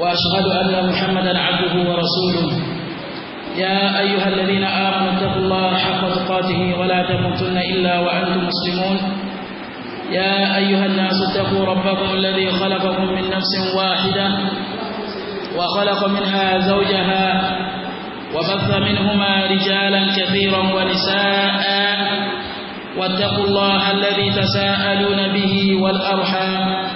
وأشهد أن محمدا عبده ورسوله يا أيها الذين آمنوا اتقوا الله حق تقاته ولا تموتن إلا وأنتم مسلمون يا أيها الناس اتقوا ربكم الذي خلقكم من نفس واحدة وخلق منها زوجها وبث منهما رجالا كثيرا ونساء واتقوا الله الذي تساءلون به والأرحام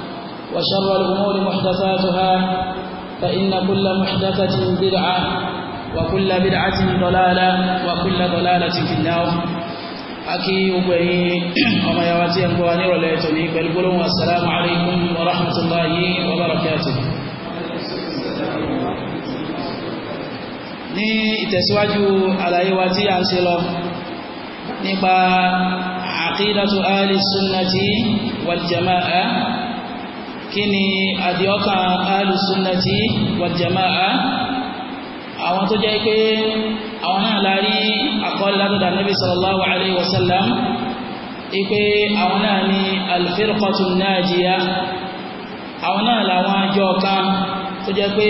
وشر الأمور محدثاتها فإن كل محدثة بدعة وكل بدعة ضلالة وكل ضلالة في النار أكي أبي وما يواتي أنقواني وليتني بل والسلام عليكم ورحمة الله وبركاته ní ìtẹ̀síwájú àlàyé wa tí a ń ṣe lọ nípa àkídàtù ahli sunnati wal kí ni àdìọ́kà alùsùnàtì wàjàmáà àwọn tó jẹ́ pé àwọn náà lárí àkọọ́lẹ̀ látọ̀dà nabi sallallahu alayhi wa sallam ipe àwọn náà ni alfirqatu najiya àwọn náà làwọn àjọ kan tó jẹ́ pé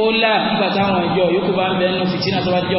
wọ́n là nígbà táwọn ìjọ yòókù bá ń bẹ nínú fìtínà tó bá jẹ́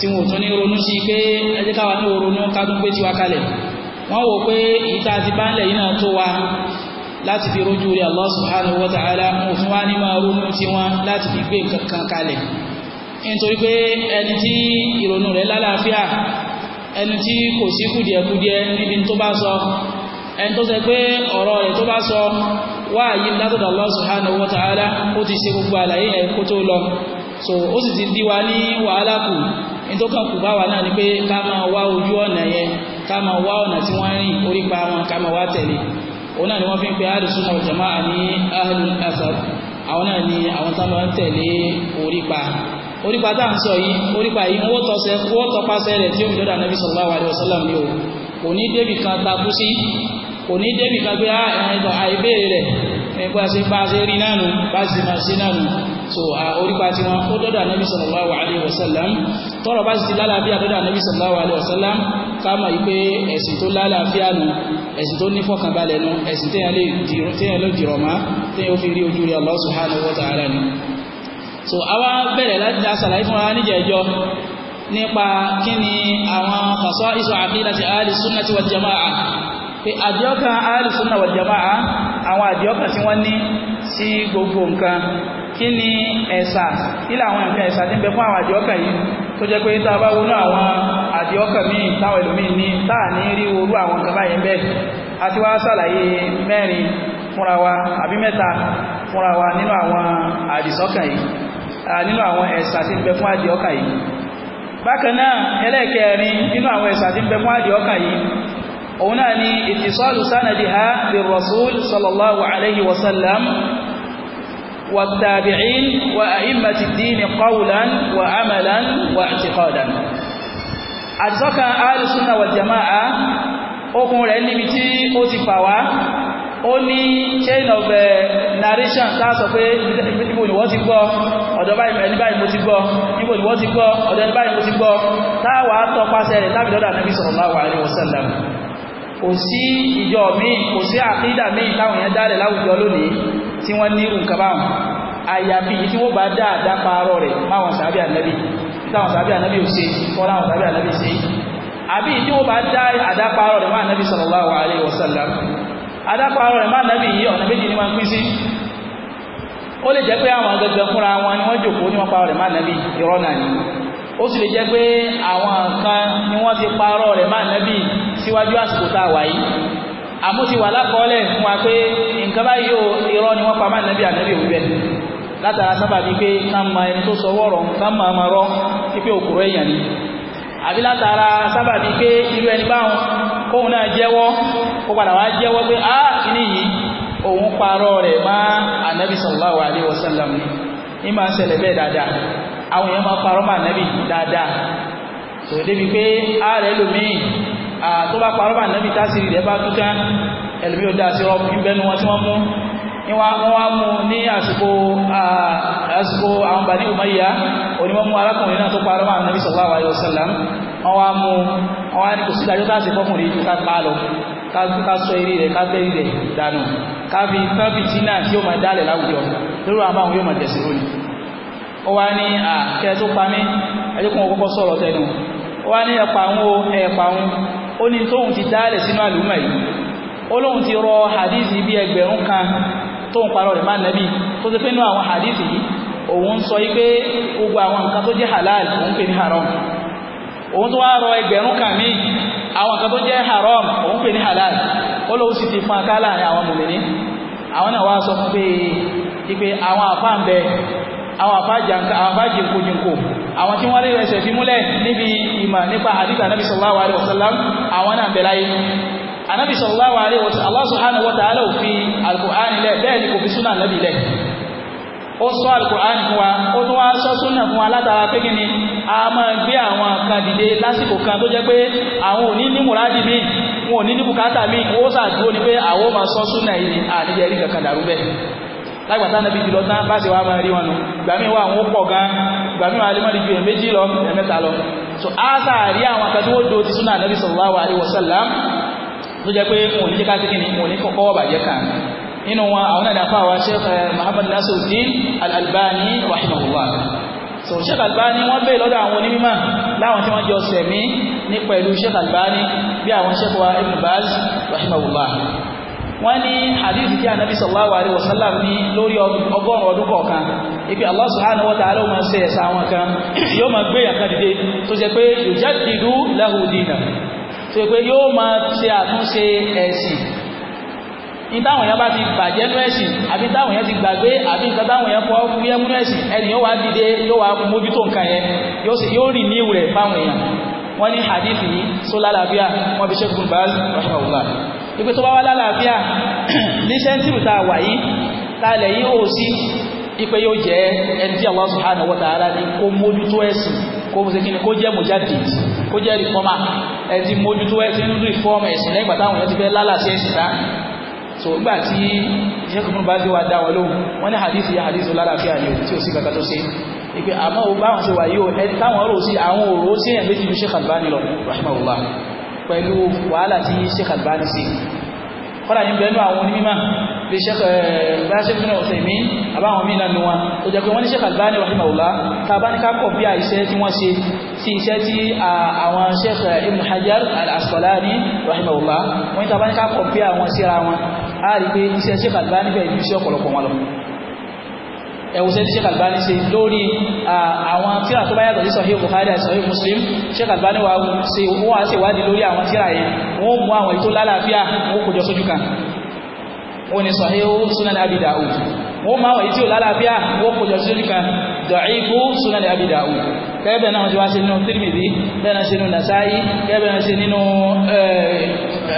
tí wọn ò tún ní ronú sí pé ẹjẹ́ káwa ní ronú kádún pé tiwa kalẹ̀ wọ́n wò pé èyí tá a yìí náà tó wa láti fi rojú rí Allah subhanahu wa ta'ala wọn ò fún wa ní máa ronú tiwọn láti fi gbé nǹkan kan kalẹ̀ nítorí pé ẹni tí ìrònú rẹ̀ lálàáfíà ẹni tí kò sí kùdìẹ̀kùdìẹ níbi tó bá sọ ẹni tó sẹ pé ọ̀rọ̀ rẹ̀ tó bá sọ wá yí látọ̀dọ̀ Allah subhanahu wa ta'ala ó ti ṣe gbogbo àlàyé ẹ̀ tó lọ so ó sì ti dí wa ní wàhálà kù nítòkàn kù bá wà náà ni pé ká máa wá ojú ọ̀nà yẹn ká máa wá ọ̀nà tí wọ́n rìn orípa wọn ká máa wá tẹ̀lé òun náà ni wọ́n fi ń pe àdùsùn wal jamaa ní ahlul asar àwọn náà ni àwọn tá máa ń tẹ̀lé orípa orípa tá à ń sọ yìí orípa yìí wọ́n tọ́sẹ̀ wọ́n tọpasẹ̀ rẹ̀ tí ó dọ́dà nàbí sallallahu alaihi wasallam ni o kò ní débì kan takú sí kò ní débì kan pé ah, àìbéèrè rẹ̀ ẹgbẹ́ eh, ṣe bá ṣe rí náà bá ṣe máa ṣe náà so orípa tí wọn kó dọ́dọ̀ anábì sallallahu alaihi wasallam tọrọ bá sì ti lálàáfíà dọ́dọ̀ anábì sallallahu alaihi wasallam ká mọ̀ yí pé ẹ̀sìn tó lálàáfíà nù ẹ̀sìn tó nífọ̀kànbalẹ̀ nù ẹ̀sìn téèyàn lè dìrọ̀ mọ́ so àwa bẹ̀rẹ̀ láti dá sàlàyé fún wa níjẹ̀ẹ́jọ́ nípa kí ni àwọn kàṣọ́ ìṣọ̀ àkídàtì ahli sunnati wal jama'a pé àdìọ́kàn ahli sunnati àwọn àdìọ́kàn tí wọ́n ní sí gbogbo nǹkan kí ni ẹ̀sà ilé àwọn nǹkan ẹ̀sà tí ń bẹ fún àwọn àdìọ́kàn yìí tó jẹ́ pé tá a bá wọnú àwọn àdìọ́kàn míì táwọn ẹlòmíì ní táà ní rí orú àwọn nǹkan wa àbí mẹ́ta wa nínú àwọn àdìsọ́kàn yìí nínú àwọn ẹ̀sà tí ń bẹ fún àdìọ́kàn yìí bákan náà ẹlẹ́ẹ̀kẹrin nínú àwọn ẹ̀sà tí òun náà ni ìtìsọ́lù sánàdìhá bí rasul sallallahu alaihi wasallam wa tabi'in wa a'immati dini qawlan wa amalan wa i'tiqadan àtisọ́ka alìsúnà wal jama'a okùn rẹ̀ níbi tí ó ti fà wá ó ní chain of eh, narration sáàsọ pé níbo ni wọ́n ti gbọ́ ọ̀dọ̀ ẹni báyìí mo ti gbọ́ níbo ni wọ́n ti gbọ́ ọ̀dọ̀ ẹni báyìí mo ti gbọ́ táwàá tọpasẹ̀ rẹ̀ lábìdọ́dà nabi sallallahu alaihi wasallam kò sí ìjọ míì kò sí àkídà míì táwọn èèyàn dálẹ̀ láwùjọ lónìí tí wọ́n ní nǹkan báwọn àyàfi yìí tí wọ́n bá dáadáa paarọ̀ rẹ̀ máwọn sàbí ànábì táwọn sàbí ànábì ò ṣe kọ́lá àwọn sàbí ànábì ṣe àbí yìí tí wọ́n bá dá àdápaarọ̀ rẹ̀ máa ànábì sallallahu alaihi wasallam àdápaarọ̀ rẹ̀ máa ànábì yìí ọ̀nà méjì ni wọ́n pín sí ó lè jẹ́ pé àwọn gẹ́gẹ́ fúnra wọn ni wọ́n ó sì lè jẹ́ pé àwọn nǹkan ni wọ́n ti parọ́ rẹ̀ máa nẹ́bì síwájú àsìkò tá a wà yìí àmọ́ ti wà lákọọ́lẹ̀ fún wa pé nǹkan báyìí ó irọ́ ni wọ́n pa máa nẹ́bì ànẹ́bì òun bẹ́ẹ̀ látara sábàbí pé ká ma ẹni tó sọ wọ́rọ̀ ká ma ma rọ́ pípé òkúrò èèyàn ni àbí látara sábàbí pé irú ẹni báwọn kóhun náà jẹ́wọ́ kó padà wá jẹ́wọ́ pé á kìíní yìí òun parọ́ rẹ̀ alaihi wasallam ni ní máa ń ṣẹlẹ̀ àwọn èèyàn máa parọ́ mọ́ ànábì dáadáa tó débi pé ààrẹ lòmíì tó bá parọ́ mọ́ ànábì tásìrì rẹ̀ bá tú tán ẹlòmí ò dáa sí ọkùn ìbẹ́nu wọn tí wọ́n mú wọ́n wá mú ní àsìkò àsìkò àwọn Bani Umayya onímọ̀mú arákùnrin náà tó parọ́ mọ́ ànábì sallallahu alaihi wasallam wọ́n wá mú wọ́n wá ní kò sí ìdájọ́ fọ́kùnrin tó ká pa lọ ká sọ eré rẹ̀ ká bẹ́rí rẹ̀ dànù ká fi tán fìtínà tí ó máa dálẹ̀ láwùjọ lórí àwọn àwọn yóò máa tẹ̀sí lónìí ó wa ni a tó pa mí ẹjọ́kùn ọkọ́kọ́ sọ̀rọ̀ tẹnu wa ni ní ẹ̀pà o ẹ̀pà àwọn O ni tóhun ti dálẹ̀ sínú àlùmọ̀ yìí o lóhun ti rọ hadizi bí ẹgbẹ̀rún kan tóhun parọ́ rẹ̀ máa nẹ́bí tó ti pé àwọn yìí òun sọ wípé gbogbo àwọn nǹkan tó halal òun pè ní haram òun tó rọ ẹgbẹ̀rún kan àwọn nǹkan tó jẹ́ haram òun halal ó lóhun sì ti fún akálà àwọn mùmìnì àwọn náà wá sọ fún pé àwọn àfáà àwọn àfáàjì nkojinko àwọn tí wọ́n lè rẹsẹ̀ fi múlẹ̀ níbi ìmọ̀ nípa àdígbà anábì sallallahu alaihi wasallam àwọn náà bẹ̀rẹ̀ ayé alaihi wasallam Allah subhanahu wa ta'ala ò fi alkùránì lẹ̀ bẹ́ẹ̀ ni kò fi súnà lẹ́bì lẹ̀ ó sọ ó ni a máa gbé àwọn kan dìde lásìkò kan tó jẹ́ pé àwọn òní ní mùrádì míì wọn ò ní ní bùkátà míì ó sàdúró ni pé àwọn máa sọ súnà yìí kankan dàrú bẹ́ẹ̀ lágbàtà nàbí ti lọ tán bá ṣe wá máa rí wọn nù gbàmí wà àwọn pọ̀ gan gbàmí wà alẹ́mọ́lì ju ẹ̀mẹ́jì lọ ẹ̀mẹ́ta lọ so a sáàrí àwọn akẹ́tí wọ́n do ti súnà nàbí sallallahu alaihi wasallam tó jẹ́ pé wọn ò ní jẹ́ ká sí kí ni wọn ò ní kọ́kọ́ bàjẹ́ kan nínú wọn àwọn náà dáfà wa sheikh eh, muhammad nasiruddin al-albani rahimahullah so sheikh albani wọ́n bèè lọ́dọ̀ àwọn onímọ̀ láwọn tí wọ́n jọ sẹ̀mí ní pẹ̀lú sheikh albani bí àwọn sheikh wa ibn baz rahimahullah wọ́n ní hadith tí anabi sallallahu alaihi wasallam ní lórí ọgọ́rùn ọdún kọ̀ọ̀kan ibi Allah subhanahu wa ta'ala máa ṣe ẹ̀sà àwọn kan yóò máa gbé yàkan dìde tó jẹ́ pé yujaddidu lahu dina tó jẹ́ pé yóò máa ṣe àtúnṣe ẹ̀sìn ní táwọn èèyàn bá ti bàjẹ́ nú ẹ̀sìn àbí táwọn èèyàn ti gbàgbé àbí nǹkan táwọn èèyàn fọ́ fúyẹ́ mú ẹ̀sìn ẹni yóò wá dìde yóò wọ́n ní hadithi sólálàbíà wọ́n fi ṣe gùn bá wípé tó bá wá lálàáfíà ní sẹ́ńtìrù tá a wà yìí tá a lẹ̀ yí ó sí ipe yóò jẹ́ ẹni tí Allah subhanahu wa ta'ala ní kó mójútó ẹ̀sìn kó mo ṣe kí ni kó jẹ́ mujadid kó jẹ́ rìfọ́mà ẹni tí mójútó ẹ̀sìn nínú rìfọ́mà ẹ̀sìn lẹ́yìn pàtàkì àwọn èèyàn ti fẹ́ lálàsí ẹ̀sìn tá so nígbà tí iṣẹ́ kúrú bá ti wá dá wọn lóhùn wọ́n ní hadith yá hadith lálàáfíà ni tí ò sí kankan tó ṣe wà yìí o ẹni táwọn rò sí àwọn òrò sí ẹ̀ méjì rahimahullah pẹ̀lú wàhálà tí Sheikh Albani sí kọ́lá ní bẹ̀rẹ̀ àwọn onímọ̀ bí Sheikh Bashir eh, bin Uthaymin àbáwọn mìíràn ní wọn tó jẹ́ pé wọ́n ní Sheikh Albani rahimahullah ta bá ní kákọ̀ bí iṣẹ́ tí wọ́n ṣe sí iṣẹ́ tí àwọn Sheikh eh, Ibn Hajar al-Asqalani rahimahullah wọ́n ní ta ẹ̀wù sẹ́ni Sheikh Albani ṣe lórí àwọn tíra tó bá yàtọ̀ sí Sahih Bukhari àti Sahih Muslim Sheikh Albani wa ṣe wọ́n wá ṣe wádìí lórí àwọn tíra yẹn wọ́n mú àwọn ètò lálàáfíà wọ́n kò jọ sójú kan wọ́n ní Sahih Sunan Abi Dawud wọ́n máa wọ̀nyí tí ò lálàáfíà wọ́n kò jọ sójú kan dọ̀ífù Sunan Abi Dawud kẹ́ẹ̀bẹ̀ náà ti wá sí nínú Tirmidhi bẹ́ẹ̀ náà sí nínú Nasa'i kẹ́ẹ̀bẹ̀ náà sí nínú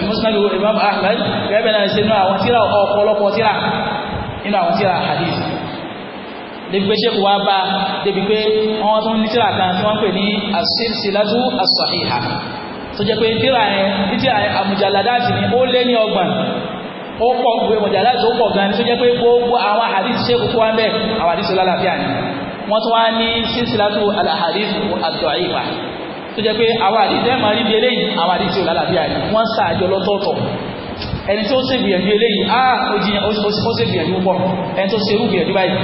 Musnad Imam Ahmad kẹ́ẹ̀bẹ̀ náà sí nínú àwọn tíra ọ̀pọ̀lọpọ̀ tíra nínú àwọn tíra hadith débi pé ṣéèkù wá bá débi pé wọ́n tún ní tíra kan tí wọ́n pè ní as-silsilatu tó jẹ́ pé tíra yẹn títí àmùjàládáàtì ni ó lé ní ọgbọ̀n ó pọ̀ gbé mùjàládáàtì ó pọ̀ gan tó jẹ́ pé gbogbo àwọn àdìsí ṣéèkù tó wá ń bẹ̀ àwọn àdìsí lálàáfíà ni wọ́n tún wá ní silsilatu al-ahadithu ad-da'ifa tó jẹ́ pé àwọn àdìsí ẹ̀ máa rí bí eléyìí àwọn àdìsí lálàáfíà ni wọ́n sàájọ lọ́tọ̀ọ̀tọ̀ ẹni tó ṣe gbìyànjú eléyìí á ah, ó ṣe gbìyànjú púpọ̀ ẹni tó ṣe irú gbìyànjú báyìí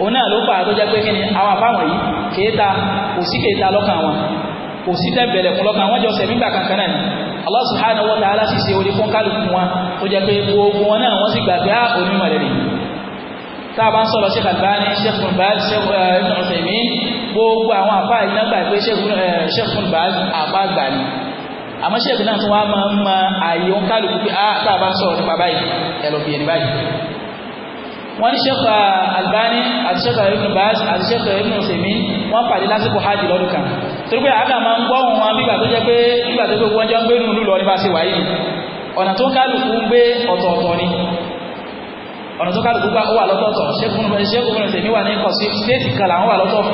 òun náà ló fà á tó jẹ́ pé kí ni àwọn àfáwọn yìí kéèta kò sí kéèta lọ́kàn wọn kò sí tẹ́bẹ̀lẹ̀ fún lọ́kàn wọn jọ sẹ̀mí gbà kankan náà ni Allah subhanahu wa ta'ala sì ṣe orí fún kálukú wọn tó jẹ́ pé gbogbo wọn náà wọ́n sì gbàgbé á onímọ̀ rẹ̀ tá a bá ń sọ̀rọ̀ Sheikh Albani Sheikh Ibn Baz Sheikh eh, Ibn Uthaymeen gbogbo àwọn àfá yìí náà gbà pé Sheikh eh, Ibn Baz àfá gbà ni àmọ́ Sheikh náà tún wá máa ń mọ àyè òǹkálukú pé wọ́n ní Sheikh uh, Albani àti Sheikh Ibn Baz àti Sheikh Ibn Uthaymeen wọ́n pàdé lásìkò hajj lọ́dún kan torí pé àgbà máa ń gbọ́ ohun wọn bí ìgbà tó jẹ́ pé nígbà tó gbogbo wọn jọ ń gbé nínú lọ nípa ṣe wáyé ọ̀nà tó kálukú ń gbé ọ̀tọ̀ọ̀tọ̀ ni ọ̀nà tó kálukú gbà ó wà lọ́tọ̀ọ̀tọ̀ Sheikh Ibn Uthaymeen wà ní kọ̀sí stéètì kan làwọn wà lọ́tọ̀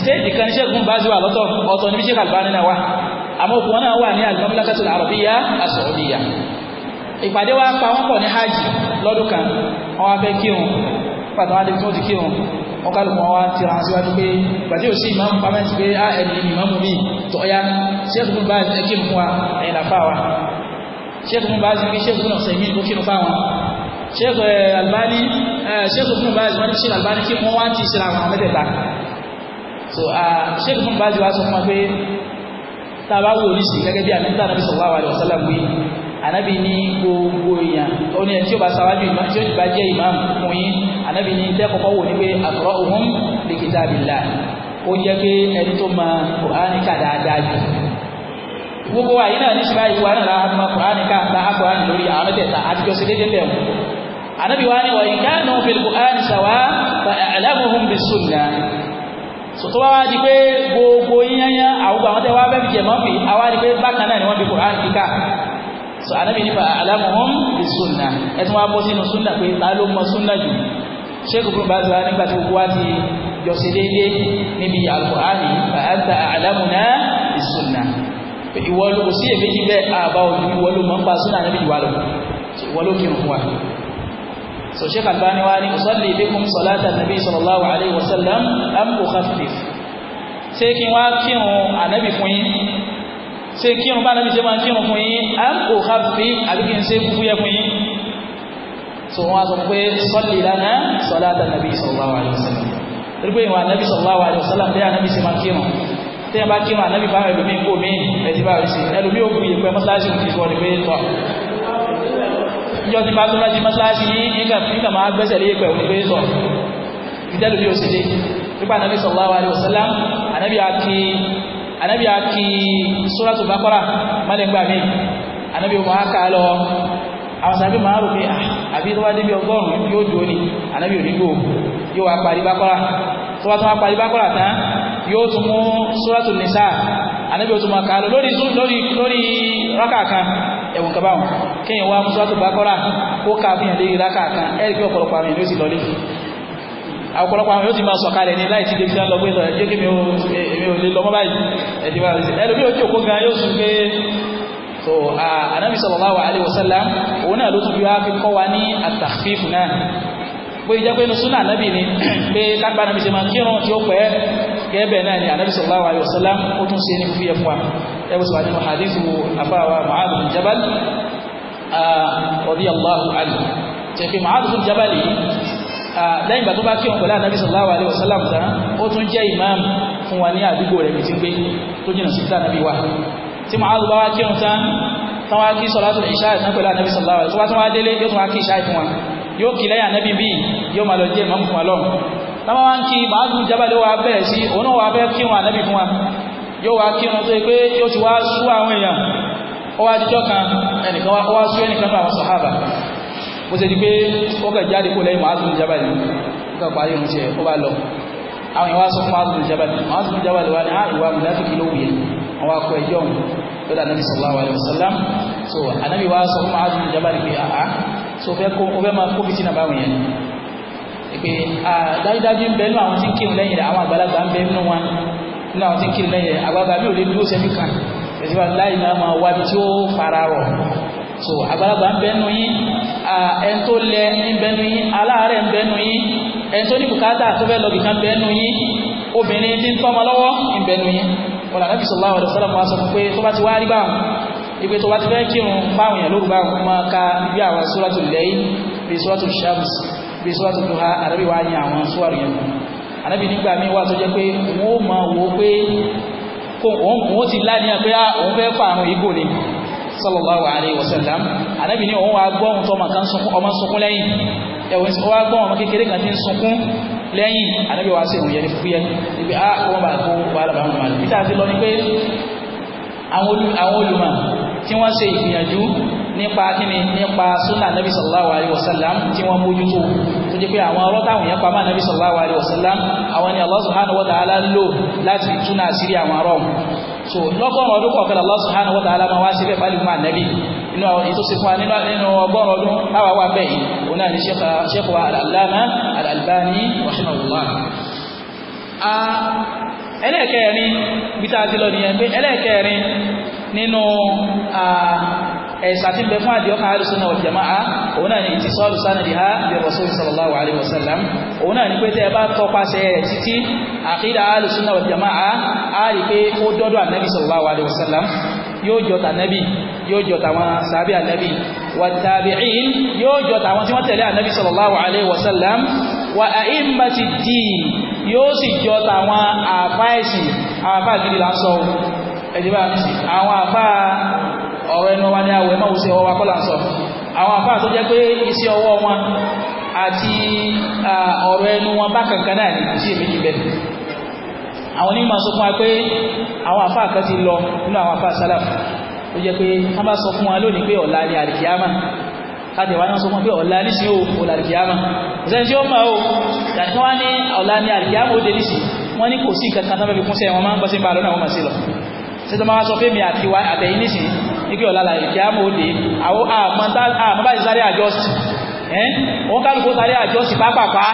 stéètì kan ní Sheikh Ibn Baz wà lọ́tọ̀ ọ̀tọ̀ ní Sheikh Albani náà wà àmọ́ òkú wọn náà wà ní al-Mamlakatul Arabiyyah as-Saudiyyah ìpàdé wa pa wọn pọ̀ ní hajj lọ́dún kan wọ́n wá fẹ́ kírun pàtó wá débi tí wọ́n ti kírun wọ́n kálukú wọn wá ti ràn síwájú pé gbàtí òsì ìmáàmù pàmẹ́ntì pé á ẹ̀mí ìmáàmù mi tọ́ ya ṣéèkù fún báyìí ẹ kírun fún wa ẹ̀yìn làfà wa ṣéèkù fún báyìí pé ṣéèkù fún ọ̀sẹ̀ mi ó kírun fáwọn ṣéèkù eh, Albani ṣéèkù fún báyìí wọ́n ti ṣe Albani kí wọ́n wá ti ṣe àwọn mẹ́tẹ̀ẹ̀ta so ṣéèkù fún báyìí wá sọ fún wa pé tá a bá wò ó ní sí gẹ́gẹ́ bí àmì anabi ní gbogbo èèyàn ó ní ẹni tí ó bá sáwájú ìmọ̀ tí ó bá jẹ́ ìmáàmù fún yín anabi ní tẹ́ kọ́kọ́ wò ní pé aqra'uhum li kitabillah ó jẹ́ pé ẹni tó ma kùránì kà dáadáa jù gbogbo àyín náà ní sinmi àyíkú wa náà láti kùránì kà láhà kùránì lórí àwọn mẹ́tẹ̀ẹ̀ta àtijọ́ sí déédéé bẹ̀rù anabi wa ni wa in kanu fil qur'ani sawa fa a'lamuhum bis sunnah sọ̀tọ́ wá di pé gbogbo yíyányá àwọn àwọn tẹ́wàá bẹ́ẹ̀ fi jẹ̀mọ́ fi àwa di pé bákan náà ni wọ́n fi kùránì kíkà so anabi nípa alamuhum bi sunna ẹtù wọn bọ́ sínú sunna pé ta ló mọ sunna jù sheikh ibn baz wa nígbà tí wọ́n ti jọ sí déédéé níbi alukur'ani fa anta alamuna bi sunna kò sí èméjì bẹ́ẹ̀ àbá òní ìwọ ló mọ̀ sunna anabi jù wá lọ ìwọ fún wa so sheikh albani wa ni usalli bikum salata nabi sallallahu alaihi wasallam am ukhaffif ṣé kí n wá anabi fún yín ṣe kírun bá nàbí ṣe máa kírun fún yín am kò ha fi àbí kí n ṣe fúfú yẹ fún yín so wọn a sọ pé sọlì lana sọlá ta nàbí sallallahu alaihi wasallam torí pé ìwà nàbí sallallahu alaihi wasallam bí ànàbí ṣe máa kírun tí wọn bá kírun ànàbí bá ẹlòmí kó mi ẹtì bá rẹ sí ẹlòmí ò kúyè pé mọ́sálásí kò fi fọ́ ni pé tọ́ ìjọ ti bá tó láti mọ́sálásí yín nígbà máa gbẹ́sẹ̀ lé pẹ̀lú pé tọ́ ìdẹ́lòmí ò sì dé nípa ànàbí sallallahu alaihi wasallam ànàbí àti anabi aki suratu bakara malẹ̀ngbà mi anabi ọmọ aka lọ àwọn sàbí máa rò pé ah, àbí tó bá débi ọgọ́rùn-ún yóò dúró ni anabi onígbò yóò wá parí bakara tó bá tó wá parí bakara tán yóò tún mú suratu nisa anabi ó tún máa lọ lórí rákà kan ẹ̀wọ̀n kaba kéèyàn wá mú suratu bakara kó ká fún yàn lórí rákà kan ẹ̀rí pé ọ̀pọ̀lọpọ̀ àwọn èèyàn ló sì lọ lé ọ̀pọ̀lọpọ̀ àwọn yóò ti máa sọ̀kalẹ̀ ní láì ti dé sí lọ pé yóò kí mi ò lè lọ mọ́ báyìí ẹ̀dí rẹ̀ ẹlòmí ò tí òkú gan yóò sùn pé so anábì sallallahu alaihi wasallam òun náà ló tún fi wá fi kọ́ wa ní àtàfífù náà pé ìjẹ́ pé inú súnà anábì ni pé kápá anábì ṣe máa kírun tí ó pẹ́ gẹ́gẹ́ náà ni anábì sallallahu alaihi wasallam ó tún ṣe ní Ah, lẹ́yìn ìgbà tó bá kí ọ̀pẹ̀lá anábì sallallahu alaihi wasallam tán ó tún jẹ́ imam fún wa ní àdúgbò rẹ̀ tí gbé tó jìnà sí tán nàbí wa tí màá lọ bá wá kí ọ̀n tán tán wá kí sọ̀lá tó ìṣá ìtàn pẹ̀lú anábì sallallahu alaihi wasallam tó wá tún wá délé yóò tún wá kí ìṣá ìfún wa yóò kí lẹ́yìn anábì bíi yóò máa lọ jẹ́ imam fún wa lọ mo ṣe di pé ọkọ̀ jáde kó lẹ́yìn Mu'adh bin Jabal ọkọ̀ parí ohun ṣe ó bá lọ àwọn ìwà sọ Mu'adh bin Jabal Mu'adh bin Jabal wà ní ah, ìwà mùnáfíkì ló wùyẹ àwọn akọ ẹjọ́ lọ́dọ̀ anábì sallallahu alaihi wasallam so anábì wa sọ Mu'adh bin Jabal pé àá ah, ah, so fẹ́ kó ó fẹ́ máa kó fìtínà yẹn pé dájúdájú ń bẹ nínú àwọn tí náà so àgbàlagbà ń bẹnu yín ẹni tó lẹ ń bẹnu yín aláàárẹ̀ ń bẹnu yín ẹni tó ní bùkátà tó fẹ́ lọ bìkan bẹnu yín obìnrin tí ń tọ́mọ lọ́wọ́ ń bẹnu yín wọn làbẹ́ fi sallallahu alaihi wasallam sọ pé tó bá ti wá rí báwọn ibi tó bá ti fẹ́ kírun fáwọn èèyàn lóru báwọn máa ka bí àwọn suratul layl bí suratul shams bí suratul duha àdàbí wàá ní àwọn sóràtù yẹn àdàbí nígbà míì wà tó jẹ́ pé wọ́n máa wò ó pé òun ti láníyàn pé ah, òun fẹ́ fà àwọn ìgbò ni sallallahu alayhi wa sallam anabi ni òun wa gbọ́ ohun tó ọmọ kan sunkún ọmọ sunkún lẹ́yìn ẹ̀wọ̀n tí wọ́n gbọ́ ọmọ kékeré kan ti ń sunkún lẹ́yìn anabi wa ṣe ìwòye ní fúyẹ́ ibi a ah, wọ́n bá kó wàhálà bá wọn mọ̀ peter ti lọ ni pé àwọn olùmọ̀ tí wọ́n ṣe ìgbìyànjú nípa kíni nípa súnà nàbí sallallahu alayhi wa sallam tí wọ́n mójútó tó jẹ́ pé àwọn ọ̀rọ̀ táwọn yẹn pamọ́ nàbí sallallahu alayhi wa sallam àwọn ni Allah subhanahu wa ta'ala lò láti túnà sírí àwọn ọ̀rọ̀ so lọ́gọ́rùn ọdún kọ̀ọ̀kan Allah subhanahu wa ta'ala máa wá sí bẹ́ẹ̀ fálẹ̀ fún ànábì nínú ìtòsí fún wa nínú ọgọ́rùn ọdún táwa wà bẹ́ẹ̀ yìí òun náà ni sheikh wa al-allama al-albani rahimahullah bí tá a ti lọ nìyẹn pé ẹlẹ́ẹ̀kẹrin nínú ẹ̀sà tí bẹ fún àdíọ́kà àrùsùn náà jama'a òun náà ni ìtì sọ́ọ̀lù sánàdì ha bí rasul sallallahu alaihi wasallam òun náà ni pé tẹ́ bá tọpasẹ̀ rẹ̀ títí àkídà àrùsùn náà jama'a a rí pé ó dọ́dọ̀ ànábì sallallahu alaihi wasallam yóò jọ tànábì yóò jọ tàwọn sàbí ànábì wà tabi'in yóò jọ tàwọn tí wọ́n tẹ̀lé ànábì sallallahu alaihi wasallam wà a'immati ddin yóò sì jọ tàwọn àfáìsì àwọn àfáà gidi lásán ẹ̀dí bá àwọn àfáà ọ̀rọ̀ ẹnu wa ní awọ ẹ̀ máa wù sí ọwọ́ wa kọ́ là ń sọ àwọn àfáà tó jẹ́ pé iṣẹ́ ọwọ́ wọn àti ọ̀rọ̀ ẹnu wọn bá kankan náà ní sí èméjì bẹ́ẹ̀ àwọn onímọ̀ sọ fún wa pé àwọn àfáà kan ti lọ nínú àwọn àfáà sálà tó jẹ́ pé wọ́n bá sọ fún wa lónìí pé ọ̀la ni àlìkíyàmà láti náà sọ fún pé ọ̀la ní sí òòlà àlìkíyàmà ọ̀sẹ̀ tí ó mọ̀ o yàtí wọ́n ní ọ̀la ni àlìkíyàmà ó dé nísì wọ́n ní kò sí nǹkan kan tó fẹ́ fi kúnṣẹ́ wọn máa ń gbọ́ sí bá wọn mọ̀ sí lọ sí tó máa sọ fún mi àtẹ̀yìn nísìnyí ní kí ọ̀la la ìkí awo òde àwọn àmọ́báyé sáré adjust ẹ́n òun kálukú sáré adjust pápápá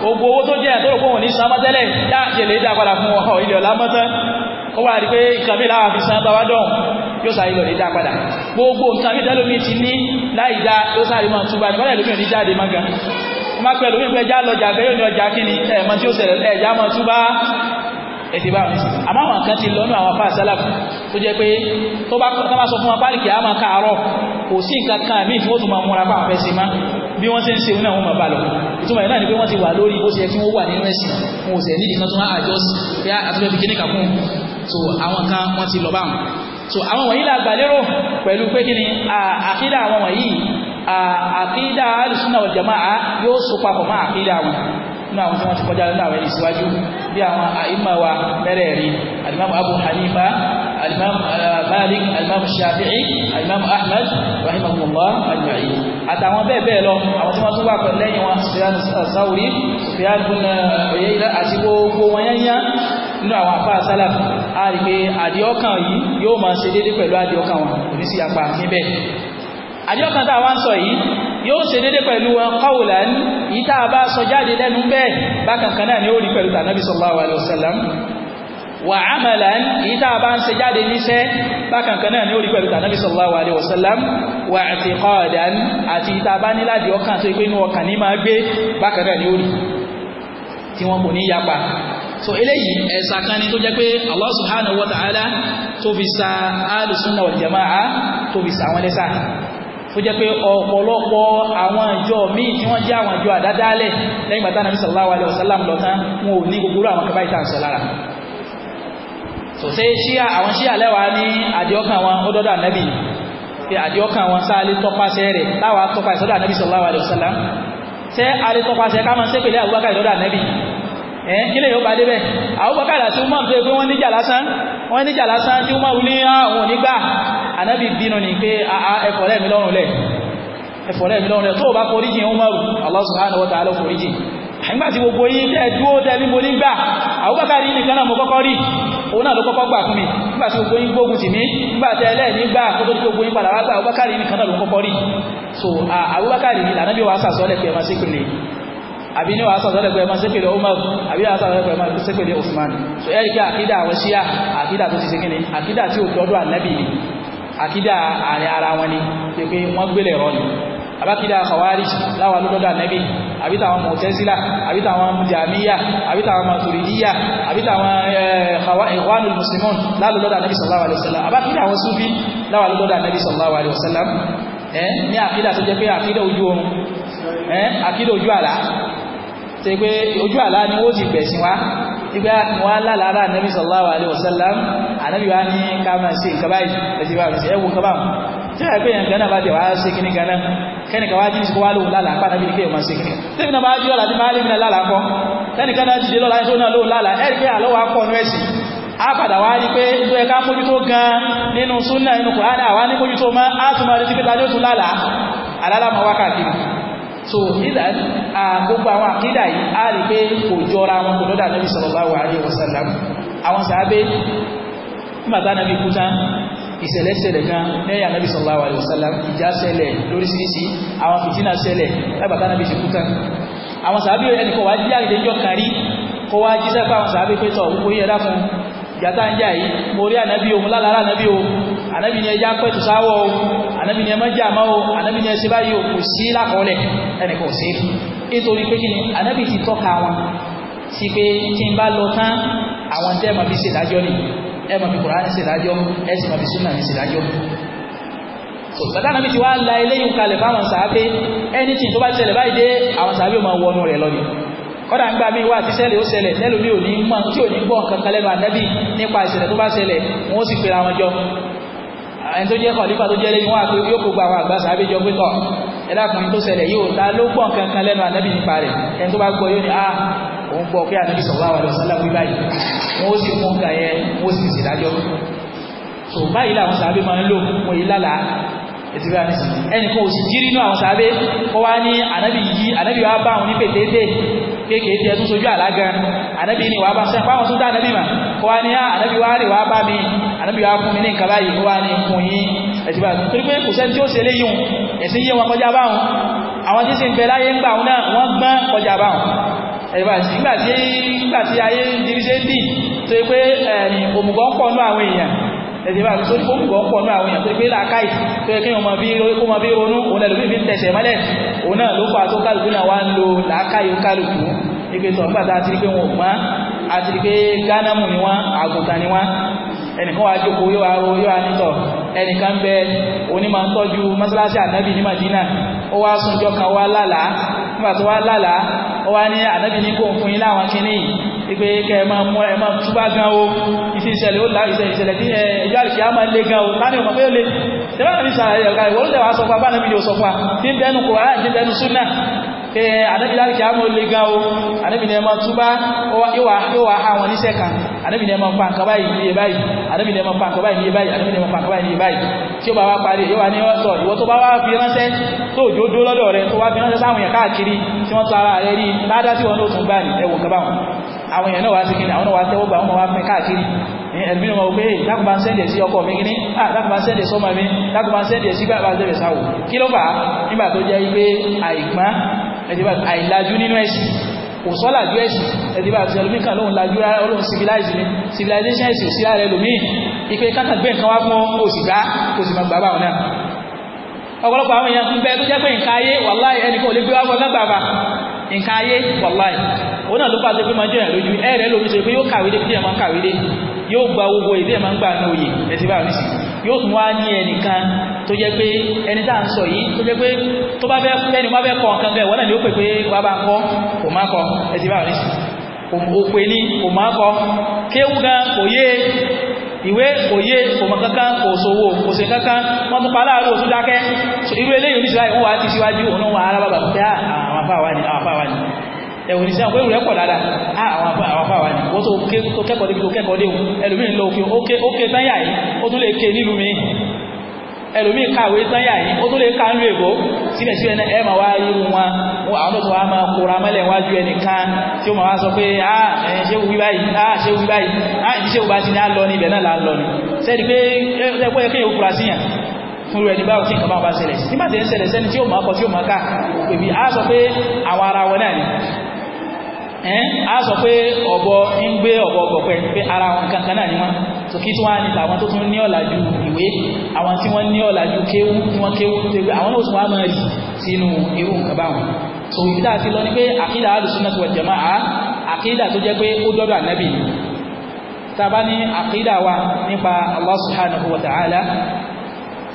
gbogbo owó tó jẹ́ àtọ́rọ̀ fún òun ní san mọ́tẹ́lẹ̀ yá jẹ̀lẹ̀ dá padà fún ọ̀họ̀ ilẹ̀ ọ̀la mọ́tán ó wà rí pé nǹkan mi láwọn fi san bàbá dọ̀hún yóò sáré lọ ní dá padà gbogbo nǹkan mi tẹ́lómi ti ní láì dá yóò sáré máa túbà ní bọ́lá ìlómi ò ní jáde má gan má pẹ́ lómi pẹ́ já lọ jà gẹ́ yóò ní ọjà kíni ẹ̀ẹ̀mọ́ ẹ̀sìn bá wọn sí àmọ́ àwọn kan ti lọ́nà àwọn afá sálàfù tó jẹ́ pé tó bá sọ fún wọn pálíkì àmọ́ káàárọ̀ kò sí nǹkan kan àmì ìfowó tó máa múra bá àfẹ́ sí má bí wọ́n ṣe ń ṣe náà wọ́n máa bá lọ ìtumọ̀ ìlànà pé wọ́n ti wà lórí bó ṣe kí wọ́n wà nínú ẹ̀sìn wọn ò sẹ̀ nídìí kan tó máa àjọ pé àtúbẹ̀ ah, fi kíní kàkún so àwọn kan wọ́n ti lọ báwọn so àwọn wọ̀nyí là gbàlérò pẹ̀lú pé kí ni àkídà àwọn wọ̀nyí àkídà alùsùnà wal jàmáà yóò so papọ̀ mọ́ àkídà wọn nínú àwọn tí wọ́n ti kọjá lọ́nà àwọn ìṣíwájú bí àwọn àìmọ̀ wa mẹ́rẹ̀ẹ̀rin alimami abu hanifa alimami uh, malik alimami shafi'i alimami ahmed rahimahullah ajma'in àtàwọn bẹ́ẹ̀ bẹ́ẹ̀ lọ àwọn tí wọ́n tún wà pẹ̀lú lẹ́yìn wọn sufyan sauri sufyan bin oyeyila uh, àti gbogbo wọn yányá nínú àwọn àfa salaf a rí pé àdìọ́kàn yìí yóò máa ṣe déédéé pẹ̀lú àdìọ́kàn wọn kò sí apá níbẹ̀ àdìọ́kàn tá a wá ń sọ yìí yóò ṣe dédé pẹ̀lú wọn qawlan yìí tá a bá sọ jáde lẹ́nu bẹ́ẹ̀ bákan kan náà ni ó rí pẹ̀lú tànàbí sallallahu alaihi wasallam wa amalan yìí tá a bá ń ṣe jáde níṣẹ́ bákan kan náà ni ó rí pẹ̀lú tànàbí sallallahu so eléyìí ẹ̀sà kan ni tó jẹ́ pé Allah subhanahu wa ta'ala tó fi sa ahlus sunnah wal jama'a tó fi sa wọn lẹ́sà tó jẹ́ pé ọ̀pọ̀lọpọ̀ àwọn ìjọ míì tí wọ́n jẹ́ àwọn ìjọ àdádálẹ̀ lẹ́yìn bàtà nàbí sallallahu alaihi wasallam lọ́tán wọn ò ní gbogbo àwọn kaba ìta sọ lára sòsẹ́ ṣíà àwọn ṣíà lẹ́wàá ní àdíọ́kàn wọn ó dọ́dọ̀ ànábì sallallahu alaihi wasallam sẹ́ alé tọ́pasẹ̀ ká máa ń sépèlé àbúbákà ẹ̀ kílẹ̀ yóò bá débẹ̀ àwọ́bọ̀kàrà tí wọ́n tó pé wọ́n níjà lásán wọ́n níjà lásán tí wọ́n wú ní àwọn ah, onígbà anábì bínú ni pé ah, ẹfọ̀rẹ́ mi lọ́rùn lẹ̀ ẹfọ̀rẹ́ mi lọ́rùn lẹ̀ tó bá foríjì Umaru Allah subhanahu wa ta'ala foríjì àyíngbà tí gbogbo yìí tẹ́ dúó tẹ́lí mo ní gbà àwọ́bọ̀kàrà yìí nìkan náà mo kọ́kọ́ rí òun náà ló kọ́kọ́ gbà fún mi nígbà tí gbogbo yín gbógun tì mí nígbà tí ẹlẹ́ẹ̀ní gbà tó tó tí gbogbo yín padà wá gbà Abubakar yìí nìkan náà ló kọ́kọ́ rí so ah, Abubakar yìí lànà bí wàá sàsọ́lẹ̀ pé ẹ̀ máa sí kìlì àbí ní wàásù ọ̀sán lẹ́gbẹ̀ẹ́ máa sépèlè Umar àbí wàásù ọ̀sán lẹ́gbẹ̀ẹ́ sépèlè Usman so ẹ̀rí pé àkídà àwọn ṣíà àkídà tó ti ṣe kíni àkídà tí ò dọ́dọ̀ ànábì ni àkídà àárín ara wọn ni pé pé wọ́n gbélé rọ ni àbákídà Khawarij láwa ló dọ́dọ̀ ànábì àbí táwọn Mu'tazila àbí táwọn Jahmiyya àbí táwọn Maturidiyya àbí táwọn Ikhwanul Muslimun láwa ló dọ́dọ̀ sallallahu alaihi wasallam àbákídà àwọn Sufi láwa ló dọ́dọ̀ ànábì sallallahu alaihi wasallam ẹ ní àkídà tó jẹ́ pé àkídà ojú oorun ẹ àkídà ojú àlá ṣe pé ojú àlá ni ó ti gbẹ̀sìn wá nígbà wọn lálàárà ànábì sallallahu alaihi wasallam ànábì wa ní ká máa ṣe nǹkan báyìí ẹ̀sìn bá ṣe ẹ̀wù nǹkan báwọn tí wọ́n pè yàn gánà bá tẹ̀ wá ṣe kíní gánà kẹ́nìkan wá jíjí kó wá lóhùn lálàá pàtàkì bí kéèyàn máa ṣe kíní tẹ́bí náà bá jí ọ̀là tí máa lè mi náà lálàá kọ́ kẹ́nìkan náà jíjẹ lọ́la ẹ̀ṣọ́ náà lóhùn lálàá pé àlọ́ wa kọ́ tó gan nínú súnnà inú kòránà àwá ní mójútó mọ́ á tún máa tí pé tàbí ó tún lálàá so idan a gbogbo àwọn àkídà yìí a rí pé kò jọra wọn kò lọ́dà nàbí sallallahu alaihi wasallam àwọn sàábé mọ̀tá nàbí kúta ìṣẹ̀lẹ̀ ṣẹlẹ̀ kan lẹ́yìn ànábì sallallahu alaihi wasallam ìjà ṣẹlẹ̀ lóríṣiríṣi àwọn fìtínà ṣẹlẹ̀ lábàtà nàbí ti kúta àwọn sàábé ẹnìkan wá jí àrídẹ́jọ́ kan rí kó wá jíṣẹ́ fún àwọn sàábé pé tọ̀ gbogbo yẹra fún ìjàtà ń jà yìí mo rí ànábì òun lálára ànábì o ànábì ni ẹja pẹ̀tù sáwọ̀ o ànábì ni ẹ mọ́jà mọ́ o ànábì ni ẹ ṣe báyìí o kò sí lákọọ́lẹ̀ ẹnì kò sí nítorí pé kí ni ànábì ti tọ́ka wọn sí pé tí n bá lọ tán àwọn tẹ́ ẹ máa fi ṣèdájọ́ ni ẹ máa fi Kùránì ṣèdájọ́ ẹ sì máa fi súnà ní ṣèdájọ́ so gbàtà nàbí ti wá la eléyìí kalẹ̀ fáwọn sàábé ẹni tí tó bá ṣẹlẹ̀ báyìí dé àwọn sàábé kọ́dà ń gbà mí wá àti sẹ́lẹ̀ ó ṣẹlẹ̀ lẹ́lòmí ò ní mọ̀ tí ò ní gbọ́ nǹkan kan lẹ́nu ànábì nípa ìṣẹ̀lẹ̀ tó bá ṣẹlẹ̀ wọ́n sì pèrè àwọn jọ ẹni tó jẹ́ kọ̀lífà tó jẹ́ lẹ́yìn wọn àti yóò kó gba àwọn àgbà sàábé jọ pé tọ̀ ẹ̀dàkùnrin tó ṣẹlẹ̀ yóò ta ló gbọ́ nǹkan kan lẹ́nu ànábì nípa rẹ̀ ẹni tó bá gbọ́ yóò ní a ah, òun gbọ́ pé ànábì sallallahu alaihi wasallam wí báyìí wọ́n ó sì so báyìí làwọn sàábé máa ń lò wọ́n ètò ìgbà ní ẹnìkan òsì jírí inú àwọn sàábé ó wá ní ànábì yìí ànábì wá bá àwọn ní pètété kéèkéé tí ẹtún sojú àlága ànábì ní wàá bá sẹ fáwọn tó dá ànábì mà ó wá ní ah, ànábì wá rè wá bá mi ànábì wá fún mi ní nǹkan báyìí ó wá ní fún yín ètò ìgbà torí pé ẹ̀sìn bá tó kó gbọ́ pọ̀ náà àwọn èèyàn tó gbé làákàì tó yẹ kí wọ́n máa bí ronú òun ẹlòmíì fi ń tẹ̀sẹ̀ mọ́lẹ̀ òun náà ló fà tó kálukú náà wá ń lo làákàì kálukú ìpè sọ̀gbà tá a pé wọn ò mọ́ a pé gánámù ni wọ́n àgùntàn ni wọ́n ẹnìkan wá jókòó yóò wá ro yóò wá nítọ̀ ẹnìkan bẹ onímọ̀ tọ́jú mọ́sálásí ànábì ní Madina ó wá súnjọ́ kan wá lálàá nígbà tó wá lálàá ó wá ní ànábì ní kò ń fún yín láwọn kíní ìpé kẹ ẹ máa mú ẹ máa túbá gan o ìsìn ìṣẹ̀lẹ̀ ó lá ìṣẹ̀lẹ̀ tí ẹjọ́ àlùkí á máa lé gan o láni ọmọ pé ó lé tẹ́wọ́n àbí sàlàyé ọ̀gá ìwọ́n lẹ́wàá sọ fún abánabí yóò sọ fún wa tí ń bẹnu Kùránì tí ń bẹnu súnà pé ànábì láríkì àmọ́ lè ga o ànábì ní ẹmọ túbá yóò wá àwọn oníṣẹ́ kan ànábì ní ẹmọ pa nǹkan báyìí ní iye báyìí ànábì ní ẹmọ pa nǹkan báyìí ní iye báyìí ànábì ní ẹmọ pa nǹkan báyìí ní iye báyìí tí ó bá wá parí yóò wá ní ọ̀sọ̀ ìwọ tó bá wá fi ránṣẹ́ tó òjò dó lọ́dọ̀ rẹ tó wá fi ránṣẹ́ sáwọn èèyàn káàkiri tí wọ́n tó ara rẹ rí ládá sí wọn ló tún báyìí ẹwọ nǹkan báwọn àwọn èèyàn náà wá sí kíni àwọn náà wá tẹ́wọ́ gbà wọ́n wá pín káàkiri ẹ̀lùmínú ma wípé dákùnbà ń sẹ́ndẹ̀ sí ọkọ̀ mi gíní ah, dákùnbà ń sẹ́ndẹ̀ sọ́mọ̀ mi dákùnbà ń sẹ́ndẹ̀ sí gbàgbà ń sẹ́ndẹ̀ sáwò kí ló fà á nígbà tó jẹ́ wípé àìgbọ́n ẹ̀dìbà àìlájú nínú ẹ̀sìn kò sọ́là ju ẹ̀sìn ẹ̀dìbà ti ẹlòmí kan lóhun lájú rárá olóhun civilize ni civilization ẹ̀sìn ò sí lára ẹlòmí ipe kákan gbé nǹkan wá fún ó sì gbá ó sì máa gbà báwọn náà ọ̀pọ̀lọpọ̀ àwọn èèyàn ń bẹ tó jẹ́ pé nǹkan ayé wàláì ẹnìkan ò lè gbé wá fún ọgbà bá nǹkan ayé wàláì òun náà ló bá tó pé máa jẹ́yàn lójú ẹ̀rẹ́ lómi ṣe pé yóò kàwé dé bí ẹ̀ máa ń kàwé dé yóò gba owó ìdí ẹ̀ máa ń gbà ní òye ẹ̀sìn báwọn nísìnyí yóò tún wá ní ẹnìkan tó jẹ́ pé ẹni tá ń sọ yìí tó jẹ́ pé tó bá fẹ́ ẹni wọ́n fẹ́ kọ́ nǹkan bẹ́ẹ̀ wọ́n náà ni ó pè pé wàá bá ń kọ́ kò má kọ́ ẹ ti bá rí òpè ni kò má kọ́ kéwù gan kò yé ìwé kò yé kò mọ̀ kankan kò sówó kò sí kankan wọ́n tún pa láàárọ̀ òtún dákẹ́ irú eléyìí oníṣẹ́ láì wọ́n wá ti ẹ̀wọ̀n ìṣẹ́ àwọn ẹ̀wọ̀n rẹ̀ pọ̀ dáadáa ah, àwọn afá wa ni wọ́n tó kẹ́kọ̀ọ́ débi tó kẹ́kọ̀ọ́ déhùn ẹlòmíín lọ òfin ókè táyà yìí ó tún lè ké nílùú mi ẹlòmíín kàwé táyà yìí ó tún lè ká nílùú èkó síbẹ̀síbẹ̀ náà ẹ̀ máa wá irú wọn àwọn tó tún wá máa kóra mẹ́lẹ̀ wájú ẹnìkan tí ó máa wá sọ pé ah ṣé wí báyìí ah ṣé wí báyìí ah ìdí ṣé wí bá ti ní àlọ́ ní ibẹ̀ náà là ń fún rẹ̀ nígbà òkè ìkàmọ́ àbá ṣẹlẹ̀ nígbà tí ń ṣẹlẹ̀ sẹ́ni tí ó máa kọ tí ó máa ká òpèbí á sọ pé àwọn ara wọn náà ni a sọ pé ọ̀bọ ń gbé ọ̀bọ gọ̀pẹ̀ pé ara wọn kankan náà ni wọn so kí tí wọ́n á ní tó tún ní ọ̀làjú ìwé àwọn tí wọ́n ní ọ̀làjú kéwú tí wọ́n kéwú àwọn náà tún wá máa rì sínú irú nǹkan báwọn so ibi tá lọ ni pé àkídà alùsùnà àkídà tó jẹ́ pé ó dọ́dọ̀ ànábì ní àkídà wa nípa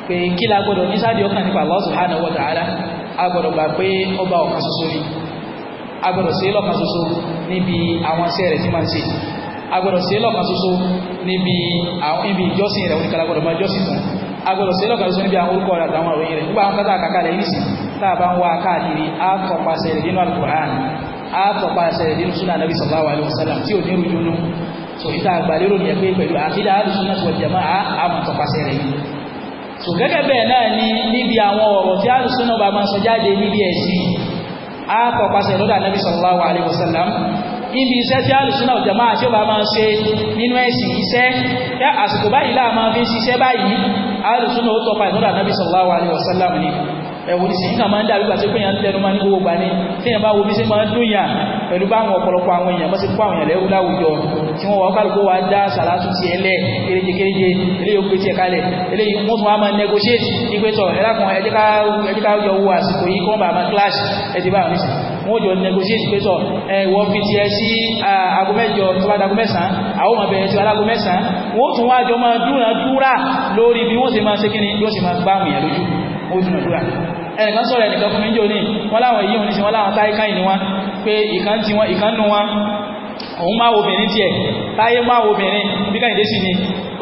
pé kí agbọ́dọ̀ ṣe lọ́kan ṣoṣo níbi àwọn iṣẹ́ rẹ̀ tí máa ń ṣe agbọ́dọ̀ ṣe lọ́kan ṣoṣo níbi àwọn ibi ìjọsìn rẹ̀ oníkàlá gbọ́dọ̀ máa jọ́sìn fún agbọ́dọ̀ ṣe lọ́kan ṣoṣo níbi àwọn orúkọ rẹ̀ àtàwọn òyìn rẹ̀ nígbà kátà àkàkálẹ̀ yìí sì a bá ń wá káàkiri á tọpasẹ̀ rẹ̀ nínú alukur'an á so ìta àgbàlérò nìyẹn pé pẹ̀lú àkídà alùsùn náà wal jama'a àmọ̀ tọpasẹ̀ so gẹ́gẹ́ bẹ́ẹ̀ náà ni níbi àwọn ọ̀rọ̀ tí alùsùn náà á kọ̀ pàṣẹ lọ́dọ̀ anábì alaihi wasallam níbi iṣẹ́ tí alùsùnà òjàmá tí ó bá máa ṣe nínú ẹ̀sìn iṣẹ́ yá àsìkò báyìí láà máa fi ṣiṣẹ́ báyìí alùsùnà ó tọpa ìnúdà nábì sallallahu alaihi wasallam ni ẹ̀wọ̀n ìsìn yìí kà máa ń dàrú gbà tó pé yàn tẹnu máa ní gbogbo gbà ní tí yàn bá wo bí sí máa ń dún yàn pẹ̀lú báwọn ọ̀pọ̀lọpọ̀ àwọn èèyàn bá sì kó àwọn èèyàn lẹ́rú láwùjọ tí wọ́n wá kálukú wá dá sàlátù ti ẹlẹ́ kéréje kéréje eléyìí ó pé tiẹ̀ kalẹ̀ eléyìí wọ́n tún wá máa negotiate ipe tọ̀ ẹ lákun ẹ jẹ́ ká yọ wo àsìkò yìí ó ti mọ̀dúrà ẹnìkan sọ̀rọ̀ ẹnìkan fún mi jò ní wọ́n láwọn èyí òní sí wọ́n láwọn táyé káyìn ni wọ́n pé ìkan ti wọn ìkan nu wọn òun máa obìnrin tiẹ̀ táyé máa obìnrin bí káyìndé sì ni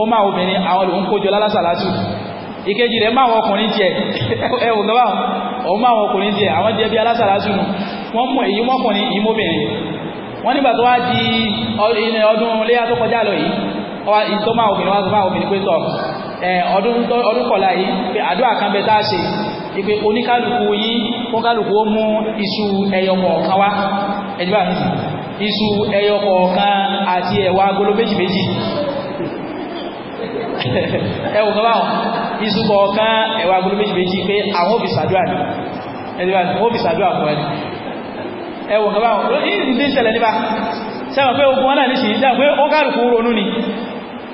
ó máa obìnrin àwọn lòun kójọ lálásàlátù ìkejì rẹ̀ máa wọn ọkùnrin tiẹ̀ ẹwù gbọ́wà òun máa wọn ọkùnrin tiẹ̀ àwọn jẹ́ bí alásàlátù nù wọ́n mú èyí mọ́kùnrin ìmóbìnrin wọ́n nígbà tó wá di ọdún léyà ọwá ìtọ́mà obìnrin wá sọ́mà obìnrin pé tọ̀ ọdún kọ̀lá yìí pé àdúrà kan bẹ tá a ṣe ìpé oníkálùkù yìí kọ́kálùkù ó mú iṣu ẹyọ kọ̀ọ̀kan wá ẹjọ́ àmì iṣu ẹyọ kọ̀ọ̀kan àti ẹ̀wà agolo méjì méjì ẹwù kan báwọn iṣu kọ̀ọ̀kan ẹ̀wà agolo méjì méjì pé àwọn òbí ṣàdúrà ní ẹjọ́ àmì òbí ṣàdúrà fún ẹni ẹwù kan báwọn ní ìdí ìṣẹ̀lẹ̀ nípa sẹ́wọ̀n pé ogun wọn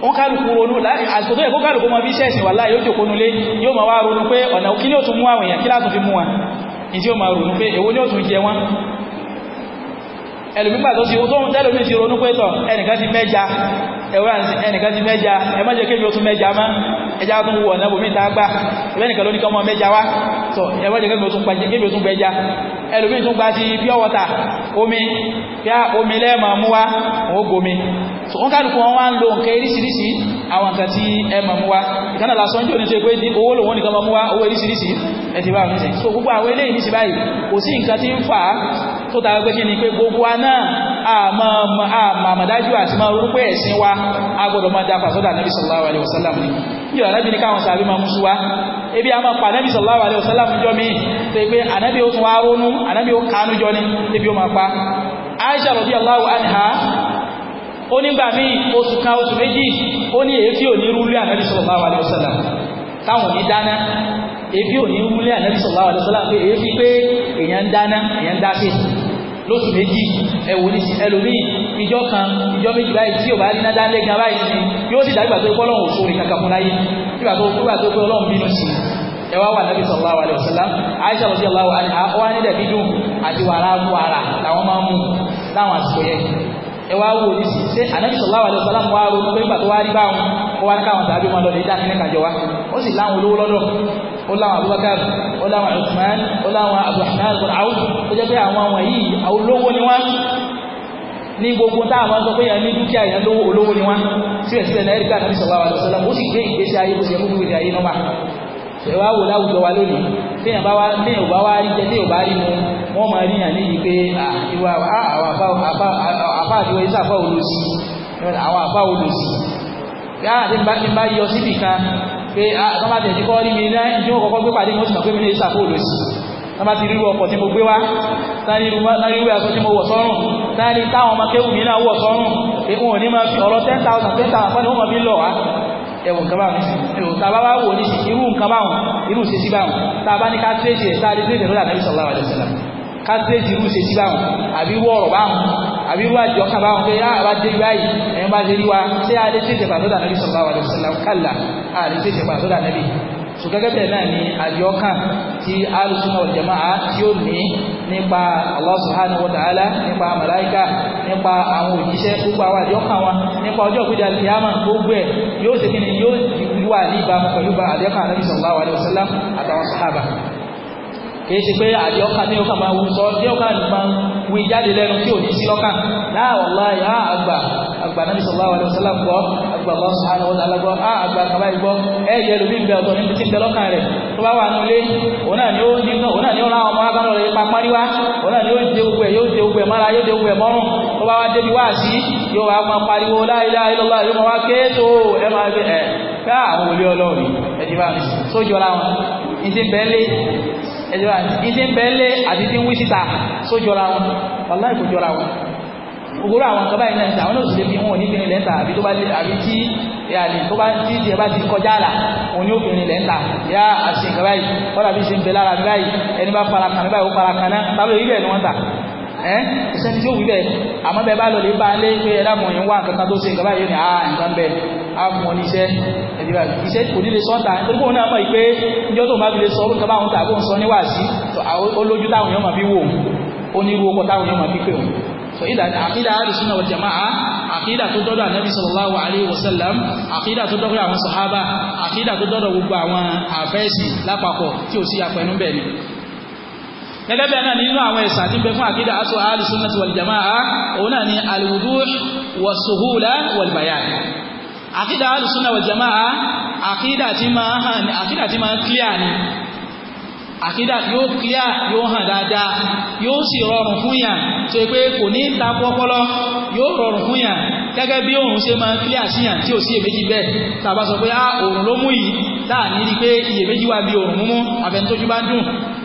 ó kálùkù ronú láti àsìkò tó yẹ kó kálùkù mọ́ bí sẹ́ẹ̀sì wà láì yóò jòkó nulé yóò máa wá ronú pé ọ̀nà kí ni ó tún mú àwọn èèyàn kí látún fi mú wọn ìdí ó máa ronú pé èwo ni ó tún jẹ wọn ẹlòmígbà tó ti ohun tẹ́lòmí ti ronú pé tọ̀ ẹnìkan ti mẹ́ja ẹ̀wọ́n ẹnìkan ti mẹ́ja ẹmọ́jẹ́ kébí ó tún mẹ́ja má ẹja tún wọ̀ náà bòmí ta gbá ẹlẹ́nìkan ló ní kọmọ mẹ́ja wá tọ̀ ẹmọ́jẹ́ kébí ó tún gbẹja ẹlòmí tún gba ti pure water omi pia so wọ́n kálukú lo nǹkan eríṣiríṣi àwọn nǹkan tí ẹ mọ̀ mú wá ìkánà lásán jò ní ṣe pé owó lòun nìkan mọ̀ mú wá owó eríṣiríṣi ẹ ti bá wọn ní so gbogbo àwọn eléyìí ní sí náà àmàmàdájú àti máa rúrú pé ẹ̀sìn wa agbọ́dọ̀ máa dápa sọ́dà nẹ́bí sallallahu alaihi wasallam ni yíò anábì ní káwọn sàbí máa mú súwá ebi a máa pa nẹ́bí sallallahu alaihi wasallam jọ mi tẹ́ pé anábì ó tún wá rónú anábì ó kánú jọ ní ebi ó máa pa Aisha radiyallahu anha ó nígbà míì oṣù kan oṣù méjì ó ní èyí tí ò ní rúlé ànábì sallallahu alaihi wasallam táwọn ní dáná èyí ò ní rúlé ànábì sallallahu alaihi wasallam pé èyí fi pé èèyàn dáná èèyàn dá sí lóṣù méjì ẹ̀wò ní ẹlòmíì ìjọ kan ìjọ méjì báyìí tí ò bá rí nádá lẹ́gàn báyìí sí yóò sì dàgbà tó kọ́lọ́hún òṣù rìn kankan fún láyé nígbà tó nígbà tó pé ọlọ́run bínú sí ẹ wá wà nàbí sallallahu alaihi wasallam Aisha radiyallahu anha wá nílẹ̀ bídùn àti wàrà wàrà làwọn máa ń mú láwọn àsìkò yẹn ẹ wá wò ní sí ṣé ànábì sallallahu alaihi wasallam wá ronú pé gbàtọ́ wá rí bá wọn ó wá káwọn tàbí wọn lọ lè dá kíní kàjọ wá ó sì láwọn olówó lọ́dọ̀ ó láwọn Abubakar ó láwọn Uthman ó láwọn Abdulrahman bin Awf tó jẹ́ pé àwọn àwọn yìí àwọn olówó ni wọ́n ní gbogbo tá a máa sọ pé yẹn ní dúkìá yẹn lówó olówó ni wọ́n síbẹ̀síbẹ̀ náírà ànábì sallallahu alaihi wasallam ó sì gbé ìgbésí ayé bó ṣe wá wò láwùjọ wa lónìí téèyàn bá wá téèyàn bá wá rí jẹ téèyàn bá rí mu wọn máa rí yàn níbi pé ìwà àwọn àfa àtiwọ iṣẹ àfa olùsí àwọn àfa olùsí yá àti ní bá yọ síbì kan pé tọ́ba tẹ̀ ti kọ́ rí mi náà ìdí wọn kọ́kọ́ gbé pàdé mo sì mọ̀ pé mi ní iṣẹ àfa olùsí tọ́ba ti ríru ọkọ̀ tí mo gbé wá táyé ríru aṣọ tí mo wọ̀ sọ́rùn táyé táwọn ọmọ kéwù mi náà wọ̀ sọ́rùn pé wọn ò ní máa fi ọ̀rọ̀ ten thousand ten thousand fọ́ni wọn máa fi lọ wá ẹwọ kama ẹwọ taba wa wo ni iru nkama wo iru sisi ba wo taba ni ka tẹsi ẹ taari tẹsi ẹ lọ́dà nàbí sọ̀rọ̀ àwọn ẹ̀sìn náà ka tẹsi iru sisi ba wo àbí wọ ọ̀rọ̀ ba wo àbí wọ àjọ kà ba wo kẹ ẹ bá dé ibi ayi ẹ bá dé ibi wa ṣé àlẹ tẹsi ẹ bá lọ́dà nàbí sọ̀rọ̀ àwọn ẹ̀sìn náà kàlà àlẹ tẹsi ẹ bá lọ́dà nàbí. so gẹ́gẹ́ bẹ́ẹ̀ náà ni àdìọ́kàn tí alùsùnà ọ̀jẹ̀máà tí ó ní nípa Allah subhanahu wa ta'ala nípa màláìkà nípa àwọn òjíṣẹ́ gbogbo àwọn àdìọ́kàn wọn nípa ọjọ́ òkúta kìámà gbogbo ẹ̀ yóò ṣe kí ni yóò wà ní ìbámu pẹ̀lú àdìọ́kàn Ànábì sallallahu alaihi wasallam àtàwọn sàhábà kìí ṣe pé àdìọ́kà ní ọkà máa wù sọ díọ́kà máa ń wí jáde tí ò ní sí lọ́kà náà wàláhì á àgbà àgbà náà sallallahu alaihi wasallam gbọ́ àgbà Allah subhanahu wa ta'ala gbọ́ á àgbà kàbá ìgbọ́ ẹ jẹ́ lómi ìgbẹ́ ọ̀tọ̀ níbi tí ń bẹ lọ́kà rẹ̀ tó bá wà nù lé òun náà ni ó ní ọ̀ràn ọmọ agbára rẹ̀ pa páríwá òun náà ni ó de ogun ẹ̀ yóò de ogun ẹ̀ mára yóò de ogun ẹ̀ mọ́rùn tó bá wá débi illallah yóò máa wá kéètò ẹ máa gbé ẹ ká àwọn olé ọlọ́run ẹ̀dí bá ẹjọ́ ìdí ń bẹ́ẹ̀lẹ̀ àti tí ń wí síta tó jọra wọn wàláì kò jọra wọn ògbóró àwọn kan báyìí náà àwọn olóòsì lè fi wọn oníbìnrin lẹ́ńtà àbí tó bá lé àbí tí ìyàlè tó bá tí ìdí ẹ bá ti kọjá àlà òun ní obìnrin lẹ́ńtà ìyá àti nǹkan báyìí kọ́dà bí ṣe ń bẹ lára báyìí ẹni bá fara báyìí ó fara náà tábìlì ìbẹ̀ ni wọ́n ta ẹ́ iṣẹ́ tí ó wí bẹ́ẹ̀ àmọ́ bẹ́ẹ̀ bá lọ lè bá lé pé ẹ̀dàmọ̀ yẹn wà nǹkan tó ṣe ìgbàbáyé ní àà nǹkan bẹ́ẹ̀ á mú ọ níṣẹ́ ẹ̀dìbà iṣẹ́ kò ní lè sọ ta nítorí pòun náà mọ̀ pé níjọ́ tó máa fi lè sọ orúkọ bá òun tàbí òun sọ níwàásí olójú táwọn èèyàn máa fi wò ó ní irú ọkọ̀ táwọn èèyàn máa fi pè wọ́n so ila aqida ahlus-sunnah wal jamaa aqida tó dọ́dọ̀ anabi sallallahu alayhi wa sallam aqida tó dọ́dọ̀ àwọn sahaba aqida tó dọ́dọ̀ gbogbo àwọn àfẹ́sì lápapọ̀ tí ò gẹ́gẹ́ bẹ́ẹ̀ náà nínú àwọn ẹ̀sà tí ń bẹ fún àkídà aṣọ alìsúnnàtì wàlìjàmáà òun náà ni alwuduh wàsùhúlà wàlìbàyàn àkídà alìsúnnà wàlìjàmáà àkídà tí máa hàn ní àkídà tí máa kílíà ni àkídà yóò kílíà yóò hàn dáadáa yóò sì rọrùn fún yàn tó yẹ pé kò ní ta pọ́pọ́lọ́ yóò rọrùn fún yàn gẹ́gẹ́ bí òun ṣe máa kílíà sí yàn tí ò sí èméjì bẹ́ẹ̀ tàbá sọ pé á ah, òun ló mú yìí láà rí pé iyèméjì wà bí òun múmú àfẹnitójú bá dùn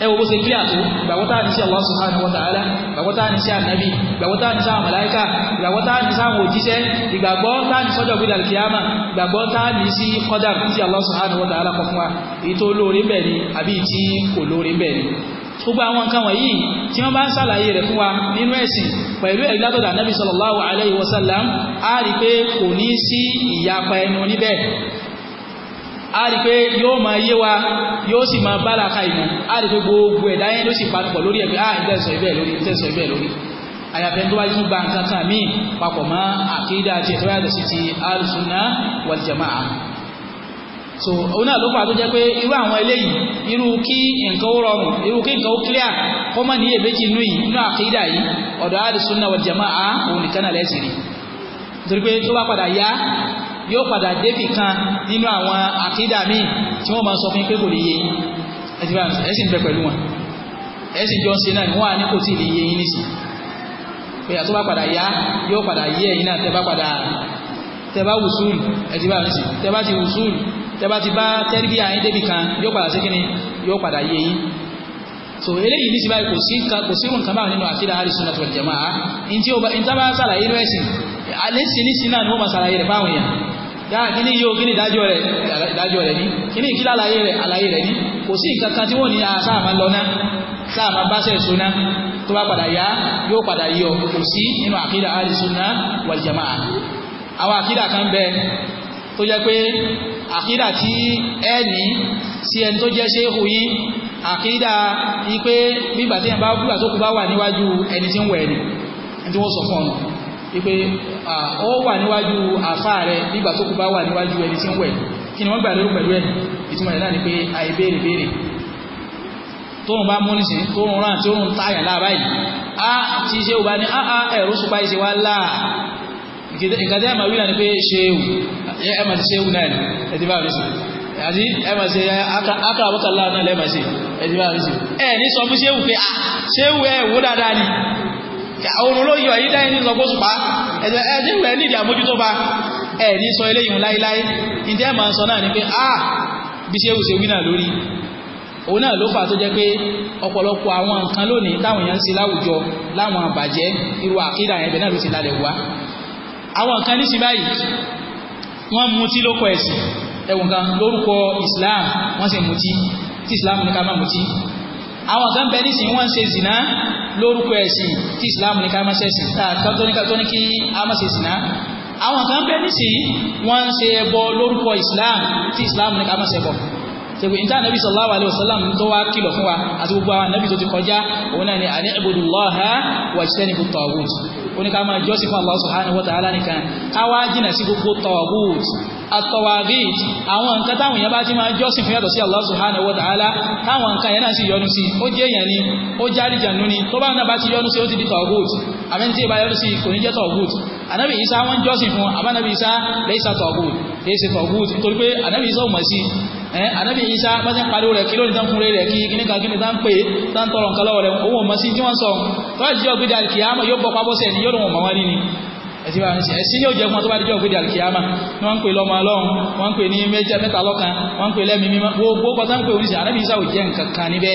ẹ wo bó ṣe kílíà tó ìgbàgbọ́ tá à ní sí Allah subhanahu wa ta'ala ìgbàgbọ́ tá à ní sí ànábì ìgbàgbọ́ tá à ní sí àwọn màláíkà ìgbàgbọ́ tá à ní sí àwọn òjíṣẹ́ ìgbàgbọ́ tá à ní sọ́jọ́ gbé dàlùkì àmà ìgbàgbọ́ tá à ní sí kọ́dà tí Allah subhanahu wa ta'ala kọ fún wa èyí tó lóore ń bẹ̀ ni gbogbo àwọn nǹkan wọ̀nyí tí wọ́n bá ń sàlàyé rẹ̀ fún wa nínú ẹ̀sìn pẹ̀lú ẹ̀rí látọ̀dà Nabi sallallahu rí pé kò ní sí ìyapa ẹnu níbẹ̀ a rí pé yóò máa yé wa yóò sì máa bá làákà ìmọ̀ a rí pé gbogbo ẹ̀dá yẹn ló sì panupọ̀ lórí ẹ̀gbẹ́ a ń tẹ̀sọ̀ ibẹ̀ lórí tẹ̀sọ̀ ibẹ̀ lórí àyàfẹ́ tó bá yí gba nǹkan kan míì papọ̀ mọ́ àkídà àti ẹ̀tọ́ yàtọ̀ sí ti alùsùnà wàlìjàmáà so òun náà ló fà tó jẹ́ pé irú àwọn eléyìí irú kí nǹkan ó rọrùn irú kí nǹkan ó clear kó mọ̀ níyè méjì nú yìí nínú àkídà yìí ọ̀dọ̀ alùsùnà wàlìjàmáà òun nìkan náà lẹ́sìn rí nítorí pé tó bá padà yá yóò padà débì kan nínú àwọn àkídà míì tí wọ́n máa sọ fún pé kò lè yé yín ẹ̀sìn bẹ pẹ̀lú wọn ẹ̀sìn jọ ṣe náà ni wọ́n á ní kò tí ì lè yé yín nísìn pé àtọ́ bá padà yá yóò padà yé ẹ̀yin náà tẹ́ bá padà tẹ́ bá wùsùlù ẹ̀sìn bá nísìn tẹ́ bá ti wùsùlù tẹ́ bá ti bá tẹ́rìbíà débì kan yóò padà sí kíni yóò padà yé yín so eléyìí ní síbáyìí kò sí kò sí nǹkan báwọn nínú àkídà al-sunnah wal jama'a in tí ó bá in tábà sàlàyé inú ẹ̀sìn alẹ́sìnísìn náà ni wọ́n máa sàlàyé rẹ̀ báwọn yẹn yáà kí ni yóò kí ni ìdájọ́ rẹ̀ ìdájọ́ rẹ̀ ní kí ni ìkílá àlàyé rẹ̀ àlàyé rẹ̀ ní kò sí nǹkan kan tí wọ́n ní sáà máa lọ náà sáà bá sẹ̀ so náà tó bá padà yá yóò padà yọ kò sí nínú àkídà al-sunnah wal tó jẹ́ pé àkídà tí ẹ ní sí ẹni tó jẹ́ ṣéhù yín àkídà yí pé nígbà tí ẹ̀bá búgbà tó kú bá wà níwájú ẹni tí ń wẹ̀ ni tí wọ́n sọ fún ọ̀nà wípé ó wà níwájú àfá rẹ̀ nígbà tó kú bá wà níwájú ni wọ́n gbà lérò pẹ̀lú ẹ̀ ìtumọ̀ rẹ̀ náà ni pé àìbéèrè béèrè tóun bá mú nísìnyí tóun rán tóun táyà láàbáyìí á ti ṣe ò bá nǹkan tí a máa wí náà ni pé ṣéwù ẹ máa ti ṣéwù náà ni ẹ̀dí bá rísì àti ẹ máa ṣe aka àbúkàlá náà lẹ́ẹ̀ máa ṣe ẹ̀dí bá rísì ẹ ní sọ fún ṣéwù pé ah, ṣéwù ẹ wò dáadáa ni òun ló yọ yí dáyé ní sọ gbóṣùpá ẹ̀dí rẹ̀ nídìí àmójútó bá ẹ ní sọ eléyìí láíláí ní tí ẹ máa sọ náà ni pé ah bí ṣéwù ṣe wí náà lórí òun náà ló fà tó jẹ́ pé ọ̀pọ̀lọpọ̀ àwọn nǹkan lónìí táwọn èèyàn ń ṣe láwùjọ láwọn àbàjẹ́ irú àkídà yẹn bẹ́ẹ̀ náà ló ti lálẹ́ wá àwọn kan ní sí báyìí wọ́n mutí lókọ̀ ẹ̀sìn ẹ̀wọ̀n kan lórúkọ Islam wọ́n sì mutí tí Islam ní ká má mutí àwọn kan bẹ nísìn wọ́n ṣe zìnà lórúkọ ẹ̀sìn tí Islam ní ká má ṣe sìn tó ní kí a má ṣe zìnà àwọn kan bẹ nísìn wọ́n ṣe ẹbọ lórúkọ Islam tí Islam ní ká má bọ̀ sẹ́gbẹ̀ ìta nàbí sallallahu alaihi wasallam tó wá kìlọ̀ fún wa àti gbogbo àwọn nàbí tó ti kọjá òun náà ni àní ibudullaha wajtanibu tawagut oní ká máa jọ́sìn fún Allah subhanahu wa ta'ala nìkan ká wá jìnà sí gbogbo tawagut at-tawagit àwọn nǹkan táwọn èèyàn bá ti máa jọ́sìn fún yàtọ̀ sí Allah subhanahu wa ta'ala táwọn nǹkan yẹn náà sì yọnu sí ó jẹ́ èèyàn ni ó járí jànú ni tó bá náà bá ti yọnu sí ó ti di tawagut àmẹ́ntí ìbá yọnu sí kò ní jẹ́ tawagut anabi isa wọ́n jọ́sìn fún àmọ́ isa laysa ẹ anabi isa wọn ti ń pariwo rẹ kí lónìí tán fúnra rẹ kí kíní kan kíní tán pè é tán tọrọ nǹkan lọ́wọ́ rẹ òun ò mọ sí tí wọn sọ tọ́jú jẹ́ ògbédè àlìkìyàmọ̀ yóò bọ́ pabọ́sẹ̀ ni yóò lòun mọ̀ wá ní ni ẹtí bá ní sẹ ẹsí yóò jẹ fún ọtọba díjọ ògbédè àlùkìyàmà ni wọn ń pè lọmọ Ọlọ́run wọn ń pè ní méjì mẹ́ta lọ́kan wọn ń pè lẹmí mímọ́ gbogbo kọtà ń pè oníṣẹ anábì isa ò jẹ nǹkan kan níbẹ̀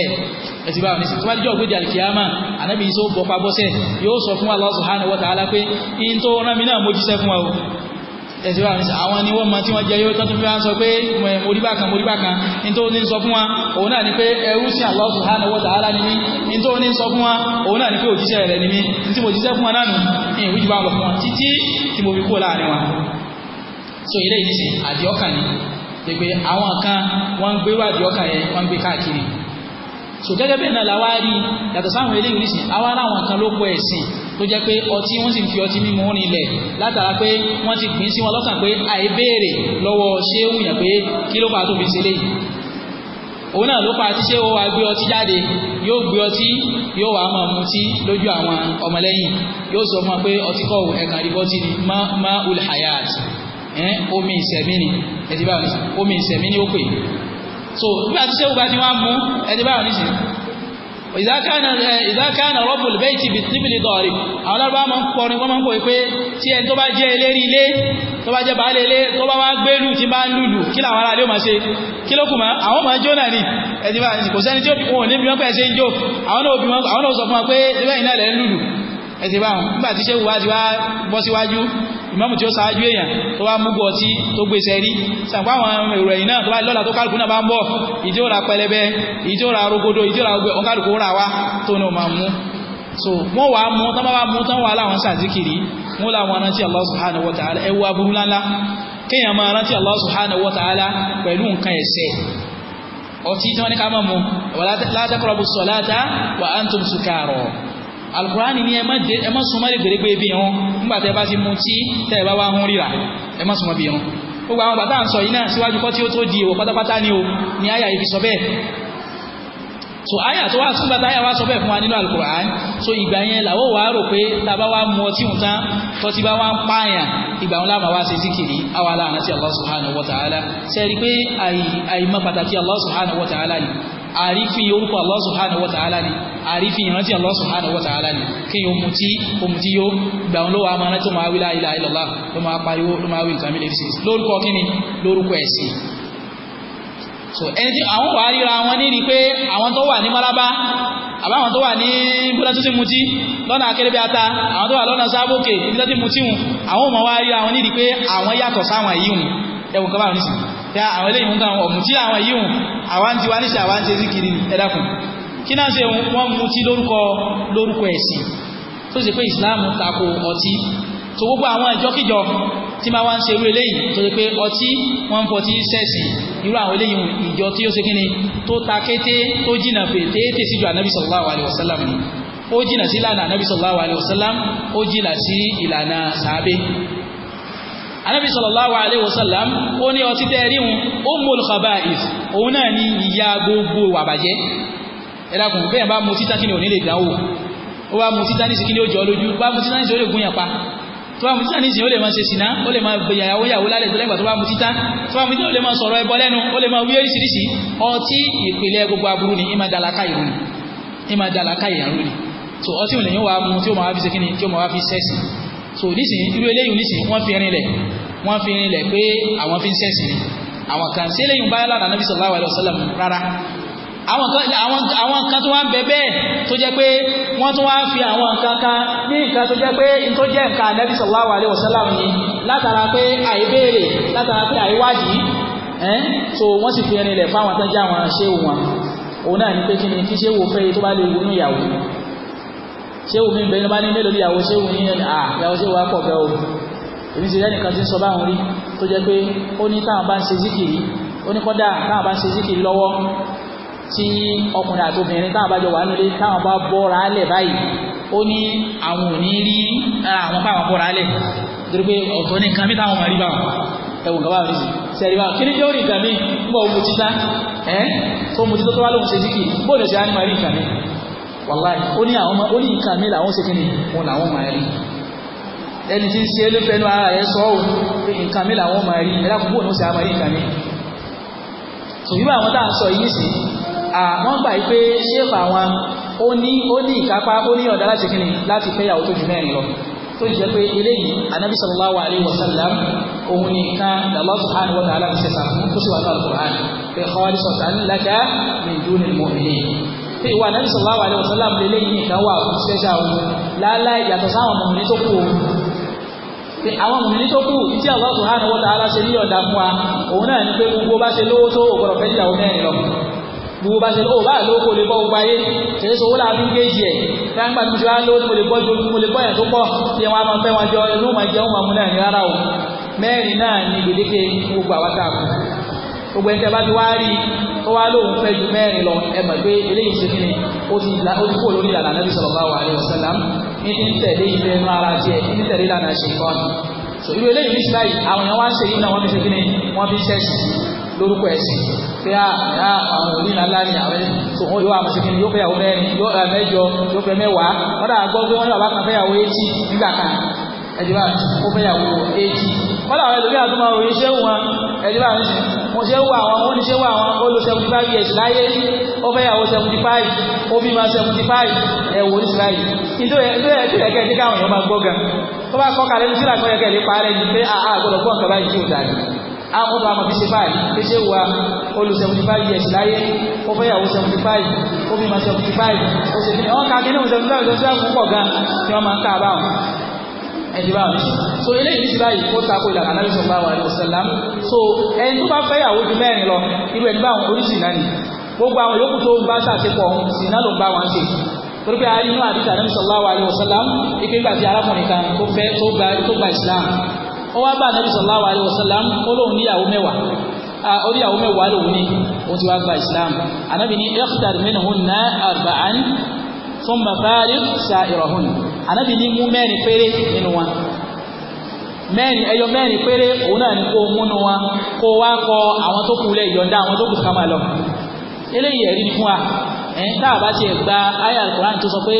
ẹtí bá ní sẹ ọtọba díjọ ògbédè àlùkìyàmà anábì isa ó bọ pa bọsẹ yóò sọ fún Allah subhanahu wa ta'ala pé in tó rán tẹ̀síwá ní àwọn ni wọ́n ma tí wọ́n jẹ yóò tọ́tún fi wá ń sọ pé moríbákan moríbákan ní tó ní sọ fún wa òun náà ni pé ẹrú sí Allah subhanahu wa ta'ala ni mí ní tó ní sọ fún wa òun náà ni pé òjíṣẹ́ rẹ̀ ni mí ní tí mo jíṣẹ́ fún wa náà nù ní ìwújú bá lọ fún wa títí tí mo fi kó láàrin wa so ilé ìdíṣe àdìọ́kà ni pé àwọn kan wọ́n ń gbé wà àdìọ́kà yẹn wọ́n ń gbé káàkiri so gẹ́gẹ́ bẹ́ẹ̀ náà làwa rí yàtọ̀ sáwọn eléyìí nísìn àwa láwọn kan ló kọ ẹ̀sìn tó jẹ́ pé ọtí wọ́n sì ń fi ọtí mímu rinlẹ̀ látara pé wọ́n ti gbìn sí wọn lọ́kàn pé àìbéèrè lọ́wọ́ ṣéwù yàn pé kí ló fà tó fi ṣe léyìí òun náà ló pa àti ṣéwù wa gbé ọtí jáde yóò gbé ọtí yóò wá máa mutí lójú àwọn ọmọlẹ́yìn yóò sọ fún wa pé ọtí kọ̀ ẹ̀ka rìbọ́tì ni má má ulhayat omi ìsẹ̀mí ni ẹ̀ so nígbà tí sẹ́wọ́ bá ti wá mú ẹni báwọn nísìnyí ìdákàánà rọ́bùl bẹ́ẹ̀tì bìtìbìlì dọ̀ọ̀rì àwọn lábá máa ń kọrin wọ́n máa ń kọ̀ pé tí ẹni tó bá jẹ́ eléri ilé tó bá jẹ́ baálé ilé tó bá wá gbélù tí bá ń lùlù kí làwọn ará ilé ó máa ṣe kí ló kùnmá àwọn máa jó náà ní ẹ̀dí bá kò sẹ́ni tí wọn ò ní bí wọ́n pẹ̀ ṣe ń jó àwọn náà sọ fún wa pé ẹgbẹ́ ìnáà lẹ́ ń lùlù ẹ̀dí bá wọn nígbà tí ṣé wá ti wá bọ́ síwájú ìmáàmù tí ó ṣáájú èèyàn tó bá mú gbọ́ tí tó gbèsè rí sàǹpá àwọn èrò ẹ̀yìn náà tó bá lọ́la tó kálukú náà bá ń bọ̀ ìdí ó ra pẹlẹbẹ ìdí ó ra rogodo ìdí ó ra gbẹ ọ̀kálukú ó ra wá tó ní o mú so wọ́n wà á mú tán bá wà mú tán Allah subhanahu wa ta'ala ẹwú aburú ńláńlá kéèyàn máa Allah subhanahu wa ta'ala pẹ̀lú nǹkan ẹ̀ṣẹ̀ ọtí tí wọ́n ní ká máa mú la taqrabu alukurani ni ẹ má súnmọ́ lè gbèrègbè bí irun nígbà tẹ́ bá ti mú tí tẹ́ bá wá hún ríra ẹ má súnmọ́ bí irun gbogbo àwọn bàtà ń sọ yìí náà síwájú kọ́ tí ó tó di ìwọ̀ pátápátá ni o ni àyà yìí fi sọ bẹ́ẹ̀ so àyà tó wá sígbà táyà wá sọ bẹ́ẹ̀ fún wa nínú alukurani so ìgbà yẹn làwọ̀ wá rò pé tá a bá wá mu ọtí hùn tán tó ti bá wá ń pààyàn ìgbà wọn láàmà wá ṣe síkìrì àwa aláàánà tí Allah subhanahu wa ta'ala ṣe rí pé àìmọ́ pàtàkì Allah subhanahu wa ta'ala yìí àrífí orúkọ Allah subhanahu wa ta'ala ni àrífí ìrántí Allah subhanahu wa ta'ala ni kí yóò mú tí ohun tí yóò gbà ń lówà máa tó máa wí la ilaha illallah ló máa pariwo ló máa wí nǹkan mílẹ̀ sí lórúkọ kíni lórúkọ ẹ̀sìn so ẹni tí àwọn wà ríra wọn ní ni pé àwọn tó wà ní malaba àbáwọn tó wà ní búdá tó ti mú tí lọ́nà akérébé ata àwọn tó wà lọ́nà sábòkè ibi tó ti mú àwọn ò mọ̀ wá ríra wọn ní ni pé àwọn yàtọ̀ sáwọn yìí wọn ẹwù kaba ní sí ya àwọn eléyìí mú káwọn ọ̀mù tí àwọn yíò àwọn tí wá ní sí àwọn tí ó kiri ẹ̀dàkùn kí náà ṣe wọ́n mú tí lórúkọ lórúkọ ẹ̀sìn tó ṣe pé Islam tako ọtí tó gbogbo àwọn ìjọkíjọ tí máa wá ń ṣe irú eléyìí tó ṣe pé ọtí wọ́n ń fọtí sẹ́ẹ̀sì irú àwọn eléyìí ìjọ tí ó ṣe kíni tó ta kété tó jìnà fètè tè síjú ànábì sallallahu alaihi wasallam ni ó jìnà sí ìlànà ànábì sallallahu alaihi wasallam ó jìnà sí ìlànà sàábé anábì sallallahu alaihi wasallam ó ní ọtí tẹ́ẹ̀rí hun ummul khaba'ith òun náà ní ìyá gbogbo wàbàjẹ́ ẹ̀dàkùn bẹ́ẹ̀ bá mu títà kí ni ò ní lè dánwò ó bá mu títà ní kí ni ó jọ lójú bá mu títà ní ó lè gún so ọtí òun lè yín tí ó máa fi ṣe kí ni tí ó máa fi ṣẹ́sì so nísìnyí irú eléyìí nísìnyí wọ́n fi rinlẹ̀ wọ́n fi rinlẹ̀ pé àwọn fi ń sẹ́sì ni àwọn kan sí eléyìí báyọ̀ lánàá nàbí sallallahu alaihi wasallam rárá àwọn kan tó wá ń bẹ bẹ́ẹ̀ tó jẹ́ pé wọ́n tó wá ń fi àwọn nǹkan kan ní nǹkan tó jẹ́ pé tó jẹ́ nǹkan nàbí sallallahu alaihi wasallam ni látara pé àìbéèrè látara pé àìwádìí ẹ́n so wọ́n sì fi rinlẹ̀ fáwọn tó jẹ́ àwọn ṣéwù wọn òun náà ní pé kí ni kí ṣéwù fẹ́ tó bá lè wúnú ìyàwó ṣéwù mi bẹ̀rẹ̀ bá ní mélòó ní ìyàwó ṣéwù ní à ìyàwó ṣéwù wa pọ̀ bẹ́ẹ̀ o èmi ti lẹ́nìkan ti ń sọ báwọn rí tó jẹ́ pé ó ní táwọn bá ń ṣe zikiri ó ní kọ́dà táwọn bá ń ṣe zikiri lọ́wọ́ tí ọkùnrin àti obìnrin táwọn bá jọ wà nílé táwọn bá bọ́ra lẹ̀ báyìí ó ní àwọn ò ní rí àwọn káwọn bọ́ra lẹ̀ torí pé ọ̀tọ̀ ní nǹkan táwọn máa rí báwọn ẹ̀wọ̀n kan báwọn rí sí sẹ́rí báwọn kí ni yóò rí nǹkan mi nígbà ó mutí tá ẹ́ tó mutí tó tó wá lóhun ṣe zikiri bóòlù ṣe á ní máa rí nǹkan mi wàláì ó ní àwọn ó ní nǹkan mi làwọn ṣe kí ni òun làwọn máa rí ẹni tí ń ṣe lófẹ́nu ara rẹ̀ sọ òun pé nǹkan mi làwọn máa rí ẹ̀dá kúkú òun ṣe àmọ́ rí nǹkan mi ṣùgbọ́n àwọn tá à ń sọ yìí sí àwọn gbà yìí pé ṣéèfù àwọn ó ní ó ní ìkápá ó ní ọ̀dá láti kí ni láti fẹ́yàwó tó ju mẹ́rin lọ tó jẹ́ pé eléyìí anabi sallallahu alayhi wa sallam òun ni nǹkan Allah subhanahu wa ta'ala ṣe sàkóso àtàlùkùrán pé kọ́wárí sọ̀tàn laka min dunil mu'minin pé ìwà nàbí sallallahu alaihi wasallam lélẹ́ yìí nìkan wà fún ṣẹ́ṣà òun láláì yàtọ̀ sáwọn mùmìnì tó kù òun àwọn mùmìnì tó kù tí Allah subhanahu wa ta'ala ṣe ní ọ̀dà fún wa òun náà ní pé gbogbo bá ṣe lówó tó ògbọ̀rọ̀ fẹ́ ìyàwó mẹ́rin lọ gbogbo bá ṣe lówó bá lówó kò lè bọ́ gbogbo ayé ṣe é sọ wọ́n láàbí géèjì ẹ̀ táǹgbà tó ṣe wá lówó mo lè bọ́ ju mo lè bọ́ yẹn tó pọ̀ tí wọ́n á máa fẹ́ wọn jọ inú màá jẹun màmú náà ní rárá o mẹ́rin náà ní gbèdéke gbogbo àwọn táàkù gbogbo ẹni tẹ́ bá ti wá rí tó wá lóun fẹ́ ju mẹ́rin lọ ẹ mọ̀ pé eléyìí ṣe kíni ó ti là ó ti kó lórí ìlànà nàbí sallallahu alaihi wasallam ní ti ń tẹ̀lé ìfẹ́ inú ara tiẹ̀ ní tẹ̀lé ìlànà ṣe kọ́ ni so irú eléyìí ní síláyì àwọn èèyàn wá ń ṣe yìí náà wọ́n fi ṣe kíni wọ́n fi ṣẹ́ṣì lórúkọ ẹ̀sìn pé ah, ah, àwọn onílà ńlá ni àwọn ẹni tó wọn yóò àmọ̀ sí kí ni yóò fẹ́yàwó mẹ́rin yóò eh, mẹ́jọ yóò fẹ́ mẹ́wàá wọ́n dà gbọ́ pé wọ́n yóò bá kan fẹ́yàwó eighty nígbà kan ẹ̀jẹ̀ bá ó fẹ́yàwó eighty kọ́lá àwọn ẹlòmíà tó máa ròyìn ṣé wọn ẹni bá ń sìn mo ṣe wọ àwọn ó ní ṣe wọ àwọn ó lo seventy five years láyé ó fẹ́ yàwó seventy five ó bí ma seventy five ẹ̀wò ní sinai ìjọ yẹ kẹ́ ẹ jẹ́ káwọn èèyàn máa gbọ́ gan tó bá kọ́ kalẹ̀ ní sílà kọ́ yẹ kẹ́ ẹ lè parẹ́ ní pé àá gbọ́dọ̀ gbọ́ nǹkan báyìí tí ò dájú àwọn ọmọ àmọ́ fi ṣe báyìí fi ṣe wà ó lo seventy five years láyé ó fẹ́ yàwó seventy five ó bí seventy five ó ṣe fi ọ́n ká kí ní ẹ̀dí bá mi so eléyìí ní ti báyìí ó takò ìlànà anábì sallallahu alaihi wasallam so ẹni tó bá fẹ́yàwó ju mẹ́rin lọ irú ẹni báwọn oríṣi náà ni gbogbo àwọn yòókù tó ń bá ṣàṣepọ̀ sìnà ló ń bá wọn ṣe torí pé ayé inú àdìsá anábì sallallahu alaihi wasallam ike gbàtí arákùnrin kan tó fẹ́ tó gba Islam ó wá bá anábì sallallahu alaihi wasallam ó lóun níyàwó mẹ́wàá oríyàwó mẹ́wàá lòun ní wọ́n ti wá gba Islam anábì ní ikhtar minhunna arba'an thumma fariq sa'irahun ànábì ní mú mẹ́rin péré nínú wọn mẹ́rin ẹyọ mẹ́rin péré òun náà ní kó múnú wọn kó wá kọ àwọn tó kù lẹ̀ yọ̀ǹda àwọn tó kù ká máa lọ eléyìí ẹ̀rí ni fún wa ẹ̀yìn tá a bá ti gba ayé alukur'an tó sọ pé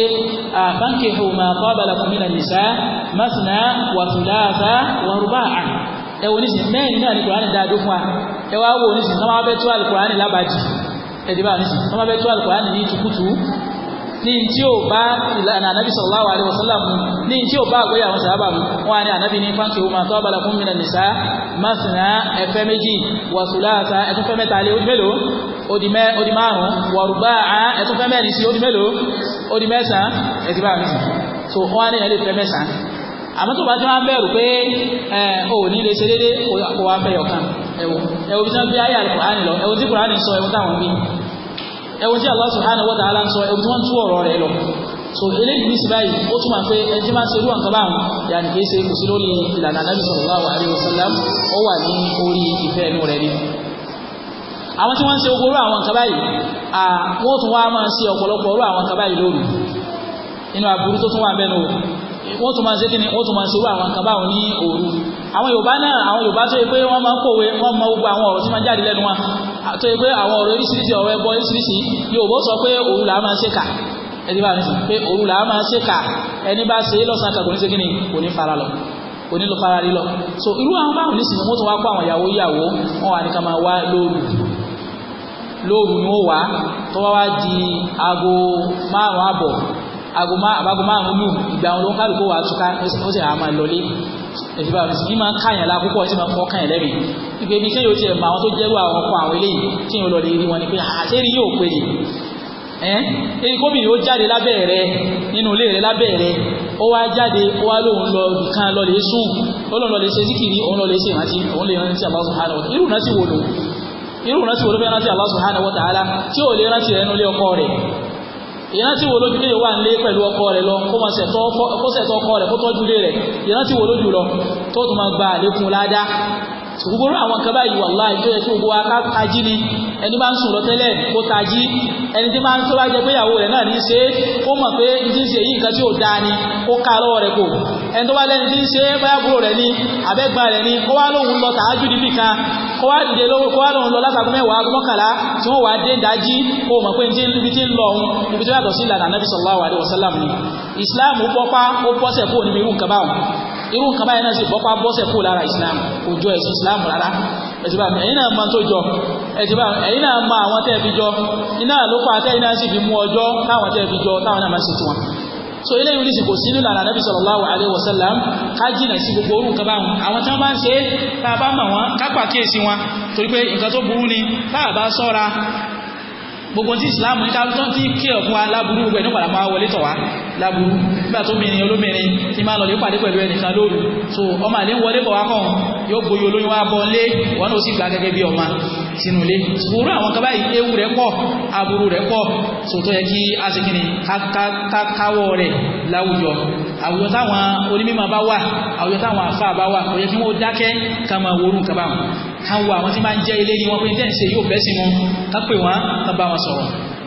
àfáǹkìhù máa kọ́ abala fún mi nàìjíríà masina wàtúláàtà wàrúbà àn ẹ wò nísìnyí mẹ́rin náà ní kur'an dáadó fún wa ẹ wá wò nísìnyí sọ́mọ́ abẹ́ tó alukur'an lábàjì ẹ̀dí bá nísìnyí sọ́mọ́ abẹ́ tó alukur'an ní tukutu ní tí ó bá ìlànà ànábì sallallahu alaihi wasallam ní tí ó bá àgbéyà àwọn sàábà mu wọn ni ànábì ní fáńkì ó máa tọ́ bala fún minan nisa masna ẹfẹ́ méjì wa thulatha mẹ́ta lé mélòó ó di mẹ́ ó di márùn mẹ́rin sí ó mélòó ó mẹ́sàn ẹtì bá mẹ́sàn ẹwọ́n tí Allah subhanahu wa ta'ala ń sọ ẹwọ́n tí wọ́n tú ọ̀rọ̀ rẹ̀ lọ so eléyìí ní síbáyìí ó túmọ̀ pé ẹjẹ́ máa ń ṣe irú àǹkan báwọn yàní kìí ṣe kò sí lórí ìlànà Ànábì sallallahu alaihi wasallam ó wà ní orí ìfẹ́ ẹnu rẹ̀ ni àwọn tí wọ́n ń ṣe ogoro àwọn nǹkan báyìí wọ́n tún wá máa ń ṣe ọ̀pọ̀lọpọ̀ orú àwọn nǹkan báyìí lóru inú aburú tó tún wà bẹ́ẹ̀ wọ́n tún máa ń ṣe kí ni wọ́n tún máa ń ṣe wá àwọn nǹkan báwọn ní òru àwọn yorùbá náà àwọn yorùbá tó yẹ pé wọ́n máa ń kòwe wọ́n máa gbogbo àwọn ọ̀rọ̀ tí máa jáde lẹ́nu wa tó yẹ pé àwọn ọ̀rọ̀ oríṣiríṣi ọ̀rọ̀ ẹbọ oríṣiríṣi yorùbá sọ pé òru làá máa ṣe kà ẹni bá nìsín pé òru làá máa ṣe kà ẹni bá ṣe lọ́sàn-án ní ṣe kí ni kò ní fara lọ kò ní lọ fara lílọ so irú àwọn báwọn nísìnyí wọ́n tún wá kó àwọn ìyàwó ìyàwó wọn wà ní ká máa wá lóru lóru ni ó wà tó wá wá di aago márùn-ún àbọ̀ agoma àbágoma àrùn lù ìgbà wọn ló ń kálukó wa túká ó sì àmà lọlé èsì bá mi máa ń káyàn la púpọ̀ sí máa ń fọ́ káyàn lẹ́mìí ìgbé ibi kéèyàn tiẹ̀ mọ àwọn tó jẹ́rú àwọn ọkọ̀ àwọn eléyìí kéèyàn lọ lè rí wọn ni pé àṣírí yóò pè ní ẹ́n èyí kóbìnrin ó jáde lábẹ́ rẹ nínú ilé rẹ lábẹ́ rẹ ó wá jáde ó wá lóun lọ nìkan lọ lè sùn ó lóun lọ lè ṣe síkìrì òun lọ lè ṣe ìrántí òun lè rántí Allah subhanahu wa ta'ala irú ìrántí wo lò irú ìrántí wo ló fẹ́ rántí Allah subhanahu wa ta'ala tí ò lè rántí rẹ nínú ilé ọkọ rẹ ìrántí wo lójú lè wà nílé pẹ̀lú ọkọ rẹ̀ lọ kó máa ṣètò ọkọ rẹ̀ kó tọ́jú lé rẹ̀ ìrántí wo lójú lọ tó tún máa gba àlékún ládá gbogbo àwọn kan báyìí wà láì tó yẹ kí gbogbo aká tají ni ẹni bá ń sùn lọ tẹ́lẹ̀ kó tají ẹni tí máa ń tó bá jẹ pé ìyàwó rẹ̀ náà ní í ṣe ó mọ̀ pé ní ti ń ṣe yìí nǹkan tí ò dáa ni ó ká lọ́wọ́ rẹ̀ kò ẹni tó bá lẹ́ni tí ń ṣe báyàbúrò rẹ̀ ni àbẹ́gbọ́n rẹ̀ ni kó wá lóhun lọ tàájú níbì kan kó wá dìde lówó kó wá lóhun lọ látàkùn mẹ́wàá mọ́kànlá tí wọ́n wá dé dájí ó mọ̀ pé níbi tí ń lọ òun níbi tó yàtọ̀ sí ìlànà anábì sallallahu alaihi wasallam ni ìsìláàmù pọ́pá ó pọ́sẹ̀ kó níbi irú nǹkan báwọn irú nǹkan báyìí náà sì bọ́pá bọ́sẹ̀ kó lára ìsìlámù kò jọ ẹ̀sìn ìsìlámù rárá ẹ̀sìn báyìí ẹ̀yin náà máa tó jọ ẹ̀sìn báyìí ẹ̀yin náà máa àwọn tẹ́ ẹ fi jọ iná ló pa àtẹ́yìn náà sì fi mú ọjọ́ táwọn tẹ́ ẹ fi jọ táwọn náà máa ṣe tiwọn so ilé ìwé nísìkò sí nínú àrà nàbì sallallahu alaihi wasallam ká jìnà sí gbogbo orú nǹkan báwọn àwọn tí wọ́n bá ń ṣe tá a bá mọ̀ wọ́n kápá kíyèsí wọn torí pé nǹkan tó burú ni tá a bá sọ́ra gbogbo tí Islam ní ká tó ti kí ọ̀fun aláburú gbẹ̀ nípa làwọn wọlé tọ̀ wá láburú nígbà tó mìíràn olómìnrin tí máa lọlé pàdé pẹ̀lú ẹnìkan lóru so ọmọ àlè ń wọlé bọ̀ wá kàn yóò gboyè olóyún wá bọ́ lé wọn ò sì gbà gẹ́gẹ́ bí ọmọ sínú ilé sùúrù àwọn kan báyìí ewu rẹ̀ pọ̀ aburú rẹ̀ pọ̀ so tó yẹ kí a sì kìnnì kákáwọ́ rẹ̀ láwùjọ àwùjọ táwọn onímọ̀ bá wà àwùjọ táwọn àfáà bá wà kò yẹ kí wọ́n dákẹ́ ká máa worú nǹkan báwọn ká àwọn tí máa ń jẹ́ ilé yìí wọ́n pé tẹ́ǹsì yóò bẹ́ sínú ká pè wọ́n ká wọn sọ̀rọ̀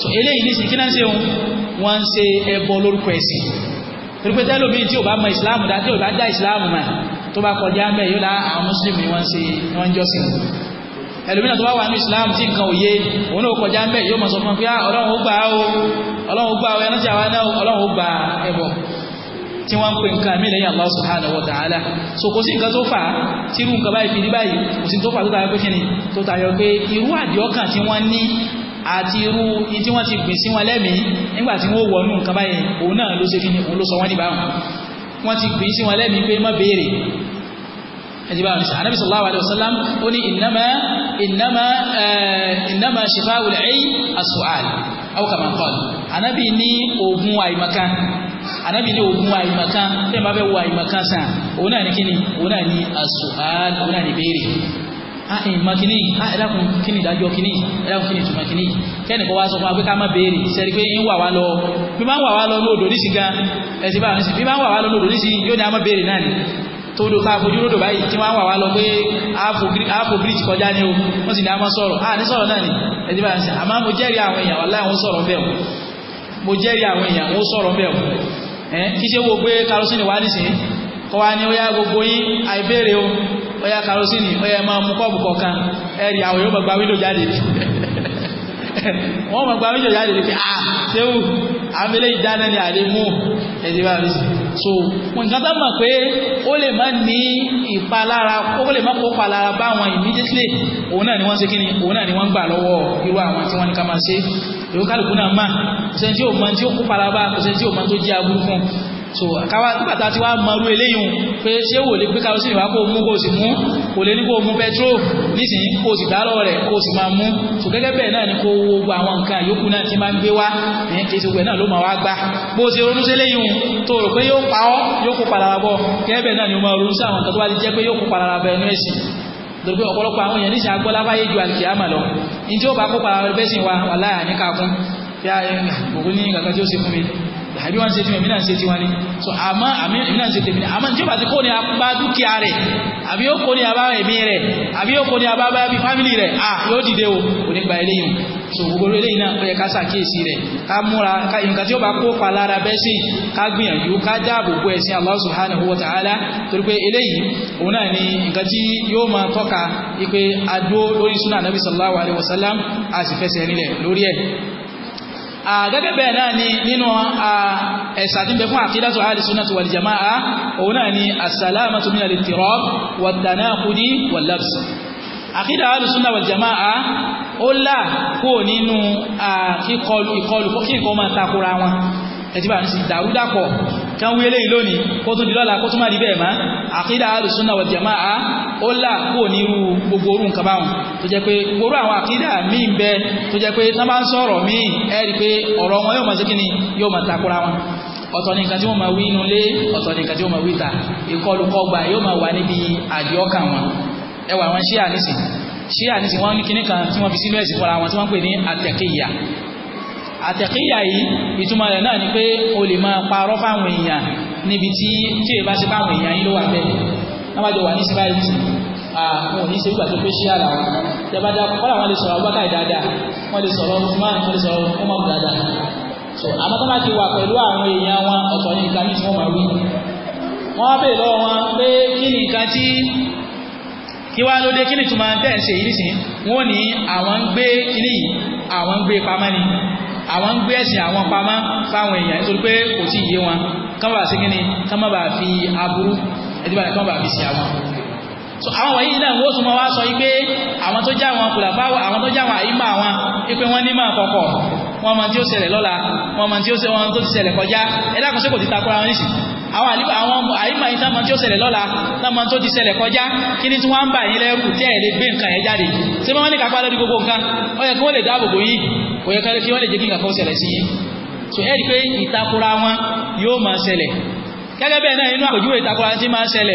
so eléyìí ní sìnkí náà ń se òun wọ́n ń ṣe ẹbọ lórúkọ ẹ̀sìn torí pé tẹ́lómi tí ò bá mọ ìsìláàmù dá tí ò bá dá ìsìláàmù mà tó bá kọjá mẹ́ yóò dá àwọn mùsùlùmí wọ́n ṣe wọ́n jọ́sìn ẹlòmínà tó bá wà ní ìsìláàmù tí nǹkan òye òun náà kọjá mẹ́ yóò mọ̀ sọ fún pé ah, ọlọ́run ó gbà ó tí wọ́n ń pè nǹkan mí lẹ́yìn Allah subhanahu wa ta'ala so kò sí nǹkan tó fà á tí irú nǹkan báyìí fi rí báyìí kò sí tó fà tó tayọ pé kí ni tó tayọ pé irú àdìọ́kàn tí wọ́n ní àti irú tí wọ́n ti gbìn sí wọn lẹ́mìí nígbà tí wọ́n wọnú nǹkan báyìí òun náà ló ṣe kí ni òun ló sọ wọ́n níbàámu wọ́n ti gbìn sí wọn lẹ́mìí pé má béèrè ẹjìbá ọ̀nà ànábì sallallahu alaihi wasallam ó ní innama innama eh, innama shifa'ul 'ayyi as-su'al aw kama qala ànábì àìmọ̀kan ànábì ní bá fẹ́ wo àìmọ̀kan sàn òun náà ní kíni òun náà ní as òun náà ní béèrè a ah, ìmọ̀ eh, kìíní a ah, ẹ̀dàkùn kìíní ìdájọ́ kìíní ẹ̀dàkùn kìíní ìtumọ̀ kìíní kẹ́nìkan wá sọ fún wa pé ká má béèrè sẹ́ni pé ń wà wá lọ bí máa ń wà wá lọ ní odò nísì gan ẹ̀sìn bá nísì bí máa ń wà wá lọ ní odò nísì yóò ní a má béèrè náà ni tó do ká mo jẹ́rìí àwọn èèyàn ọ̀la mo jẹ́rìí àwọn èèyàn wọ́n sọ̀rọ̀ bẹ́ẹ̀ o kí kọ́ wa ní ó yá gbogbo yín àìbéèrè o ó yá karosíìnì ó yá máa mú kọ́ọ̀bù kọ̀ọ̀kan ẹ̀rì àwọn yóò gbàgbà wíńdò jáde wọ́n gbàgbà wíńdò jáde pé ah, à ṣéwù àmìlẹ̀ ìdáná ni àlè mú ẹ̀dí bá rí so nǹkan tó mọ̀ pé ó lè má ní ìpalára ó lè má kó palára bá àwọn immediately òun náà ni wọ́n ṣe kíni òun náà ni wọ́n gbà lọ́wọ́ irú àwọn tí wọ́n ní ká máa ṣe èrò kálukú náà mà kò sẹ́ni tí ò mọ tí ó kó palára bá kò sẹ́ni tí ò mọ tó jẹ́ aburú fún un so akawa nígbàtà tí wá mọ̀rú eléyìn pé ṣé wò lè gbé karosíìnì wá kó mú kó sì mú kò lè ní kó mú petro nísìnyí kó sì dá lọ́wọ́ rẹ̀ kó sì máa mú so gẹ́gẹ́ bẹ́ẹ̀ náà ni kó gbogbo àwọn nǹkan yòókù náà ti máa ń gbé wá ní kéṣe gbẹ náà ló máa wá gbá bó ṣe ronú sí tó rò pé yóò pa ọ́ yóò kó padà bọ̀ gẹ́gẹ́ bẹ́ẹ̀ náà ni ó máa ronú sí àwọn nǹkan tó bá ti jẹ́ pé yóò kó padà bọ̀ ẹnu ẹ̀sìn torí pé ọ̀pọ̀lọpọ̀ àwọn èèyàn níṣẹ́ agbọ́lá báyé ju àlìkìyàmà lọ ní tí ó bá kó padà bẹ́sìn wa wà láàyè àníkàkún bí a ń gbogbo ní nǹkan tí ó ṣe fún mi àbí wọ́n ń ṣe tí èmi náà ń ṣe tí ní so àmọ́ àmì èmi náà ń ṣe tèmi ní àmọ́ níjọba ti kó ní abá dúkìá rẹ̀ àbí ó kó ní abá ẹ̀mí rẹ̀ àbí ó kó ní abá bá bí fámìlì rẹ̀ à yóò dìde o kò ní gba eléyìí so gbogbo eléyìí náà ó yẹ ká ṣàkíyèsí rẹ̀ ká múra ká nǹkan tí ó bá kó pa lára bẹ́sì ká gbìyànjú ká dáàbò bo ẹ̀sìn Allah subhanahu wa ta'ala torí pé eléyìí òun náà ni nǹkan tí yóò máa tọ́ka ipe adó lórí sunnah nabi sallallahu alayhi wa sallam a sì fẹsẹ̀ nílẹ̀ lórí ẹ̀ Ah, gẹ́gẹ́ bẹ́ẹ̀ náà ni nínú ah, ẹ̀sà tí ń bẹ fún àkídàtò alìsúnàtò wal jama'a òun náà ni asàlámàtò min al-ittirab wat-tanaqudi wal-labs àkídà alìsúnà wal jama'a ó là kó nínú ah, ìkọlù kí nǹkan máa takora wọn ẹ̀tí bá ń dàrúdàpọ̀ kan wí eléyìí lónìí kó tún di lọ́la kó tún má rí bẹ́ẹ̀ má àkídà alùsùnà wal jàmáà ó là kó ní irú gbogbo orú nǹkan báwọn tó jẹ́ pé gbogbo àwọn àkídà míì bẹ tó jẹ́ pé tán bá ń sọ̀rọ̀ míì ẹ pé ọ̀rọ̀ wọn yóò máa ṣe kí yóò máa takura wọn ọ̀tọ̀ ní nǹkan tí wọ́n máa wí inú lé ọ̀tọ̀ ní nǹkan tí wọ́n máa wí ta ìkọlùkọgbà yóò máa wà níbi àdìọ́kàn wọn ẹwà wọn ṣíà nísìn ṣíà nísìn wọn ní kinní kan tí wọ́n fi sínú ẹ̀sìn fúnra wọn tí wọ́n pè ní àtẹ̀kẹ́yà àtẹ̀kíyà yìí ìtumọ̀ rẹ̀ náà ni pé o lè máa parọ́ fáwọn èèyàn níbi tí tí èèyàn bá ṣe fáwọn èèyàn yín ló wà bẹ́ẹ̀ lábàjọ wà ní síbáìtì àwọn òní ṣe gbàgbé pé ṣíà làwọn tẹ́bá dá kọ́lá wọn lè sọ̀rọ̀ abúlá ìdáadáa wọn lè sọ̀rọ̀ Usman wọn lè sọ̀rọ̀ Umar dáadáa so àmọ́ tó bá ti wà pẹ̀lú àwọn èèyàn wọn ọ̀tọ̀ ní nǹkan tí wọ́n máa wí wọ́n wá bèèrè lọ́wọ́ wọn pé kí ni nǹkan tí kí wá ló kí ni túmọ̀ tẹ̀ ń ṣe yìí nísìnyí wọ́n ní àwọn ń gbé kíní yìí àwọn ń gbé pamọ́ ni àwọn ń gbé ẹ̀sìn àwọn pamọ́ fáwọn èèyàn nítorí pé kò tí ì yé wọn kán bá sí kíni kán má bàa fi aburú ẹ̀dí báyìí fi sí àwọn. so àwọn wọ̀nyí náà wọ́n tún máa wá sọ yìí pé àwọn tó já àwọn kùlà fáwọn àwọn tó já àwọn àyímọ̀ àwọn pé wọ́n ní máa kọ̀kọ̀ wọ́n mọ tí ó ṣẹlẹ̀ lọ́la wọ́n mọ tí ó ṣẹlẹ̀ kọjá ẹ̀dá kò ti takora wọn nísìnyí àwọn àlífà àwọn àyíká yìí sáma tí ó ṣẹlẹ̀ lọ́la sáma tó ti ṣẹlẹ̀ kọjá kí ni tí wọ́n ń bà yín lẹ́rù tí ẹ̀ lè gbé nǹkan ẹ̀ jáde ṣé wọ́n lè kápá lórí gbogbo nǹkan ó yẹ kí wọ́n lè dáàbòbò yín ó yẹ kí wọ́n lè jẹ́ kí nǹkan kan ṣẹlẹ̀ sí yín so ẹ́ rí pé ìtakura wọn yóò máa ṣẹlẹ̀ gẹ́gẹ́ bẹ́ẹ̀ náà inú àpòjúwe ìtakura tí máa ń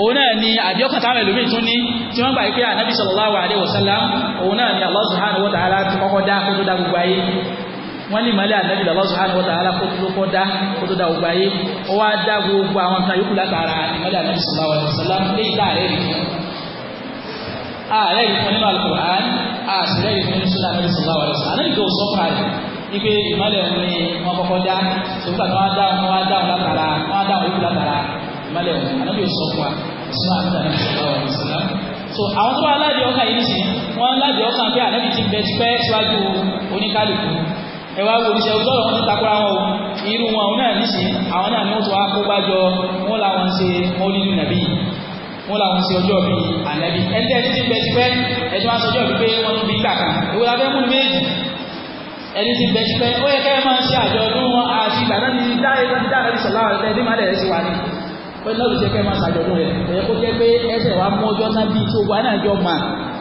òun náà ni àbíọ́kàn táwọn ẹlòmíì tún ní tí wọ́n gbà pé ànábì sallallahu alaihi wasallam òun náà ni Allah subhanahu wa ta'ala ti kọ́kọ́ dá kó tó dá gbogbo ayé wọ́n ní ìmọ̀lẹ́ ànábì Allah subhanahu wa ta'ala kó tó kọ́ dá kó tó dá ọgbà yé ó wá dá gbogbo àwọn nǹkan yòókù látara ìmọ̀lẹ́ ànábì sallallahu alaihi wasallam lé ìta rẹ̀ rí fún ààrẹ rí fún nínú Al-Qur'an àṣìrẹ́ rí fún nínú sunna ànábì sallallahu alaihi wasallam ànábì tó sọ fún ààrẹ ipe ìmọ̀lẹ̀ òun ni wọ́n kọ́kọ́ dá sọ̀rọ̀ kan wọ́n á dáhùn so àwọn tó wà ládìí ọkàn yìí nìsín wọn ládìí ọkàn pé ànábì ti bẹ tipẹ́ síwájú oníkálukú ẹ wá gbòòrò ìṣẹ̀lú takora wọn o irú wọn àwọn náà níṣìí àwọn náà ni wọ́n tún wá kó bá jọ wọ́n làwọn ṣe mọ́lídù nàbí wọ́n làwọn ṣe ọjọ́ bí ànábì ẹ̀ńtẹ́ ẹni tí ń bẹ ti pẹ́ ẹ̀jọ́ wá sọjọ́ bí pé wọ́n ń bí kàkà èwo la fẹ́ mú méjì ẹni tí ń bẹ ti pẹ́ ó yẹ kẹ́ máa ṣe àjọ ọdún wọn àti ìgbà náà ni dáadé dáadé sọ̀lá pé náà ló ṣe kẹ́ máa ṣàjọ̀dún rẹ̀ ẹ̀yẹ kó jẹ́ pé ẹsẹ̀ wa mú ọjọ́ náà bíi tí o wà náà jọ mà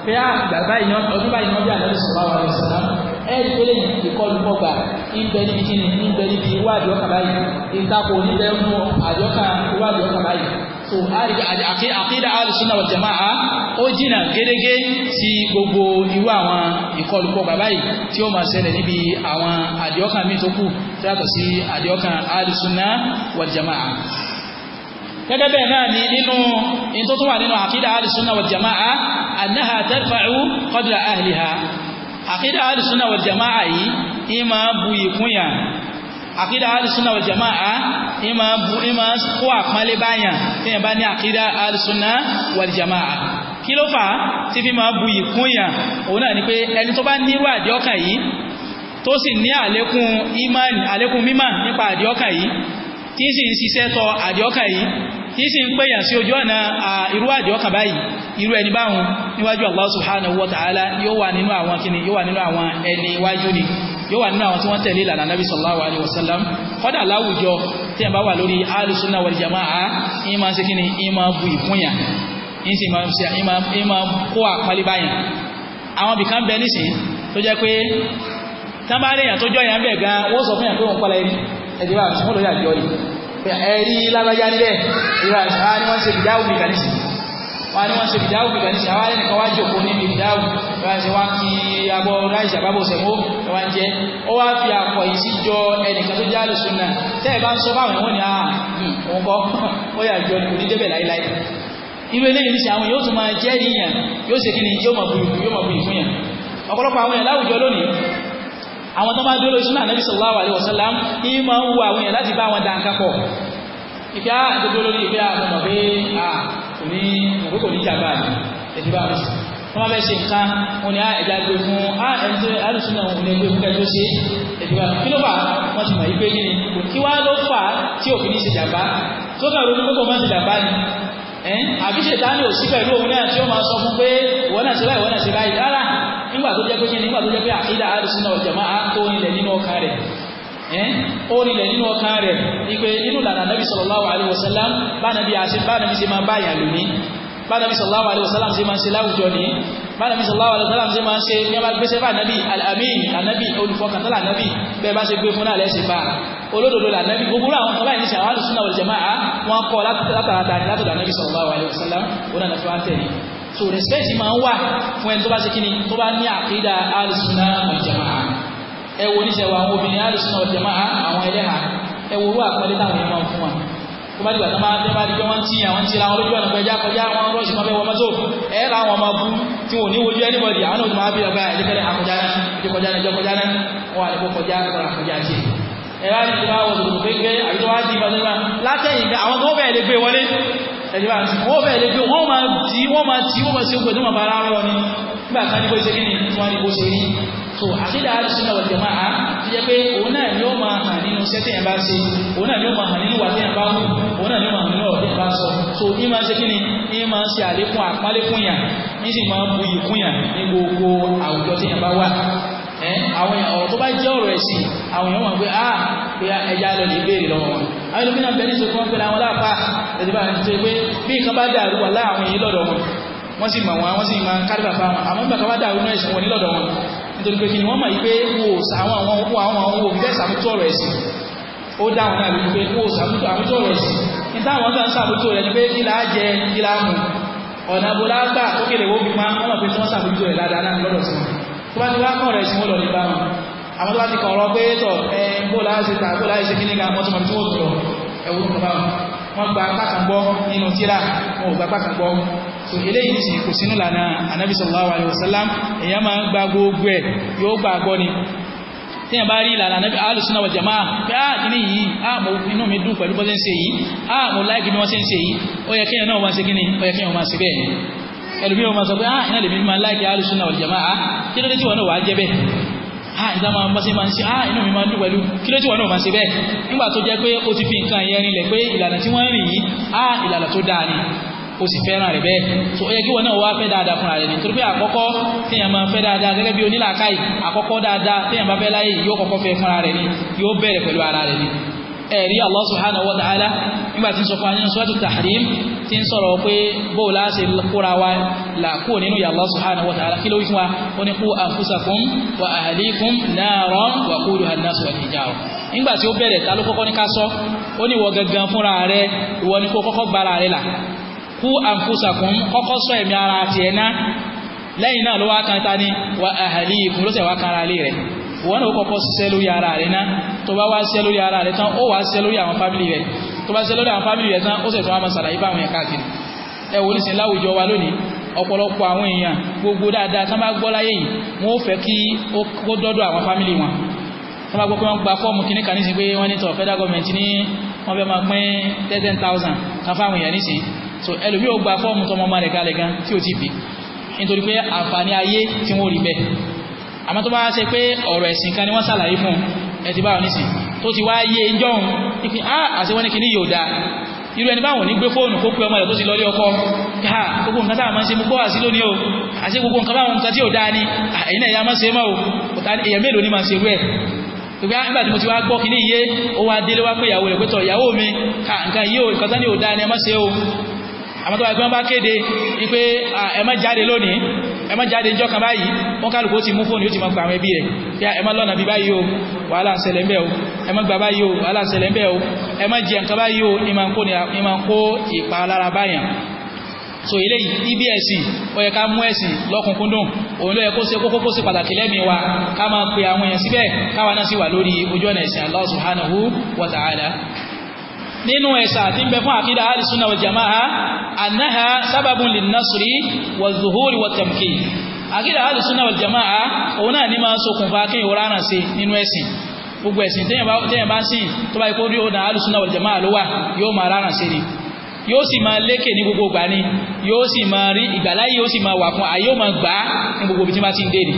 pé àgbà ah, báyìí ọdún báyìí náà bí àlẹ́ sọ̀rọ̀ àwọn ọ̀rọ̀ sọ̀rọ̀ ẹ̀rí pé lẹ́yìn ìkọlù mọ́gbà ìbẹ̀ níbi kíni ìbẹ̀ níbi ìwà àdìọ́kà báyìí ìtakò oníbẹ̀ mú àdìọ́kà ìwà àdìọ́kà báyìí so àkídà alìsúnà wal jama'a ó jìnà gédégé sí gbogbo irú àwọn ìkọlù mọ́gbà báyìí tí ó máa ṣẹlẹ̀ níbi àwọn àdìọ́kà míì tó kù tó yàtọ̀ sí àdìọ́kà alìsúnà wal jama'a gẹ́gẹ́ bẹ́ẹ̀ náà ni nínú in tó tún wà nínú àkídà alìsúnà wal jama'a annaha tarfa'u qadra ahliha àkídà alìsúnà wal jama'a yìí ima bu ìkúnyà àkídà alìsúnà wal jama'a ima bu ima kó àpálẹ́ báyàn tí yẹn bá ní àkídà alìsúnà wal jama'a kí ló fà tí fi máa sì ń ṣiṣẹ́ tọ àdíọ́kà yìí tí sì ń pèyàn sí ojú ọ̀nà irú àjọ kan báyìí irú ẹni báhùn níwájú Allah subhanahu wa ta'ala yóò wà nínú àwọn kíni yóò wà nínú àwọn ẹni iwájú ni yóò wà nínú àwọn tí wọ́n tẹ̀lé ìlànà Nabi sallallahu alaihi wasallam kọ́dà láwùjọ tí ẹ̀bá wà lórí alùsùnà wal jama'a ìmọ̀ sí kíni ìmọ̀ bu ìkúnyà ìmọ̀ kó àpálíbáyàn àwọn bìkan bẹ nísìn tó jẹ́ pé tábàárẹ̀yàn tó jọ yàn bẹ̀ gan wọ́n sọ fún yàn pé òun pálá ẹni ẹ̀dí ẹ̀rí lágbájá níbẹ̀ ìrà àwọn ni wọ́n ṣe ìdáhùn nìkan ní sí wọ́n ni wọ́n ṣe ìdáhùn nìkan ní sí àwọn ẹnìkan wá jòkó níbi ìdáhùn ìwà ṣe wá kí abọ́ ráìsì àbábọ̀ sẹ̀mó ẹwà ń jẹ́ ó wá fi àpọ̀ yìí sí jọ ẹnìkan tó jẹ́ àlùsùnà tẹ́ ẹ̀ bá ń sọ báwọn ẹ̀wọ̀n ni àà òun kọ́ ó yà jọ kò ní débẹ̀ láíláí irú eléyìí níṣẹ́ àwọn yóò tún máa jẹ́rìí àwọn tó bá dúró lórí súnà nàbí sallallahu alaihi wasallam yìí máa ń wo àwọn èèyàn láti bá wọn dá nǹkan pọ̀ ìfẹ́ àdúgbò lórí ìfẹ́ àmọ̀nà pé à kò ní mọ̀ pé kò ní jàmbá àti ẹ̀dí bá wọn wọ́n bá ṣe nǹkan wọn ni á ẹ̀dá gbé fún á ẹ̀dẹ́ àdùsùn náà wọn ni ẹgbẹ́ fún ẹjọ́ ṣe ẹ̀dí bá kí ló fà wọ́n ti mọ̀ yí pé kí ni kí wá ló fà tí òfin ní ṣe jàmbá tó kà ronú pé kò má ṣe jàmbá ni ẹ̀ẹ́n àbí ṣètánì ò sí pẹ̀lú òun náà tí ó máa sọ fún pé ìwọ náà ṣe báyìí ìwọ náà ṣe báyìí rárá nígbà tó jẹ́ pé kí tó jẹ́ pé àkídà àdùsùn náà jẹ̀mọ́ á tó nílẹ̀ nínú ọkàn rẹ̀ ó nílẹ̀ nínú ọkàn rẹ̀ ipe inú lànà nàbí sallallahu alaihi wasallam bánàbí àti bánàbí ṣe máa báyà lónìí bánàbí sallallahu alaihi wasallam ṣe máa ṣe láwùjọ ní bánàbí sallallahu alaihi wasallam ṣe máa ṣe ní ọba gbéṣẹ́ bá nàbí al-amin lànàbí olùfọkàntà lànàbí bẹ́ẹ̀ bá ṣe gbé fún àlẹ́ ṣe bá olódodo lànàbí gbogbo àwọn ọba ìníṣẹ́ àwọn àdùsùn náà wal jamaa wọn kọ́ látàrátà ní látọ̀dà nàbí sallallahu alaihi wasallam ó nà so respect máa ń wà fún ẹni tó bá ṣe kí ni tó bá ní àkídà alùsùnà ọ̀jẹ̀mà ẹ wo oníṣẹ́ wa àwọn obìnrin alùsùnà ọ̀jẹ̀mà àwọn ẹlẹ́hà ẹ wo orú àpẹẹrẹ táwọn èèyàn máa fún wa tó bá dìgbà tó máa tẹ́ bá di pé wọ́n ń tiyàn wọ́n ń tira ọ̀nà pẹ̀já kọjá wọn rọ́ọ̀ṣì máa fẹ́ wọ́n mọ́tò ẹ ra àwọn ọmọ bú tí wọn ò ní wojú anybody àwọn náà bí ọgbà ẹ̀jẹ̀kẹ́lẹ̀ àkọjá náà ìjọkọjá náà ìjọkọjá náà wọn àdìpọ̀ kọjá kọra kọjá sí i ẹ̀rọ àdìpọ̀ àwọn òṣèlú gbẹgbẹ tó wá di ìbàdàn látẹ̀yìn àwọn tó bẹ̀rẹ̀ lè ẹ̀jẹ̀bá àti wọ́n fẹ́ lè pé wọ́n máa tí wọ́n máa tí wọ́n máa sí ogun tó máa bára rọ ní nígbà kan níbo ìṣe kíni wọ́n níbo ṣe rí so àkídà àdìsúnà wal jamaa tó jẹ́ pé òun náà ni ó máa hàn nínú iṣẹ́ tẹ̀yàn bá ṣe òun náà ni ó máa hàn nínú ìwà tẹ̀yàn bá wù òun náà ni ó máa hàn nínú ọ̀rọ̀ tẹ̀yàn bá sọ so ní máa ṣe kíni ní máa ṣe àlékún àpọ́nlé fún yàn ní ayélujára bẹ ní sọkún pẹ̀lú àwọn aláàpá ẹ̀dí bá ti pé bí nǹkan bá dàrú wà láàrin yìí lọ́dọ̀ wọn wọ́n sì mọ̀ wọn wọ́n sì máa ń kárí bàbá wọn àmọ́ nígbà kan bá dàrú náà ẹ̀sùn wọn ní lọ́dọ̀ wọn nítorí pé kí ni wọ́n mọ̀ pé wò àwọn àwọn òkú àwọn àwọn òbí bẹ́ẹ̀ sàmútú ọ̀rọ̀ ẹ̀sìn ó dáhùn náà lórí pé wò sàmútú àmútú ọ̀rọ̀ ẹ̀sìn ní táwọn kan sàmútú rẹ̀ ni pé kí là á jẹ kí là á mú ọ̀nà abola gbà ó kèlè wọ́n fi máa ń wọ́n mọ̀ pé kí wọ́n sàmútú rẹ̀ àwọn láti kàn ọ̀rọ̀ pé tọ̀ ẹ bóòlá ṣe ta bóòlá ṣe kí ní ga mọ́tò mọ́tò tó lọ ẹ̀wù nǹkan báwọn wọ́n gba pákàngbọ́ nínú tíra wọn ò gba pákàngbọ́ so eléyìí ti kò sínú lànà anabi sallallahu alayhi wa sallam èèyàn máa ń gba gbogbo ẹ̀ yóò gba àgbọ́ ni tí a bá rí ìlànà anabi alùsùn náà wà jama pé á ah, kí ni yìí á ah, mo inú mi dùn pẹ̀lú bọ́sẹ̀ ń ṣe yìí á ah, mo láìkí bí wọ́n ṣe ń ṣe yìí ó yẹ kéèyàn náà wá ṣe kí ni ó yẹ kéèyàn máa ṣe bẹ́ẹ̀ ẹlòmíràn máa sọ pé á iná lèmi máa láìkí alùsùn náà wà jama á kí ló dé tí wọn náà wà á jẹ bẹ́ẹ̀ ah ìdá máa mọ́ sí máa ń ṣe ah inú mi máa ń dùn pẹ̀lú kí ló tí wọ́n náà máa ṣe bẹ́ẹ̀ nígbà tó jẹ́ pé ó ti fi nǹkan ìyẹn rinlẹ̀ pé ìlànà tí wọ́n rìn yìí ah ìlànà tó dáa ni ó sì fẹ́ràn rẹ̀ bẹ́ẹ̀ tó ó yẹ kí wọ́n náà wá fẹ́ dáadáa fúnra rẹ̀ nítorí pé àkọ́kọ́ téèyàn máa fẹ́ dáadáa gẹ́gẹ́ bí onílàákàyè àkọ́kọ́ dáadáa téèyàn bá fẹ́ láyè yóò kọ́kọ́ fẹ́ fúnra rẹ̀ ni yóò bẹ̀rẹ̀ pẹ̀lú ara rẹ̀ ni ẹ̀rí Allah subhanahu wa ta'ala nígbà tí ń sọ fún wa nínú suratu tahrim tí ń sọ̀rọ̀ pé bóòlù á ṣe kóra wa là kúrò nínú ìyà Allah subhanahu wa ta'ala ó bẹ̀rẹ̀ ta ló kọ́kọ́ ní ká sọ ó ní ìwọ fúnra rẹ ìwọ ní kó kọ́kọ́ gbára rẹ là kú anfusakum kọ́kọ́ sọ ẹ̀mí ara tiẹ̀ ná lẹ́yìn náà ló wá kan ta ni wa ahlikum ló sẹ̀ kan ara lé rẹ̀ wọ́n náà kọ́kọ́ ṣiṣẹ́ lórí ara rẹ̀ náà tó bá wá ṣiṣẹ́ lórí ara rẹ̀ tán ó wá ṣiṣẹ́ lórí àwọn fámìlì rẹ̀ tó bá ṣiṣẹ́ lórí àwọn fámìlì rẹ̀ tán ó sì tún wá máa ṣàlàyé bá àwọn yẹn káàkiri ẹ wo ní sin láwùjọ wa lónìí ọ̀pọ̀lọpọ̀ àwọn èèyàn gbogbo dáadáa tán bá gbọ́ láyé yìí wọ́n ó fẹ́ kí ó dọ́dọ̀ àwọn fámìlì wọn tán bá gbọ́ pé wọ́n gba fọ́ọ̀mù kìíní kan nísìnyí pé wọ́n ní tọ̀ federal government ní wọ́n fẹ́ máa pín ten thousand kan fáwọn èèyàn nísìnyí so ẹlòmíì ó gba fọ́ọ̀mù tọmọ ọmọ rẹ̀ kalẹ̀ gan tí ò ti bì nítorí pé àǹfààní ayé tí wọ́n rí bẹ́ẹ̀ àmọ́ tó bá ṣe pé ọ̀rọ̀ ẹ̀sìn kan ni wọ́n ṣàlàyé fún ẹ ti báwọn nísìn tó ti wá yé ìjọun ipi á àti wọ́n ní kìíní yóò dáa irú ẹni báwọn ní gbé fóònù kó pé ọmọ rẹ̀ tó ti lọlé ọkọ ká gbogbo nǹkan táwọn máa ń ṣe mú gbọ́wà sí lónìí o àti gbogbo o èèyàn mélòó ni máa ń ṣe wẹ́ẹ̀ gbogbo àgbà tí mo ti ni ò dáa ni ẹ má ṣe o àmọ́ tó wá ẹ má jáde ìjọ kan báyìí wọ́n kálukú ó ti mú fóònù ó ti máa pa àwọn ẹbí rẹ̀ pé ẹ má lọ́nà bí báyìí o wàhálà ń ṣẹlẹ̀ o ẹ gbà báyìí o wàhálà ń o ẹ jẹ nǹkan báyìí o ìmọ̀ kó ìpalára báyàn so ilé ibi e ẹ̀sìn ó yẹ ká mú ẹ̀sìn lọ́kùnkúndùn òun ló yẹ kó ṣe kókó kó ṣe pàtàkì lẹ́mìí wa ká máa pe àwọn èèyàn síbẹ̀ káwa náà sì wà lórí ojú ọ̀nà ẹ̀sìn Allah subhanahu wa nínú ẹ̀sà tí ń bẹ fún àkídà alìsúnà wal jama'a annaha sábàbùn lè nasiri wà zuhuri wà tamki àkídà alìsúnà wal jama'a òun náà ní máa ṣokùnfà kí ìwòrán náà sí nínú ẹ̀sìn gbogbo ẹ̀sìn tẹ́yàn bá sìn tó bá ikú rí ó náà alùsùn náà jama'a ló wà yóò máa ráràn sí ni yóò sì máa lékè ní gbogbo gbà ní yóò sì máa rí ìgbàláyé yóò sì máa wà fún àyè yóò máa gbà ní gbogbo ibi tí wọ́n ti ń dé ni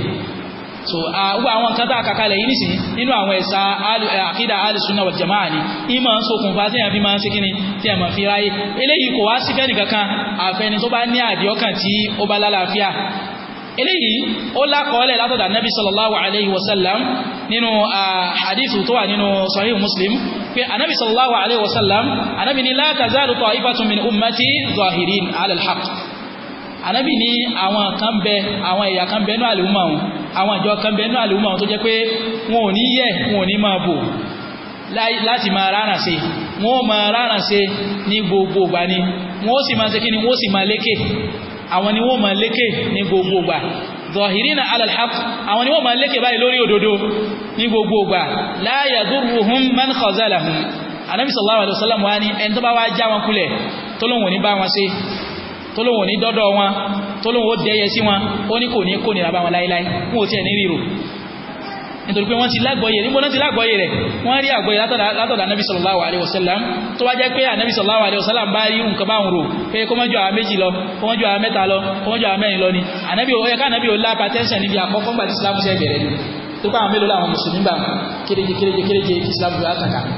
so uh, gbogbo àwọn nǹkan tá a kàkalẹ̀ yìí nìsín nínú àwọn ẹ̀sà eh, àkídà alìsúnà wal jamaa ni ìmọ̀ ń ṣokùnfà tí èèyàn fi máa ń ṣe kíni tí èèyàn fi ráyè eléyìí kò wá sí fẹ́nì kankan àfẹni tó bá ní àdìọ́kàn tí ó bá lálàáfíà eléyìí ó lákọọ́lẹ̀ látọ̀dà nabi sallallahu alayhi wa nínú hadithu tó wà nínú sahih muslim pé anabi sallallahu alayhi wa sallam anabi ni la tazalu ta'ifatun ummati zahirin ala al-haq anabi ni àwọn kan bẹ àwọn ẹ̀yà kan bẹ nínú àlùmọ̀ àwọn àjọ kan bẹ̀ẹ́nú àlùmọ̀ tó jẹ́ pé wọn ò ní yẹ̀ wọn ò ní máa bò láti máa rárá ṣe wọn ó máa rárá ṣe ní gbogbo ìgbà ni wọn ó sì máa ṣe kí ni wọn ó sì máa lékè àwọn ni wọn ó máa lékè ní gbogbo ìgbà zahirina ala àwọn ni wọ́n máa lékè báyìí lórí òdodo ní gbogbo ìgbà la yadurruhum man khazalahum tọ́lọ́hun ò ní dọ́dọ̀ wọn tọ́lọ́hun ó dẹ́yẹ sí wọn ó ní kò ní kò nira bá wọn láíláí wọn ò tiẹ̀ ní ríro nítorí pé wọ́n ti lágbọ́yé níbo náà ti lágbọ́yé rẹ̀ wọ́n rí àgbọ́yé látọ̀dọ̀ anábì alaihi wasallam tó wá jẹ́ pé alaihi wasallam bá rí nǹkan báwọn rò pé kó mọ́jọ́ àwọn méjì lọ kó mọ́jọ́ àwọn mẹ́ta lọ kó ni anábì ó yẹ ká anábì ó lápá tẹ́ńsẹ̀ níbi àkọ́kọ́ gbà tí islam ṣe bẹ̀rẹ̀ ni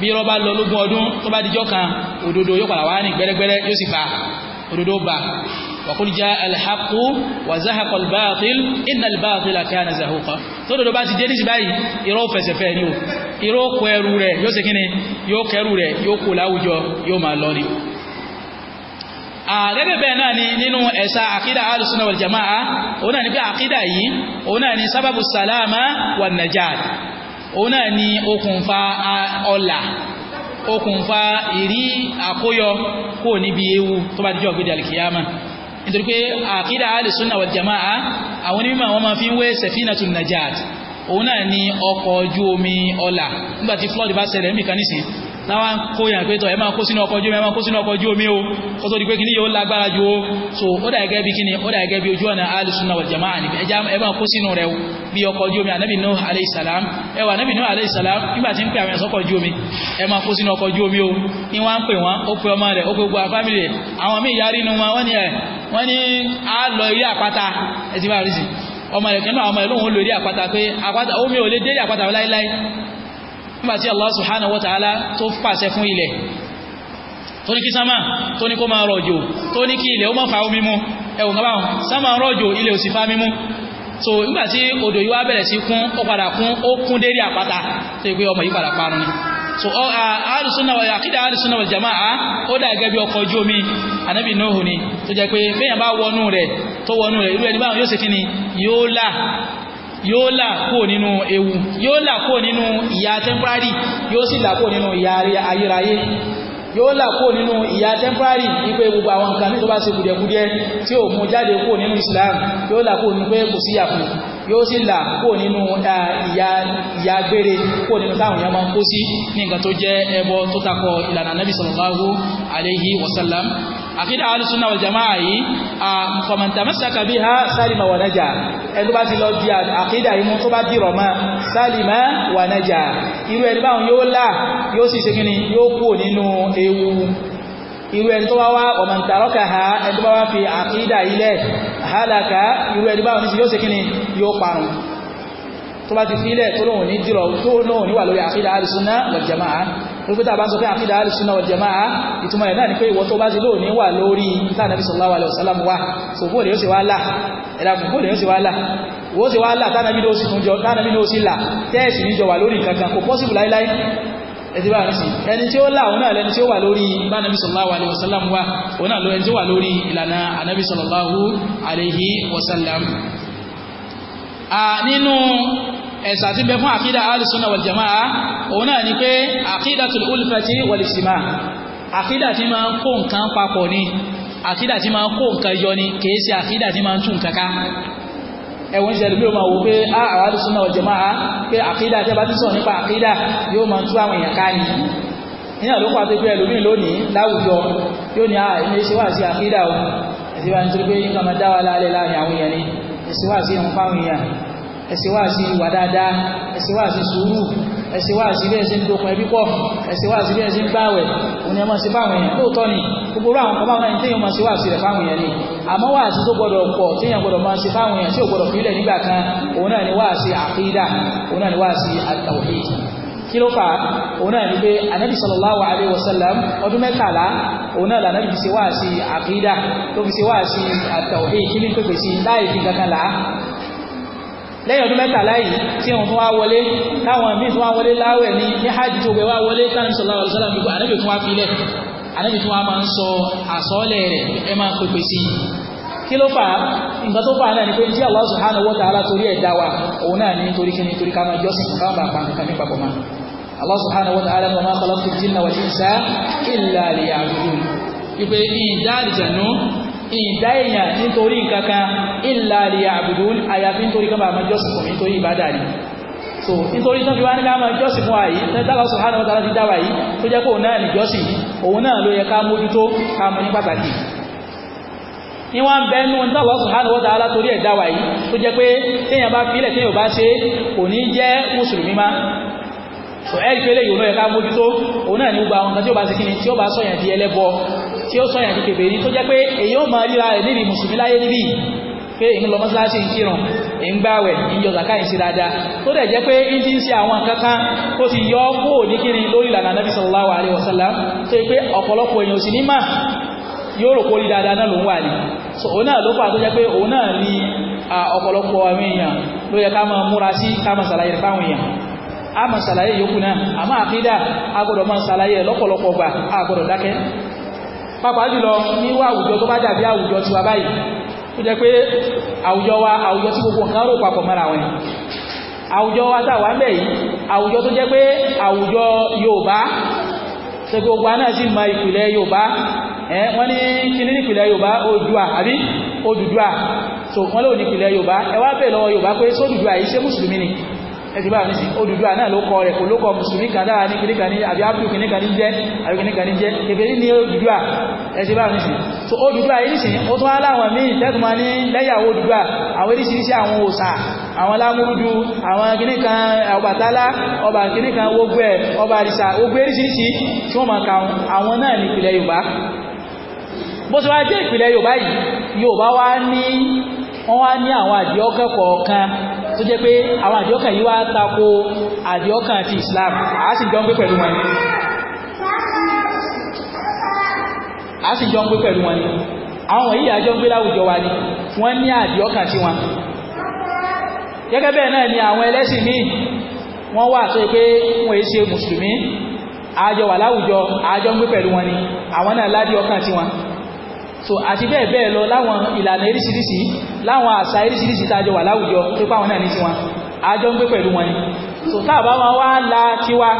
bí irọ́ bá lọ lógún ọdún tó bá dijọ́ kan òdodo yóò padà wá ní gbẹ́rẹ́gbẹ́rẹ́ yóò sì fa òdodo bá wàkúrú já alhaku wà záhàkọ̀ albáàtil iná albáàtil àti ànàzàhùkọ tó dodo bá ti dé níṣì náà ni nínú ẹ̀sà àkídà alùsùnà wal òun náà ni pé àkídà yìí òun náà ni sábàbù sàlámà wà nàjáàdì òun náà ni okùnfà ọlà okùnfà ìrí àkóyọ kò níbi ewu tó bá dijọ́ gbéjà lìkìyàmà nítorí pé àkídà alìsúnà wal jama'a àwọn onímọ̀ àwọn máa fi ń wé sẹ̀fínàtù najat òun náà ni ọkọ̀ ojú omi ọlà nígbàtí flood bá ṣẹlẹ̀ níbi náà wọ́n kó yàn pé tọ́ ẹ máa kó sínú ọkọ̀ ojú omi ẹ máa kó sínú ọkọ̀ ojú o kó tó di pé kíní yóò lágbára ju o so ó dà gẹ́gẹ́ bí kíní ó dà gẹ́gẹ́ bí ojú ọ̀nà alùsùnà wal jamaa ni ẹja ẹ máa kó sínú rẹ o bí ọkọ̀ ojú omi anabi nuh alayhi salam ẹ wà anabi nuh alayhi salam nígbà tí ń pè àwọn ẹ̀sọ́ ọkọ̀ ojú omi ẹ máa kó sínú ọkọ̀ ojú omi o ni wọ́n ń pè wọ́n ó pe ọmọ rẹ̀ ó pe gbogbo àwọn fámìlì rẹ̀ nígbàtí Allah subhanahu wa ta'ala tó pàṣẹ fún ilẹ̀ tó ní kí sámà tó ní kó máa rọ̀jò tó ní kí ilẹ̀ ó máa fa omi mu ẹ̀wọ̀n kan báwọn rọ̀jò ilẹ̀ ò fa mímú so nígbàtí odò yìí wá bẹ̀rẹ̀ sí kún ó padà kún ó kún dérí àpáta tó yẹ ọmọ yìí padà parun ni so alùsùnà wà àkídà alùsùnà wà jama'a ó dà gẹ́gẹ́ bí ọkọ̀ ojú omi anábì nóhùn ni tó jẹ́ pé bẹ́yàn bá wọnú rẹ̀ tó wọnú rẹ̀ irú ẹni báwọn yóò ṣe kí ni yóò là yóò là kúrò nínú ewu yóò là kúrò nínú ìyà temporary yóò sì là kúrò nínú ìyà ayérayé yóò là kúrò nínú ìyà temporary wípé gbogbo àwọn nǹkan nítorí bá ṣe kùdẹ̀kùdẹ̀ tí ò mú jáde kúrò nínú Islam yóò là kúrò nínú pé kò sí yàkùn yóò sì là kúrò nínú ìyà gbére kúrò nínú táwọn èèyàn máa ń kó sí ní tó jẹ́ ẹbọ tó takọ ìlànà Nabi sallallahu alaihi wasallam àkídà alùsùnà wal jamaa yìí a fọmọ̀ntàmẹ́sàkà bí ha sálìmà wà nájà ẹni bá ti lọ di àkídà imú tó bá dìrọ̀ mọ́ sálìmà wà nájà irú ẹni báwọn yóò là yóò sì ṣe kíni yóò kú nínú ewu irú ẹni tó bá wá ọmọ̀ntàrọ́kà ha ẹni tó bá wá fi àkídà ilẹ̀ hálàkà irú ẹni báwọn yóò ṣe kíni yóò parun tó bá ti fi ilẹ̀ tó lóhùn ní dìrọ̀ tó lóhùn níwà lórí àkídà alùsùnà wal jamaa rúgbítà bá sọ pé àkídà alìsúná wal jamaa ìtumọ̀ ẹ̀ náà ni pé ìwọ tó bá ti lóò ní wà lórí ìtànàbí sallallahu alaihi wasallam wà so bóòlù yóò sì wá là ẹ̀dàkùn bóòlù yóò sì wá là wó sì wá là tánàbí ló sì tún jọ tánàbí ló sì là tẹ́ẹ̀sì níjọ wà lórí kankan kò pọ́sìbù láíláí ẹ̀dìbà àrùsì ẹni tí ó là òun náà lẹni tí ẹ̀sà ti bẹ fún àkídà alìsúnà wàlìjàmáà òun náà ni pé àkídà tó olùfẹ́tí wàlìsìmá àkídà tí máa ń kó nǹkan papọ̀ ni àkídà tí máa ń kó nǹkan yọ ni kìí ṣe àkídà tí máa ń tún nǹkan ká ẹ̀wọ̀n ìṣẹ̀lẹ̀ bí o máa wò pé àwọn alìsúnà wàlìjàmáà pé àkídà tẹ́ bá ti sọ nípa àkídà yóò máa tú àwọn èèyàn ká ni ní àlókò àti pé ẹlòmíì lónìí láwùjọ yóò ní àìní ṣe àkídà o ẹ̀sìn pé nǹkan máa dá láàrin àwọn èèyàn ni ẹ̀sìn wà fáwọn èèyàn ẹ̀sìn wá sí ìwà dáadáa ẹ̀sìn wá sí sùúrù ẹ̀sìn wá sí bẹ́ẹ̀ sí ń dokun ẹbí pọ̀ ẹ̀sìn wá sí bẹ́ẹ̀ sí ń gbààwẹ̀ òun ni ẹ máa ṣe fáwọn èèyàn lóòótọ́ ni gbogbo àwọn kan báwọn ẹni tí èèyàn máa ṣe wá sí rẹ̀ fáwọn èèyàn ni àmọ́ wá sí tó gbọdọ̀ pọ̀ tí èèyàn gbọdọ̀ máa ṣe fáwọn èèyàn tí ò gbọdọ̀ fílẹ̀ nígbà kan òun náà kí ló fà òun náà ni pé anabi sallallahu alayhi ọdún mẹ́tàlá òun náà lànà fi ṣe àkídà tó fi ṣe wá sí àtàwhíd kí ní pèpè sí láì fi kankan lẹ́yìn ọdún mẹ́tàlá yìí tí wọ́n tún wá wọlé táwọn míì tún wá wọlé láwẹ̀ ní ní hajj tó gbé wá wọlé táwọn sọlá wà lọ́sọ́lá gbogbo ànábì tún wá filẹ̀ ànábì tún wá máa ń sọ àsọ́ọ̀lẹ̀ rẹ̀ ẹ máa pèpè sí i kí ló fà á nǹkan tó fà á náà ni pé tí Allah subhanahu wa ta'ala torí wa ma khalaqtu al-jinna wal insa illa liya'budun ìdá èèyàn nítorí nǹkan kan illa liya'budun àyàfi nítorí kan bàbá jọ́sìn fún mi nítorí ìbádà so nítorí tán fi wá ní ká máa jọ́sìn fún àyí tẹ́tàlá ti dáwà yìí tó jẹ́ pé náà ní jọ́sìn òun náà ló yẹ ká mójútó ká mú ní pàtàkì ní wọ́n bẹ́ nú ní Allah subhanahu wa ẹ̀ dáwà yìí tó jẹ́ so yẹ ká mójútó òun náà ní tí ó sọ̀yà ní kèbèrí tó jẹ́ pé èyí ó máa ríra rẹ̀ níbi mùsùlùmí láyé níbí pé èyí lọ mọ́sálásí ń kírun èyí gbáwẹ̀ èyí zaka ìsí dáadáa tó dẹ̀ jẹ́ pé ìdí ń ṣe àwọn kankan ó ti yọ kó ní kírin lórí ìlànà Nabi sallallahu alaihi wasallam tó yẹ pé ọ̀pọ̀lọpọ̀ èèyàn sì ní mà yóò rò kórí dáadáa náà ló ń wà ní so òun náà ló fà tó jẹ́ pé òun náà ní ọ̀pọ̀lọpọ̀ àwọn èèyàn ló yẹ ká a máa ṣàlàyé yòókù náà àmọ́ lọ́pọ̀lọpọ̀ gbà a dákẹ́ pàápàá jùlọ níwá àwùjọ tó bá dàbí àwùjọ ti wa báyìí tó jẹ́ pé àwùjọ wa àwùjọ tí gbogbo nǹkan rò papọ̀ mọ́ra wọn àwùjọ wa tàwa ń bẹ̀ yìí àwùjọ tó jẹ́ pé àwùjọ Yorùbá ṣe gbogbo aná sì mọ ìpìlẹ̀ Yorùbá ẹ̀ wọ́n ní kíní nípìlẹ̀ Yorùbá Oòduà àbí so wọ́n lóò nípìlẹ̀ Yorùbá ẹ wá bẹ̀ lọ́wọ́ Yorùbá pé sódùduà yìí ṣé mùsùlùmí ẹ̀sì báyìí nísì Odùduwà náà ló kọ rẹ̀ kò ló kọ mùsùlùmí kan dára ní kìnníkan ní àbí ápùlù kìnníkan ní jẹ́ àbí kìnníkan ní jẹ́ kèfèrí ní Odùduwà ẹ̀sì báyìí nísì so Odùduwà yìí nísì ó tún aláwọn míì tẹ́tùmọ́ ní lẹ́yà Odùduwà àwọn oríṣiríṣi àwọn òòṣà àwọn alámúrúdú àwọn kìnníkan Ọbàtálá ọba kìnníkan gbogbo ẹ̀ ọba àdìsá gbogbo oríṣiríṣi tí wọ́n máa ka àwọn náà ní ìpìlẹ̀ Yorùbá bó ṣe wá jẹ́ ìpìlẹ̀ Yorùbá yìí Yorùbá wá ní wọ́n wá ní àwọn àdìọ́kẹ́kọ̀ọ́ kan tó jẹ́ pé àwọn àdìọ́kàn yìí wá tako àdìọ́kàn ti Islam a sì jọ ń gbé pẹ̀lú wọn a sì jọ ń gbé pẹ̀lú wọn ni àwọn wọ̀nyí àjọ ń gbé láwùjọ wa ni wọ́n ní àdìọ́kàn tí wọn gẹ́gẹ́ bẹ́ẹ̀ náà ni àwọn ẹlẹ́sìn míì wọ́n wà tó pé wọ́n èé ṣe mùsùlùmí àjọ wà láwùjọ àjọ ń gbé pẹ̀lú wọn ni àwọn náà ládìí ọkàn tí wọn so àti bẹ́ẹ̀ bẹ́ẹ̀ lọ láwọn ìlànà eríṣiríṣi láwọn àṣà eríṣiríṣi tájọ wà láwùjọ tó pàwọn náà ní tiwọn àjọ ń gbé pẹ̀lú wọn ni so táàbá máa wá la tiwa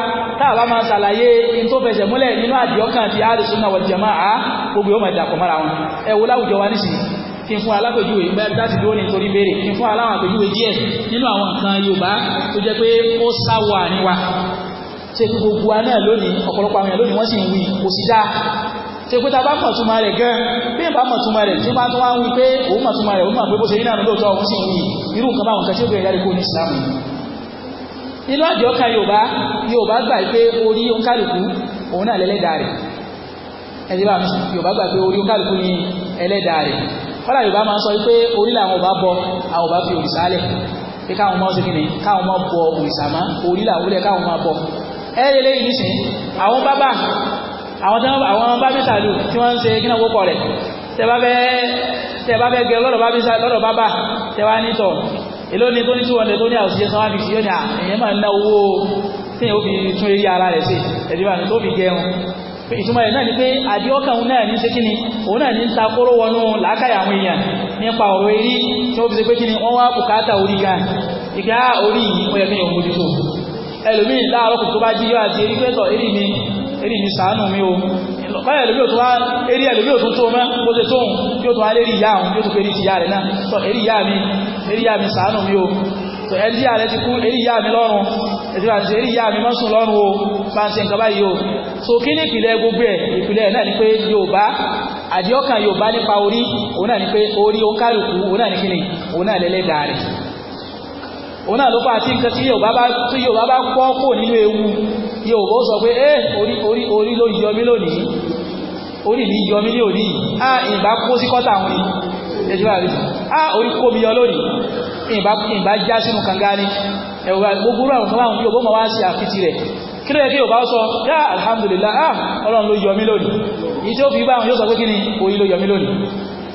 táàbá máa ṣàlàyé in tó fẹsẹ̀ múlẹ̀ nínú àdìọ́kàn ti àdìsúnà wal jamaa gbogbo yóò máa dàpọ̀ mọ́ra wọn ẹ wo láwùjọ wa nísìnyí kí n fún alápèjúwe láti dúró ní torí béèrè kí n fún aláwọn àpèjúwe díẹ̀ nínú àwọn nǹkan Yorùbá tó jẹ́ pé náà lónìí ṣe pé ta bá mọ̀ túmọ̀ rẹ̀ gan bí ìbá mọ̀ túmọ̀ rẹ̀ tí bá tún wá ń wí pé òun mọ̀ túmọ̀ rẹ̀ òun mọ̀ pé bó ṣe nínú lóòótọ́ òun sì ń wí irú nǹkan báwọn kan tí ó bẹ̀rẹ̀ jáde kó ní ìsìlámù nínú àjọkà Yorùbá Yorùbá gbà pé orí oníkálukú òun náà lẹ́lẹ́dàá rẹ̀ ẹ̀dí bá Yorùbá gbà pé orí oníkálukú ni ẹlẹ́dàá rẹ̀ kọ́lá Yorùbá máa ń sọ pé orí làwọn ò bá bọ àwọn ò bá fi òrìṣà lẹ̀ pé káwọn máa ń ṣe kíni káwọn máa bọ òrìṣà mọ́ orí làwọn ò káwọn máa bọ ẹ̀rẹ́lẹ́yìn nísìnyí àwọn bábà àwọn bá bí sàlù tí wọ́n ń ṣe kí náà wókọ̀ rẹ̀ tẹ́bá fẹ́ gẹ lọ́dọ̀ bábà tẹ́wá nítọ̀ èló ni tó ní 200 tó ní àwòsíṣẹ́ sanwó àbìsí yóò ní àyẹ́ máa ná owó tí ó fi tún eré ara rẹ̀ sí ẹ̀dìbà tó fi gẹrun ìtumọ̀ rẹ̀ náà ni pé àdíọ́kàn náà ní sékíní òun náà ní takóró wọnú làákàyà àwọn èèyàn nípa ọ̀rọ̀ eré tí ó fi ṣe pé kíni wọ́n wá bùkátà orí ga ìgbà orí yìí ó yẹ kí ni òun mójútó ẹlòmíì láàárọ̀ kò tó bá jí yóò àti eré pẹ́tọ̀ eré mi Eri yìí sàánù mi o báyẹ̀ lórí òtún wá eré ẹ̀ lórí òtún tó mẹ́ bó ṣe tóun yóò tó wá lérí ìyá òun yóò tó fẹ́ rí ti ìyá rẹ̀ náà sọ eré ìyá mi eré ìyá mi sàánù mi o sọ ẹni ìyá rẹ̀ ti kú eré ìyá mi lọ́rùn ètò bá ń ṣe eré ìyá mi mọ́sùn lọ́rùn o bá ń ṣe nǹkan báyìí o so kí ní ìpìlẹ̀ gbogbo ẹ̀ ìpìlẹ̀ náà ni pé Yorùbá àdíọ́kàn Yorùbá nípa orí òun náà ni pé orí ó kálukú òun náà ni kí ni òun náà lẹ́lẹ́dàá rẹ̀ òun náà ló fà á tí nǹkan tí Yorùbá bá pọ́ kò nínú ewu yóò bó sọ pé eh orí orí orí ló yọ mí lónìí orí mi yọ ní òní ah, à ìbá kó sí kọ́tà wọn ni ẹjọ́ àrí à orí kó mi yọ lónìí ìbá ìbá já sínú kànga ni ẹ̀wà gbogbo àwọn fún àwọn yóò bó ma wá sí àfitì rẹ̀ alhamdulillah à ah, ọlọ́run ló yọ mí lónìí ìjọ́ fi bá àwọn yóò sọ pé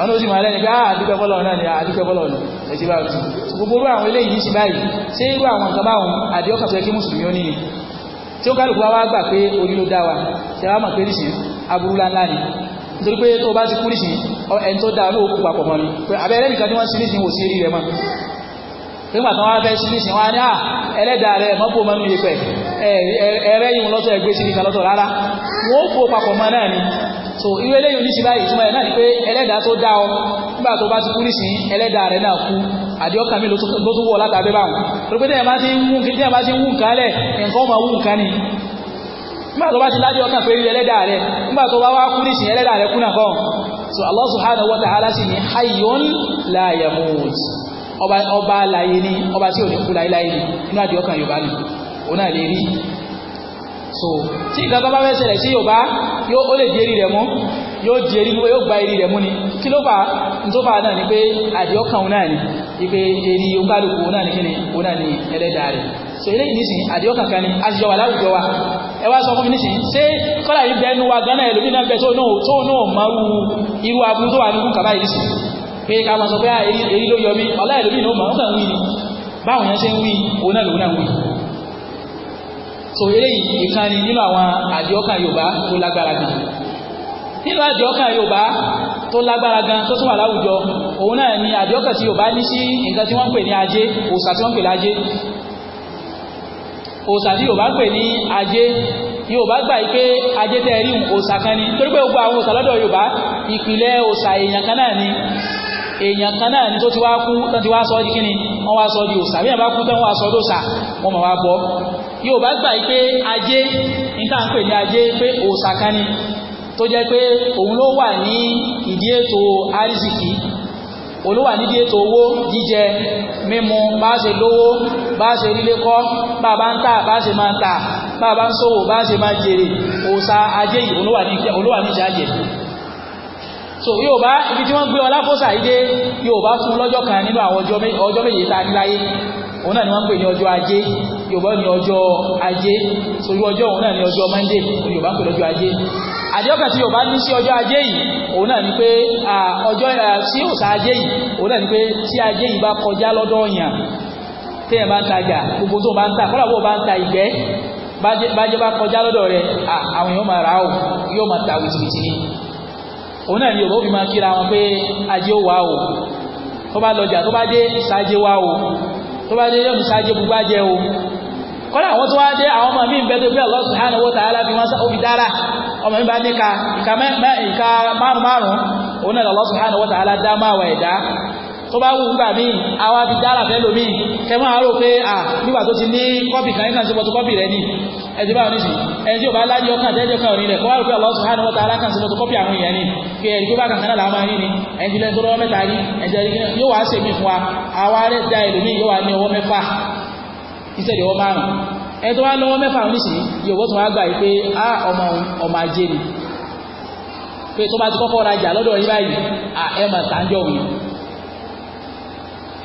àwọn ó sì máa lẹ́ni pé á ah, àdúgbẹ́ bọ́lọ̀ náà ni àdúgbẹ́ ah, bọ́lọ̀ ni ẹ̀tí bá rí gbogbo orú àwọn eléyìí sí báyìí ṣé irú àwọn nǹkan báwọn àdéhọ́kà fẹ́ kí mùsùlùmí ó níye tí ó kálukú wá gbà pé orí ló dá wa ṣe pé nìsín aburú ńláńlá ni nítorí ni pé abẹ́rẹ́ nìkan tí nígbà tí wọ́n fẹ́ sí ní ìsìnwá ní à ẹlẹ́dàá rẹ̀ mọ́pò mọ́nú yẹpẹ̀ ẹ̀rẹ́ yìí lọ́tọ̀ ẹgbẹ́ sí nìkan lọ́tọ̀ rárá wọ́n ó fò papọ̀ mọ́ náà ni so irú eléyìí oníṣẹ́ báyìí isi ẹ̀ náà ni pé ẹlẹ́dàá tó dá ọ nígbà tó bá ti kú nísìn ẹlẹ́dàá rẹ̀ náà kú àdìọ́kà mi ló tún báwọn bá ti ń wú nǹkan lẹ̀ nǹkan ọmọ ni bá ti pé bá wá kú nísìn kú náà so Allah subhanahu wa ta'ala sì ọba ọba aláyé ọba tí o ní kú láíláyé ní inú àdìọ́ kan yorùbá ni òun náà lè rí so tí nǹkan kan bá fẹ́ ṣẹlẹ̀ sí yorùbá yóò ó lè di eré rẹ̀ mú yóò di eré yóò gba ni kí ló fà tó fà náà ni pé òun náà ni ipe so eléyìí nísìnyí ni a ti jọ wà láwùjọ wa ẹ wá sọ fún mi nísìnyí ṣé kọ́lá yìí bẹ́ẹ̀ nu wa gánà ẹlòmínà bẹ́ẹ̀ tó náà tó náà máa wu irú tó wà pé ká máa sọ pé ah, èyí ló yọ mí ọ̀la ẹ̀lómi ní ó máa ń kàn wí báwọn yẹn ṣe ń wí òun náà lòun náà wí. so eléyìí ìkan ni nínú àwọn àdìọ́kàn Yorùbá tó lágbára gan nínú àdìọ́kàn Yorùbá tó lágbára gan tó tún wà láwùjọ òun náà ni àdìọ́kàn tí Yorùbá ní sí nǹkan tí wọ́n ń pè ní ajé òòṣà tí wọ́n ń pè lájé òòṣà tí Yorùbá pè ní ajé Yorùbá gbà yìí pé ajé tẹ́ rí kan ni torí pé gbogbo àwọn òòṣà lọ́dọ̀ Yorùbá ìpìlẹ̀ òòṣà èèyàn kan náà ni èèyàn kan náà ni tó ti wá kú tán ti wá sọ di kíni wọ́n wá sọ di òòṣà bí àbá kú tán wọ́n wá sọ dòòṣà wọ́n mọ̀ wá bọ́ yóò bá gbà pé ajé níta ń pè ní ajé pé òòṣà kan ni tó jẹ́ pé òun ló wà ní ìdí ètò àrísìkí olúwa nídìí ètò owó jíjẹ mímu bá ṣe lówó bá ṣe rílé kọ́ bá bá ń tà bá ṣe máa ń tà bá bá ń ṣòwò bá ṣe máa jèrè òòṣà ajé yìí olúwa nídìí ajé so yóò bá ibi tí wọ́n gbé ọlá fóṣà yìí dé yóò bá fún lọ́jọ́ kan nínú àwọn ọjọ́ méje tá a ní láyé òun náà ni wọ́n ń pè ní ọjọ́ ajé yorùbá ní ọjọ́ ajé sórí ọjọ́ òun náà ní ọjọ́ monday ní yorùbá ń pè lọ́jọ́ ajé àdéhùkà tí yorùbá ní sí ọjọ́ ajé yìí òun náà ni pé ọjọ́ tí òsà ajé yìí òun náà ni pé tí ajé yìí bá kọjá lọ́dọ̀ ọ̀yàn téèyàn bá ń tajà gbogbo tó bá ń ta kọ́lá bó bá ń ta ìgbẹ́ bájẹ́ bá kọjá lọ́dọ̀ rẹ̀ àwọn èèyàn máa rà á yóò máa ta wìtìwìtì ni òun náà ni Yorùbá fi máa kíra wọn pé ajé ó wà o tó bá lọjà tó bá dé sáájé wà o tó bá dé yọ̀nù sáájé gbogbo ajé o kọ́lá àwọn tó wá dé àwọn ọmọ mi bẹ́ tó bí Allah subhanahu wa ta'ala fi wọ́n ó fi dára ọmọ mi bá ní ka ìka márùn-márùn òun náà Allah subhanahu wa ta'ala dá máa wà ẹ̀dá tó bá wù gbà míì àwa fi dára fẹ́ lómi kẹmọ́ àárò pé à nígbà tó ti ní kọ́pì kan nígbà tó bọ́ tó rẹ ni ẹ̀jẹ̀ bá oníṣì ẹni tí ò bá ládìí ọkàn tẹ́jọ́ kan òní rẹ̀ kọ́ wá rò pé Allah subhanahu wa ta'ala kan sí mọ́tò kọ́pì àwọn èèyàn ni kí ẹni tó bá kankan náà làwọn yìí ni ẹni tí lẹ́nu tó lọ́wọ́ mẹ́ta rí ẹ̀jẹ̀ rí yóò wá ṣèmí fún wa àwa rẹ̀ da ẹlòmíì yóò wá ní ọwọ́ mẹ́fà ìṣẹ̀lẹ̀ ọwọ́ márùn-ún ẹni tó wá lọ́wọ́ mẹ́fà oníṣì yóò wọ́n tún wá gbà yìí pé á ọmọ ọmọ ajé ni pé tó bá ti kọ́kọ́ rajà lọ́dọ̀ yín báyìí à ẹ mà tàǹjọ́ òun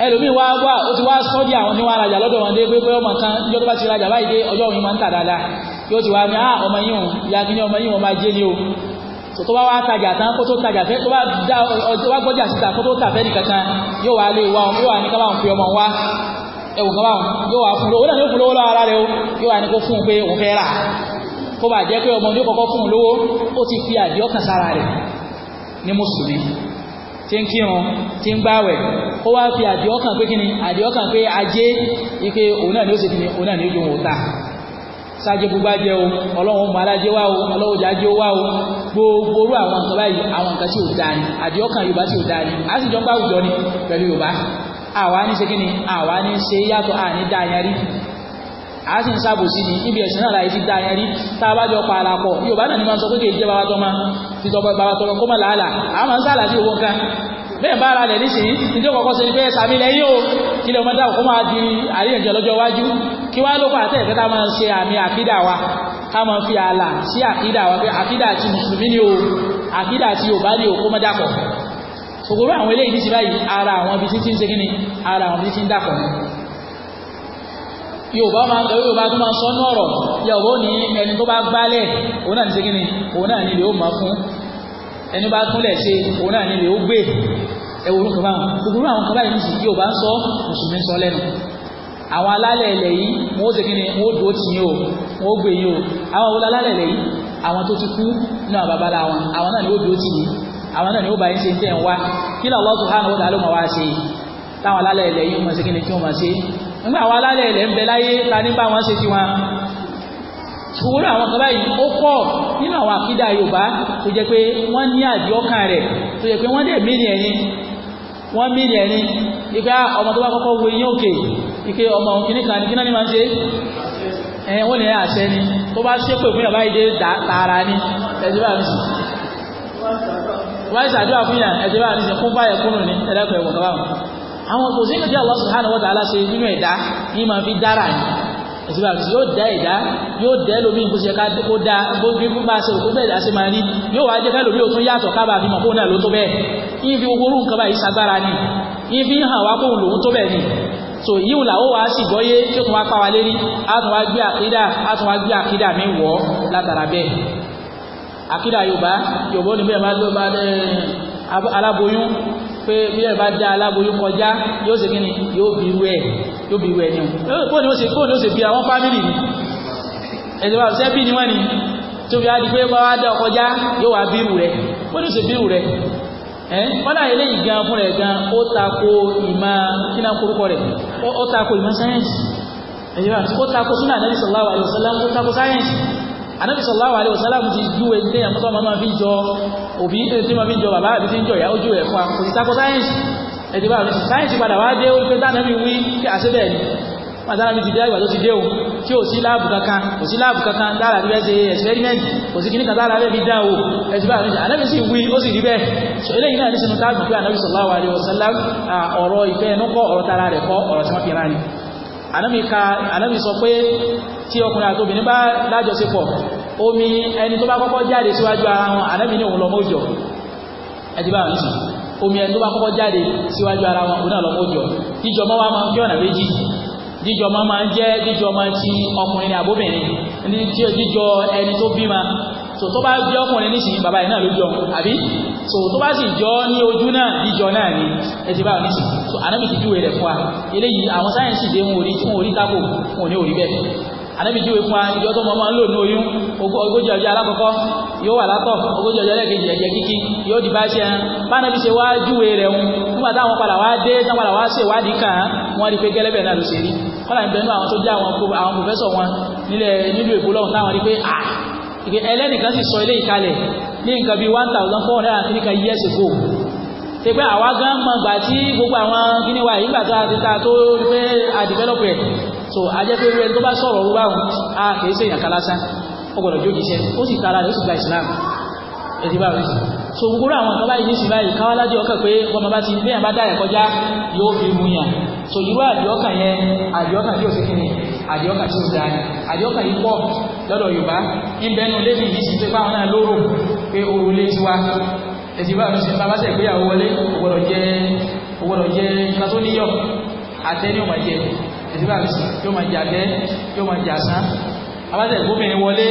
ẹlòmíì wá wá ó ti wá sọ́dí àwọn tí wá rajà lọ́dọ̀ wọn dé pé pé ọmọ kan níjọ́ tó bá ti rajà báyìí dé ọjọ́ òun máa ń tà dáadáa yóò ti wá ní ah ọmọ yìí òun ìyá kí ni ọmọ yìí òun máa jẹ́ ní o so tó bá wá tajà tán kó tó tajà fẹ́ tó bá dá ọjọ́ wá gbọ́jà síta kó tó tà fẹ́ nìkan kan yóò wá lé wa yóò wá ní kábàáhùn fi ọmọ wa ẹ̀wù kábàáhùn yóò wá fún lówó náà yóò fún lówó ara rẹ̀ o yóò wá ní kó fún un pé òun fẹ́ rà kó bàjẹ́ pé ọmọ yóò kọ́kọ́ fún un lówó ó ti fi àdìọ́kàn sára rẹ̀ ní mùsùlùmí tí ń kírun tí ń gbáwẹ̀ ó wá fi àdìọ́kàn pé kíni àdìọ́kàn pé ajé ike òun náà ni ó sì kíni òun náà ni ó yóò wọ́n ta sáájú gbogbo jẹ́ o ọlọ́run mọ alájé wá o ọlọ́run jáde wá o gbogbo orú àwọn nǹkan báyìí àwọn nǹkan tí ò ni a sì jọ ń a sì ń sábòsí ni ibi ẹ̀sìn náà láì ti dá yẹn rí tá a bá jọ pa ara pọ̀ Yorùbá náà ni máa ń sọ pé kìí jẹ́ bàbá tọ́mọ ti tọ́ bàbá tọ́mọ kó mọ̀ làálà àwọn máa ń sàlà sí owó nǹkan bẹ́ẹ̀ bá ara rẹ̀ nísìnyí nítorí kọ̀ọ̀kan ṣe ni pé sàmì lẹ́yìn o kí lọ́mọ dáwọ̀ kó máa di àríyànjiyàn lọ́jọ́ iwájú kí wá ló pa àtẹ̀kẹ́ tá máa ń ṣe àmì àkídà wa ká máa fi ààlà sí àkídà wa pé àkídà ti mùsùlùmí ni o àkídà ti Yorùbá ni o kó mọ́ dàpọ̀ òkúrú àwọn eléyìí ti báyìí ara àwọn ibi títí ń ṣe kí ni ara àwọn ibi títí ń dàpọ̀ yorùbá máa tẹ̀wé yorùbá tó máa sọ ní ọ̀rọ̀ yorùbá ní ẹni tó bá gbálẹ̀ òun náà ní ṣe kíni òun náà nílé ó máa fún ẹni bá túnlẹ̀ ṣe òun náà nílé ó gbé ẹwọ orúkọ báwọn gbogbo àwọn kan báyìí nìyí yorùbá ń sọ mùsùlùmí ń sọ lẹ́nu àwọn alálẹ̀ ilẹ̀ yìí wọn ó ṣe kíni wọn ó dúró tì yín o wọn ó gbé yín o àwọn àwọn alálẹ̀ ilẹ̀ yìí àwọn tó ti kú nínú àbábálá wọn àwọn náà ni ó dúró tì àwọn náà ni ó bá yín ṣe ń tẹ̀ ń wá kí ni Allah subhanahu wa ta'ala máa wá ṣe táwọn alálẹ̀ ilẹ̀ yìí wọn ṣe kíni kí wọn máa ṣe nígbà àwọn alálẹ̀ ilẹ̀ ń bẹ láyé ta ní bá wọn ṣe ti wọn ṣùgbọ́n àwọn kan báyìí ó pọ̀ nínú àwọn àkídà Yorùbá tó jẹ́ pé wọ́n ní àdìọ́kàn rẹ̀ tó jẹ́ pé wọ́n dẹ̀ mí ni ẹni wọ́n mí ni ẹni ìgbà ah, ọmọ tó bá kọ́kọ́ wo iyán òkè ike ọmọ òun kìnnìkan ní kínáà ní máa ń ṣe ẹ̀yìn wọ́n ní ẹ̀ àṣẹ ni tó bá ṣépè fún yàrá ìdè tààrà ni ẹ̀jẹ̀ bá mi sùn wọ́n ṣàdúrà fún yàrá ẹ̀jẹ̀ bá mi sùn kún báyẹ̀ kúnnù ni ẹ̀dẹ́kọ̀ ẹ̀wọ̀ àwọn kò sí ìgbésí Allah subhanahu wa ta'ala ṣe nínú ẹ̀dá ní máa fi dára ni ẹ̀sìn bàbá yóò dá ẹ̀dá yóò dẹ́ lómi nǹkan ṣe kó dá bí bá ṣe òkú bẹ́ẹ̀ ṣe máa rí yóò wá jẹ́ kẹ́lòmí ò tún yàtọ̀ kábà fi mọ̀ kó náà ló tó bẹ́ẹ̀ yìí fi gbogbo orú nǹkan báyìí ṣagbára ni yìí fi hàn wá kóhùn lòun tó bẹ́ẹ̀ ni so yíò làwọ́ wá sì gbọ́yé tí ó tún wá pé bí ẹ bá dá aláboyún kọjá yóò ṣe kíni yóò bí irú ẹ yóò bí irú ẹ ní o kóòdì ó ṣe kóòdì ó ṣe bí àwọn fámìlì ni ẹ̀sìn wa ṣẹ́ bí ni wọ́n ni tó fi á di pé wọ́n á dá ọkọjá yóò wá bí irú rẹ kóòdì ó ṣe bí irú rẹ kọ́lá eléyìí gan fún rẹ̀ gan ó tako ìmọ̀ kíná korúkọ rẹ̀ ó tako ìmọ̀ sáyẹ́ǹsì ó tako súnà Ànábì sallallahu alaihi wasallam ó tako sáyẹ́ǹsì anábì sallallahu alaihi wasallam ti júwe ní ẹ̀yàn mọ́tọ́ máa fi jọ òbí tí máa fi jọ bàbá àbí tí ń jọ ìyá ojú ẹ̀ fún wa kò sí tako sáyẹ́ǹsì ẹ̀dí bá mi sáyẹ́ǹsì padà wá dé orí pé tánàbí wí kí àṣẹ́bẹ̀ ni pàtàkì mi ti dé àgbà tó ti dé o tí ò sí láàbù kankan kò sí láàbù kankan dára bí wẹ́n ṣe experiment kò sí kíníkan dára bẹ́ẹ̀ fi dá o ẹ̀sìn bá mi ànábì sì wí ó sì rí bẹ́ẹ̀ so eléyìí náà ní sinú táàbù pé ànábì sallallahu alaihi wasallam ọ̀rọ̀ ìfẹ́ ẹnu kọ́ ọ̀rọ̀ tara rẹ̀ kọ́ ọ̀rọ̀ tí wọ́n fi rán ni anábì sọ pé tí ọkùnrin àti obìnrin bá lájọṣepọ̀ omi ẹni tó bá kọ́kọ́ jáde síwájú ara wọn anábì ní òun lọ mọ́jọ ẹ̀dí bá wọn nìsín omi ẹni tó bá kọ́kọ́ jáde síwájú ara wọn òun náà lọ mọ́jọ jíjọ mọ́ wa máa ń fi ọ̀nà méjì so tó bá jẹ́ ọkùnrin nísìnyí bàbá yìí náà ló jọ àbí so tó bá sì jọ ní ojú náà jíjọ náà ni ẹ ti bá wọn nísìnyí so ànábì ti júwe rẹ̀ fún wa eléyìí àwọn sáyẹ̀nsì dé wọn orí fún orí tako wọn ò orí bẹ́ẹ̀ ànábì júwe fún wa ìjọ tó mọ máa ń lò ní oyún ogójì ọjọ́ alákọ̀ọ́kọ́ yóò wà látọ̀ ogójì ọjọ́ ẹlẹ́kejì ẹ̀jẹ̀ kíkí yóò di bá ṣe bánabi ṣe wá júwe rẹ̀ ń nígbà táwọn padà wá dé táwọn padà wá ṣèwádìí kàn án wọ́n rí pé gẹ́lẹ́bẹ̀ẹ́ náà ló ṣe rí kọ́lá ìbẹ̀nú àwọn tó jẹ́ àwọn pòfẹ́sọ̀ wọn nílùú èkó ìgbé ẹlẹ́nìkan sì sọ ilé ìkalẹ̀ ní nǹkan bíi one thousand four hundred and three kan years ago ṣe pé àwa gan mọ gbà tí gbogbo àwọn kíní wa yìí gbàtà tó pé a develop so ajẹ́ pé rẹ̀ tó bá sọ̀rọ̀ orúbá wọn a kìí ṣe ìyànká lásán ó gbọ́dọ̀ jókòó iṣẹ́ ó sì tara rẹ̀ ó Islam ẹ̀dí bá rẹ̀ so gbogbo àwọn nǹkan báyìí ní ìsìn báyìí káwá lájẹ́ ọkàn pé ọmọ bá ti bí ẹ̀ bá dáyà kọjá yóò fi mú yàn so irú àdìọ́kàn yẹn àdìọ́kàn tí ò sí kíni àdìọ́kà tí ó dáa ni àdìọ́kà yìí pọ̀ lọ́dọ̀ Yorùbá ìbẹnu lẹ́nu yìí sì pé báwọn náà lóró pé oru lé tiwa ẹ̀sìn bá ṣe bá ṣe ìgbéyàwó wọlé ògbọ́dọ̀ jẹ́ ògbọ́dọ̀ jẹ́ nǹkan tó níyọ̀ àtẹ ni ó máa jẹ ẹ̀sìn bá ṣe yóò máa jẹ àtẹ yóò máa jẹ àṣán abáṣẹ ìgbóbìnrin wọlé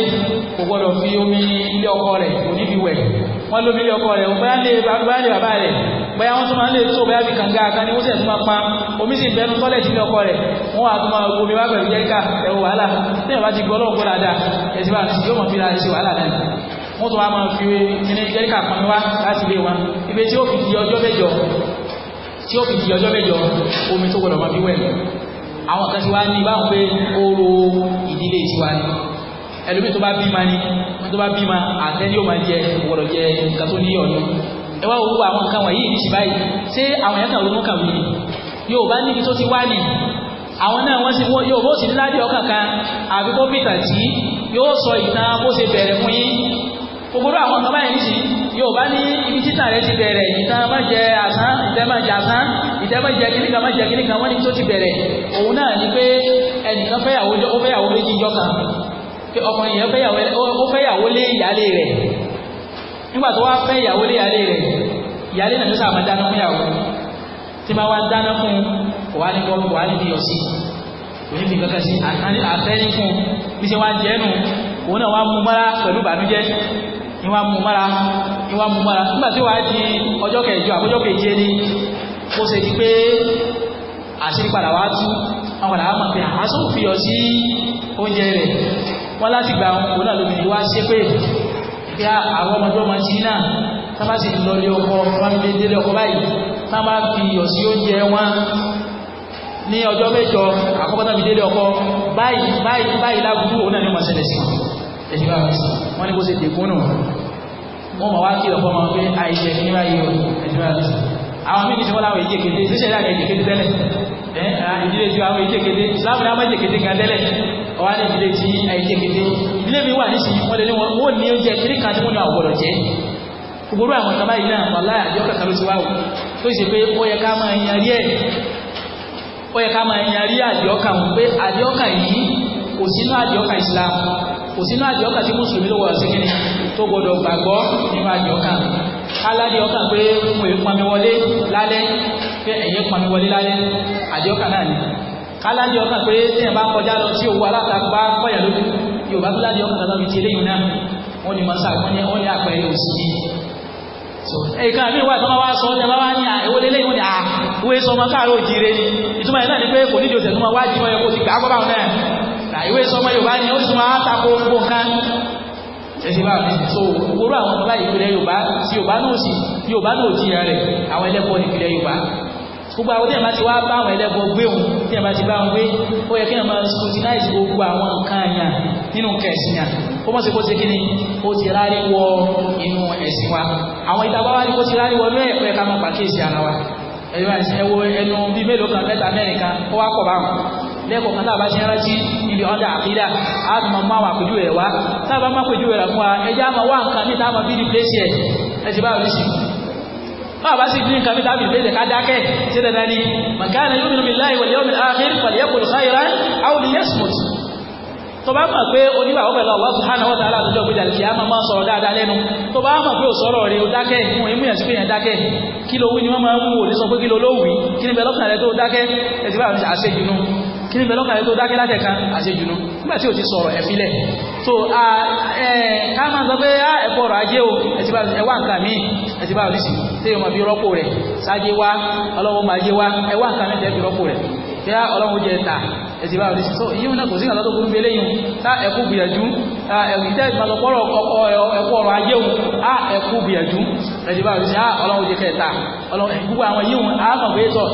ògbọ́dọ̀ fi omi ilé wọ́n lómi ilé ọkọ rẹ̀ bóyá lè bàbá rẹ̀ bóyá wọ́n tún máa lè tó bóyá bí kànga kan ní wọ́n sì tún máa pa omi sì bẹnu tọ́lẹ̀tì ilé ọkọ rẹ̀ wọ́n wà tún máa wo omi wá pẹ̀lú jẹ́ríkà ẹ̀wọ̀ wàhálà tí ìwà ti gbọ́ lọ́wọ́ dáadáa ẹ̀sìn bá yóò mọ̀ fi ra ẹ̀sìn wàhálà náà wọ́n tún máa fi kíní jẹ́ríkà pọnmi wá láti ilé wa ibi tí ó fi di ọjọ́ mẹ́jọ tí ó fi di ọjọ́ mẹ́jọ omi tó gbọdọ̀ máa fi wẹ̀ àwọn kan ti wá ní báwọn pé oró ìdílé tiwa ni ẹlòmí tó bá bí ma ní tó bá bí ma àtẹ́ yóò máa jẹ ìwọ̀rọ̀ jẹ nǹkan tó ní ọ̀nà ẹ wá owó àwọn nǹkan wọ̀nyí ti báyìí ṣé àwọn yẹn kàn ronú kàwé ni yóò bá níbi tó ti wá ní àwọn náà wọ́n sì wọ́n yóò bó sì ní ládìí ọkàn kan àbí kó peter tí yóò sọ ìtàn bó ṣe bẹ̀rẹ̀ fún yín gbogbo àwọn nǹkan báyìí nìsí yóò bá ní ibi títà rẹ ti bẹ̀rẹ̀ ìtàn má jẹ àsán ìtẹ́ má jẹ àsán ìtẹ́ má jẹ kíníkà má jẹ kíníkà wọ́n ní tó ti bẹ̀rẹ̀ òun náà ni pé ẹnìkan fẹ́yàwó méjì jọ kan pé ọkùnrin yẹn ó fẹ́yàwó lé ìyálé rẹ̀ nígbà tó wá fẹ́ ìyàwó lé ìyálé rẹ̀ ìyálé náà ló sábà máa dáná fún ìyàwó tí máa wá dáná fún wà ní bọ́ọ̀lù wà ní bíyọ̀ sí òní fi kankan sí àtẹ́rí fún bí ṣe wá jẹ́nu òun náà wá mú mára pẹ̀lú ìbànújẹ́ ni wá mú mára ni wá mú mára nígbà tí wàá di ọjọ́ kẹjọ àkójọ́ keje ni ó ṣe ti pé àṣírí padà wá tú àwọn àmọ̀ pé àásùn fìyọ̀ sí oúnjẹ rẹ̀ wọ́n láti gba àwọn òun náà lómìnir wá ṣe pé kí àwọn ọmọdé ọmọ ti náà tá bá sì lọ lé ọkọ wọn lé délé ọkọ báyìí tá bá fi ọ̀sí oúnjẹ wọn ní ọjọ́ mẹ́jọ àkọ́kọ́ tàbí délé ọkọ báyìí báyìí báyìí lágbúrú òun náà ni wọ́n ṣẹlẹ̀ sí wọn ẹ̀jẹ̀ bá wọn ni bó ṣe dèkún nù wọ́n mọ̀ wá kí ọ̀pọ̀ ọmọ pé àìṣẹ̀ ní báyìí ẹ̀jẹ̀ bá wọn àwọn mímí ti wọ́n láwọn èdè kéde ṣíṣẹ́ láwọn Eh, ah, ìdílé tí àwọn ìjẹ́kété ìsìláàmù náà mọ́jẹ̀kété kan tẹ́lẹ̀ ọwá ní ìdílé tí àìjẹ́kété ilé mi wà ní sí wọ́n lè ní wọn ó ní oúnjẹ kiri kan tí wọ́n náà gbọ́dọ̀ jẹ́ gbogbo àwọn ìtàbá yìí náà wà láyà àjọ kàkà ló ti wá wò tó ṣe pé ó yẹ ká máa yan rí ẹ̀ ó yẹ ká máa yan rí àjọkà wọn pé àjọkà yìí kò sínú àjọkà ìsìláàmù kò sínú àjọkà tí mùsùlùmí ló wọ̀ sí kíni tó gbọdọ̀ gbàgbọ́ nínú àjọkà aládìí ọkà pé mo èé pọnmi wọlé lálẹ́ pé ẹ̀yẹ́ pàmí wọlé láyé àdíọ́kà náà ni káláńdì ọkàn pé tí ẹ̀ bá kọjá lọ tí òwú alátagbá kọ̀yà lójú yóò bá tó láti ọkàn tàbí ti eléyìn náà wọ́n ni mọ̀sá wọ́n ni wọ́n ni òsì ní so ẹ̀ka mi wà tọ́mọ́ wá sọ ọ́ tẹ́lá wá ní àìwó lélẹ́yìn wọ́n ni àwọ̀ èso ọmọ káàró òjìire ni ìtumọ̀ ẹ̀ náà ni pé kò nídìí òsè tó máa wájú ọyọ kó ti gbà ágbọ́bà náà àìwé èso ọmọ Yorùbá ni ó sì máa tako gbogbo nǹkan ẹsẹ̀ bá mi so orú àwọn ọmọ ìpínlẹ̀ Yorùbá sí Yorùbá náà sì Yorùbá náà ò gbogbo àwọn tí ẹ̀ bá ti wá bá àwọn ẹlẹ́bọ gbé òun tí ẹ̀ bá ti bá wọn gbé ó yẹ kí ẹ̀ máa scrutinize gbogbo àwọn nǹkan àyàn nínú kẹsìn yàn ó mọ̀ sí kó ṣe kí ni ó ti rárí wọ inú ẹ̀sìn wa àwọn ìtàbá wa ni kó ti rárí wọ inú ẹ̀kọ́ ẹ̀ka máa pàkíyèsí ara wa ẹ̀wọ̀ ẹnu bíi mélòó kan mẹ́ta mẹ́rin kan ó wá pọ̀ báwọn lẹ́kọ̀ọ́ kan táàbá ti ń rántí níbi ọ̀dà àkídà á máa mú àwọn àpèjúwe rẹ̀ wá táàbá má pèjúwe rẹ̀ fún wa ẹjẹ́ á máa wá nǹkan ní táàbá bí ní pèsè ẹ̀ ẹ̀ ti bá wọn sí báwa bá sì ní nǹkan bí tábìlì léde ká dákẹ́ sí dandan ni màkàna yóò mìíràn billahi wal yawmil akhir falyaqul khayran aw liyasmut tó bá mọ̀ pé onígbàwọ́ pẹ̀lú Allah subhanahu wa ta'ala àtúnjọ́ pé dàlùkì á máa sọ̀rọ̀ dáadáa lẹ́nu tó bá mọ̀ pé ò sọ̀rọ̀ rẹ̀ ó dákẹ́ fún imú yẹn sí pé yẹn dákẹ́ kí ló wí ni wọ́n máa ń wò ní sọ pé kí ló ló wí kí ni bẹ́ẹ̀ lọ́kàn rẹ̀ tó dákẹ́ ẹ̀ ti bá àwọn àṣejù nù kí ní bẹ̀lọ́kà yóò tó dákẹ́ látẹ̀kan àṣejùnú nígbà tí ò ti sọ̀rọ̀ ẹ̀fílẹ̀ so ká máa sọ pé ẹ̀pọ̀ ọ̀rọ̀ ajé o ẹwà nǹkan mi ẹ̀tì bá oníṣì tí yóò máa fi rọ́pò rẹ̀ sáájé wá ọlọ́wọ́ máa jé wá ẹwà nǹkan mi tẹ́ fi rọ́pò rẹ̀ bí a ọlọ́run jẹ ta ezigbo bá rí so yíò náà kò sí ìkàtọ́ tó burú bẹ́lẹ̀ yìí ẹ̀kú gbìyànjú ìtẹ́ ìpàlọ̀pọ̀rọ̀ ẹ̀kú ọ̀rọ̀ ajé òun á ẹ̀kú gbìyànjú ẹ̀sìn rí sí ọlọ́run jẹ kẹta gbogbo àwọn yíò àákàn pé tọ̀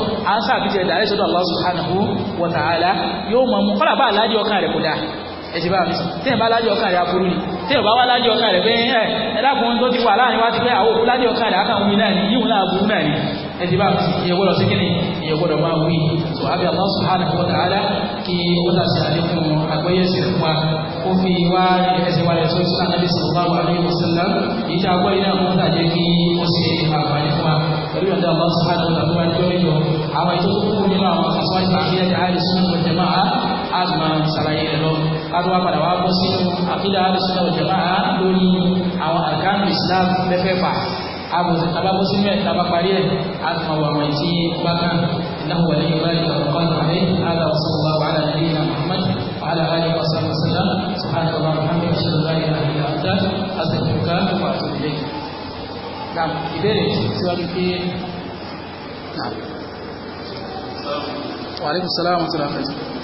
à ń yóò mọ̀ mú kọ́lá bá ọkàn rẹ̀ ẹ̀sìn bá mi tẹ́yìn bá lájọ́ ọkàn rẹ̀ aburú ni tẹ́yìn bá wá lájọ́ ọkàn rẹ̀ bẹ́ẹ̀ ẹ̀ ẹ̀dàkùn tó ti wà láàrin wá ti pẹ́ àwọn òkú lájọ́ ọkàn rẹ̀ akàn wí náà ni yíwùn náà aburú náà ni ẹ̀sìn bá mi ìyẹn gbọ́dọ̀ sí kíni ìyẹn gbọ́dọ̀ máa wí so abi Allah subhanahu wa ta'ala kí ó dà sí àlékún àgbọ́yé sí fún wa ó fi wá ẹsẹ̀ wa lẹ̀ sọ́sọ́ ànábì sallallahu alaihi wasallam èyí tí a gbọ́ iná fún tàjẹ́ kí ó ṣe àǹfààní fún wa pẹ̀lú ìyọ̀dá Allah subhanahu wa ta'ala tó ń yọ àwọn ètò tó kúrò nínú àwọn àṣọ ìgbà àbíyájà àìsùn wal jama'a àgbà ṣàlàyé rẹ̀ lọ kátóbá padà wá bọ́ sínú àkídà alùsùnà òjòmáà lórí àwọn àkáǹtì Islam mẹ́fẹ̀ẹ̀fà àbòsí tababọ́ sínú ẹ̀ tàbá parí ẹ̀ àtúnwò àwọn ìtì bákan náà wọlé ìwà ìtàkùnkọ́ ìpàdé aláwọ̀sọ̀wọ̀ wàhálà nàìjíríà náà Muhammad wàhálà Wa alaikum salaam wa rahmatullahi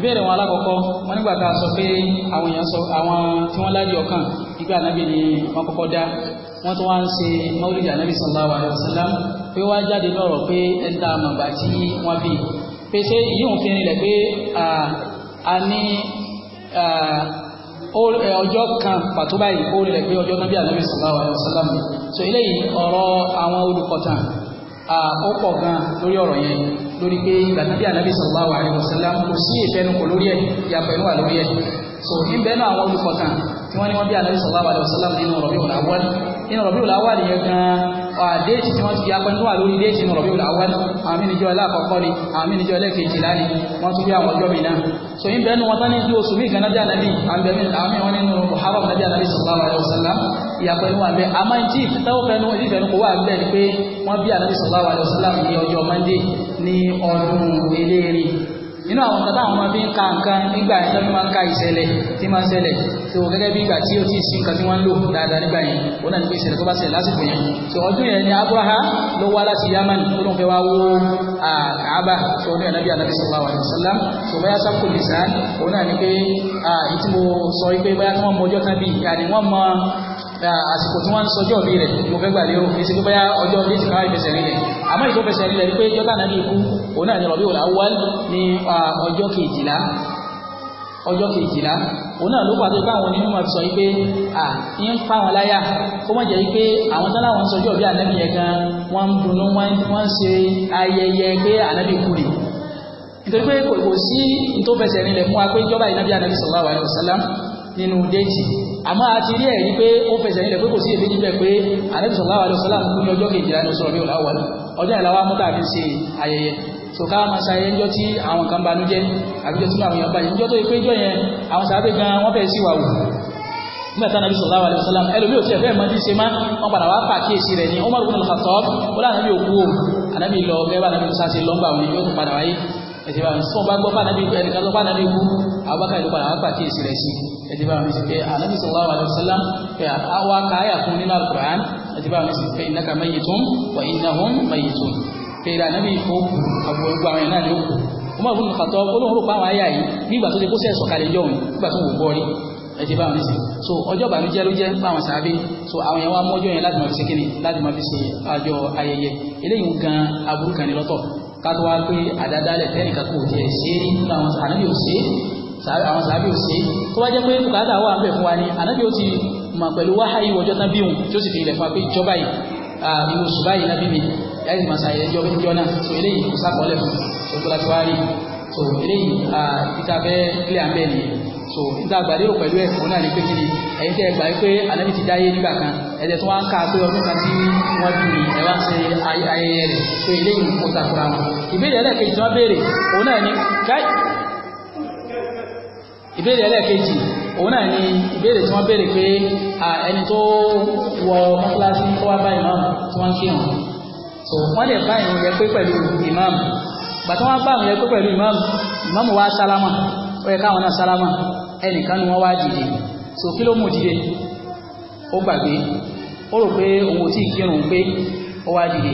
ìbéèrè wọn alákọ̀ọ́kọ́ wọn nígbà tá a sọ pé àwọn èèyàn sọ àwọn tí wọ́n ládìí ọkàn ìgbà ànábì ni wọ́n kọ́kọ́ dá wọ́n tún wá ń ṣe maulid ànábì sallallahu alaihi wasallam pé wọ́n á jáde lọ́rọ̀ pé ẹ̀ ń ta àmàgbà tí wọ́n bí pé ṣé fi rinlẹ̀ pé a ní ọjọ́ kan pàtó báyìí ó rinlẹ̀ pé ọjọ́ kan bí ànábì sallallahu alaihi wasallam so eléyìí ọ̀rọ̀ àwọn olùkọ̀tàn ó pọ̀ gan lórí ọ̀rọ̀ yẹn lórí pé ìgbà tí ànábì sallallahu alaihi wasallam kò sí ìfẹnukò lórí ẹ̀ ìyàpọ̀ ẹnu wà lórí ẹ̀ so ìbẹ́nu àwọn olùkọ̀kan tí wọ́n ní wọ́n bí ànábì sallallahu alaihi wasallam nínú ọ̀rọ̀ bí wọ́n inú rọ̀bí òláwà nìyẹn gan déètì tí wọ́n ti fi apẹ́ tó wà lórí déètì inú rọ̀bí òláwà àwọn mínijọ́ aláàkọ́kọ́ ni àwọn mínijọ́ ẹlẹ́kẹ̀ẹ́jìlá ni wọ́n tún fi àwọn ọjọ́ mìíràn so yín bẹ́ẹ̀ ni wọ́n tán ní bí oṣù mí gan nábí ànábì àmì wọn nínú muharram nábí ànábì sallallahu alaihi wasallam ìyàpọ̀ inú àbẹ́ àmọ́ tí táwọn fẹ́ nu ìfẹ́ nu kò wà bẹ́ẹ̀ ni sallallahu alaihi wasallam ní ọjọ́ monday ní ọdún eléèrè nínú àwọn nǹkan táwọn máa fi ń ka nǹkan nígbà yẹn tó fi máa ń ka ìṣẹ̀lẹ̀ tí máa ń ṣẹlẹ̀ tó gẹ́gẹ́ bí ìgbà tí ó ti sí nǹkan tí wọ́n ń lò dáadáa nígbà yẹn òun náà ní pé ìṣẹ̀lẹ̀ tó bá ṣẹlẹ̀ lásìkò yẹn tó ọdún yẹn ni Abraha ló wá láti Yamani ó lóun fẹ́ wá wó Kaaba tó ọdún yẹn nàbí anabi sallallahu alayhi wa sallam tó báyà sábkò nìsan òun náà ní pé ìtí mo sọ pé àsìkò tí wọ́n ń sọjọ́ mi rẹ̀ ló fẹ́ gbà lérò kì í ṣe pé báyà ọjọ́ mi ti káwá ìfẹsẹ̀ rí rẹ̀ àmọ́ ìtò fẹsẹ̀ rí rẹ̀ ni pé jọ́tà náà bí ikú òun náà ni rọ̀bí òun àwọn ní ọjọ́ kejìlá ọjọ́ kejìlá òun náà ló pàdé báwọn onímọ̀ máa sọ pé à ń pa wọn láyà kó mọ̀ jẹ́ pé àwọn tán láwọn sọjọ́ bí ànábì yẹn gan wọ́n ń dunnú wọ́n ń ṣe ayẹyẹ pé ànábì kú rèé nítorí pé kò sí ní tó fẹsẹ̀ rinlẹ̀ fún wa pé ìjọba ìnábì ànábì sallallahu alaihi wasallam nínú déètì àmọ́ a ti rí ẹ̀rí pé ó fẹsẹ̀ nílẹ̀ pé kò sí èméjì bẹ́ẹ̀ pé Ànábì wa mútà fi ṣe ayẹyẹ so ká máa ṣayẹ ńjọ́ tí àwọn kan banú jẹ́ àbíjọ́ tí àwọn èèyàn bàjẹ́ ńjọ́ tó yẹ pé ńjọ́ yẹn àwọn sàábẹ̀ gan wọ́n fẹ́ sí wà wù nígbàtí Ànábì sallallahu alaihi wasallam ẹlòmí ò tí ẹ̀fẹ́ mọ́ tí ṣe má wọ́n padà wá pàkíyèsí rẹ̀ ní Umar ibn al-Khattab ó láàrín bí òkú o Ànábì lọ bẹ́ẹ̀ bá Ànábì sá ṣe lọ́gbà ẹtì bá mi sì pé anabi sallallahu alayhi wa sallam pé àwa káyà fún nínú alukur'an ẹtì bá mi sì pé innaka mayyitun wa innahum mayyitun pé ìlànà mi kò àbúrò gbogbo àwọn yẹn náà ni ó kù ọmọ ìbùnú kàtọ́ olóhùn rò fáwọn ayá yìí nígbà tó ti kó sẹ́ẹ̀sọ̀ kalẹ̀ jọ nígbà tó wò gbọ́ rí ẹ̀jẹ̀ sí so ọjọ́ ìbànújẹ́ ló jẹ́ fáwọn sàábí so àwọn yẹn wá mọ́jọ́ yẹn láti máa fi ṣe kíni láti máa fi ṣe àjọ ayẹyẹ eléyìí gan aburú kan ní lọ́tọ̀ ká tó wá pé àdádálẹ̀ tẹ́nìkan kò tiẹ̀ ṣe nínú àwọn ànábì ò ṣe àwọn sàbí ò sí tó wá jẹ́ pé bùkátà wà ń bẹ̀ fún wa ni ànábì ó ti mọ̀ pẹ̀lú wáhàyí wọjọ́ tán bíhùn tí ó sì fi ilẹ̀ fún wa ìjọba yìí inú ṣùgbọ́n so eléyìí kò sákọọ́lẹ̀ fún ni so níta gbàdérò pẹ̀lú ẹ̀ fún náà ní pé kíni ẹ̀yin tẹ́ ẹ gbà pé ànábì ti dáyé nígbà kan ẹ̀jẹ̀ tó wá ń ká ọdún kan náà ìbéèrè ẹlẹ́ẹ̀kejì òun náà ni ìbéèrè tí wọ́n béèrè pé ẹni tó wọ mọ́sálásí tó wá bá ìmáàmù tí wọ́n ń kírun so wọ́n lè bá ìrun yẹ pé pẹ̀lú ìmáàmù gbàtí wọ́n bá ìrun yẹ pé pẹ̀lú ìmáàmù ìmáàmù wá sálámà ó yẹ káwọn náà sálámà ẹnìkan ni wọ́n wá dìde so kí ló mú dìde ó gbàgbé ó rò pé òun ò tí ì kírun pé ó wá dìde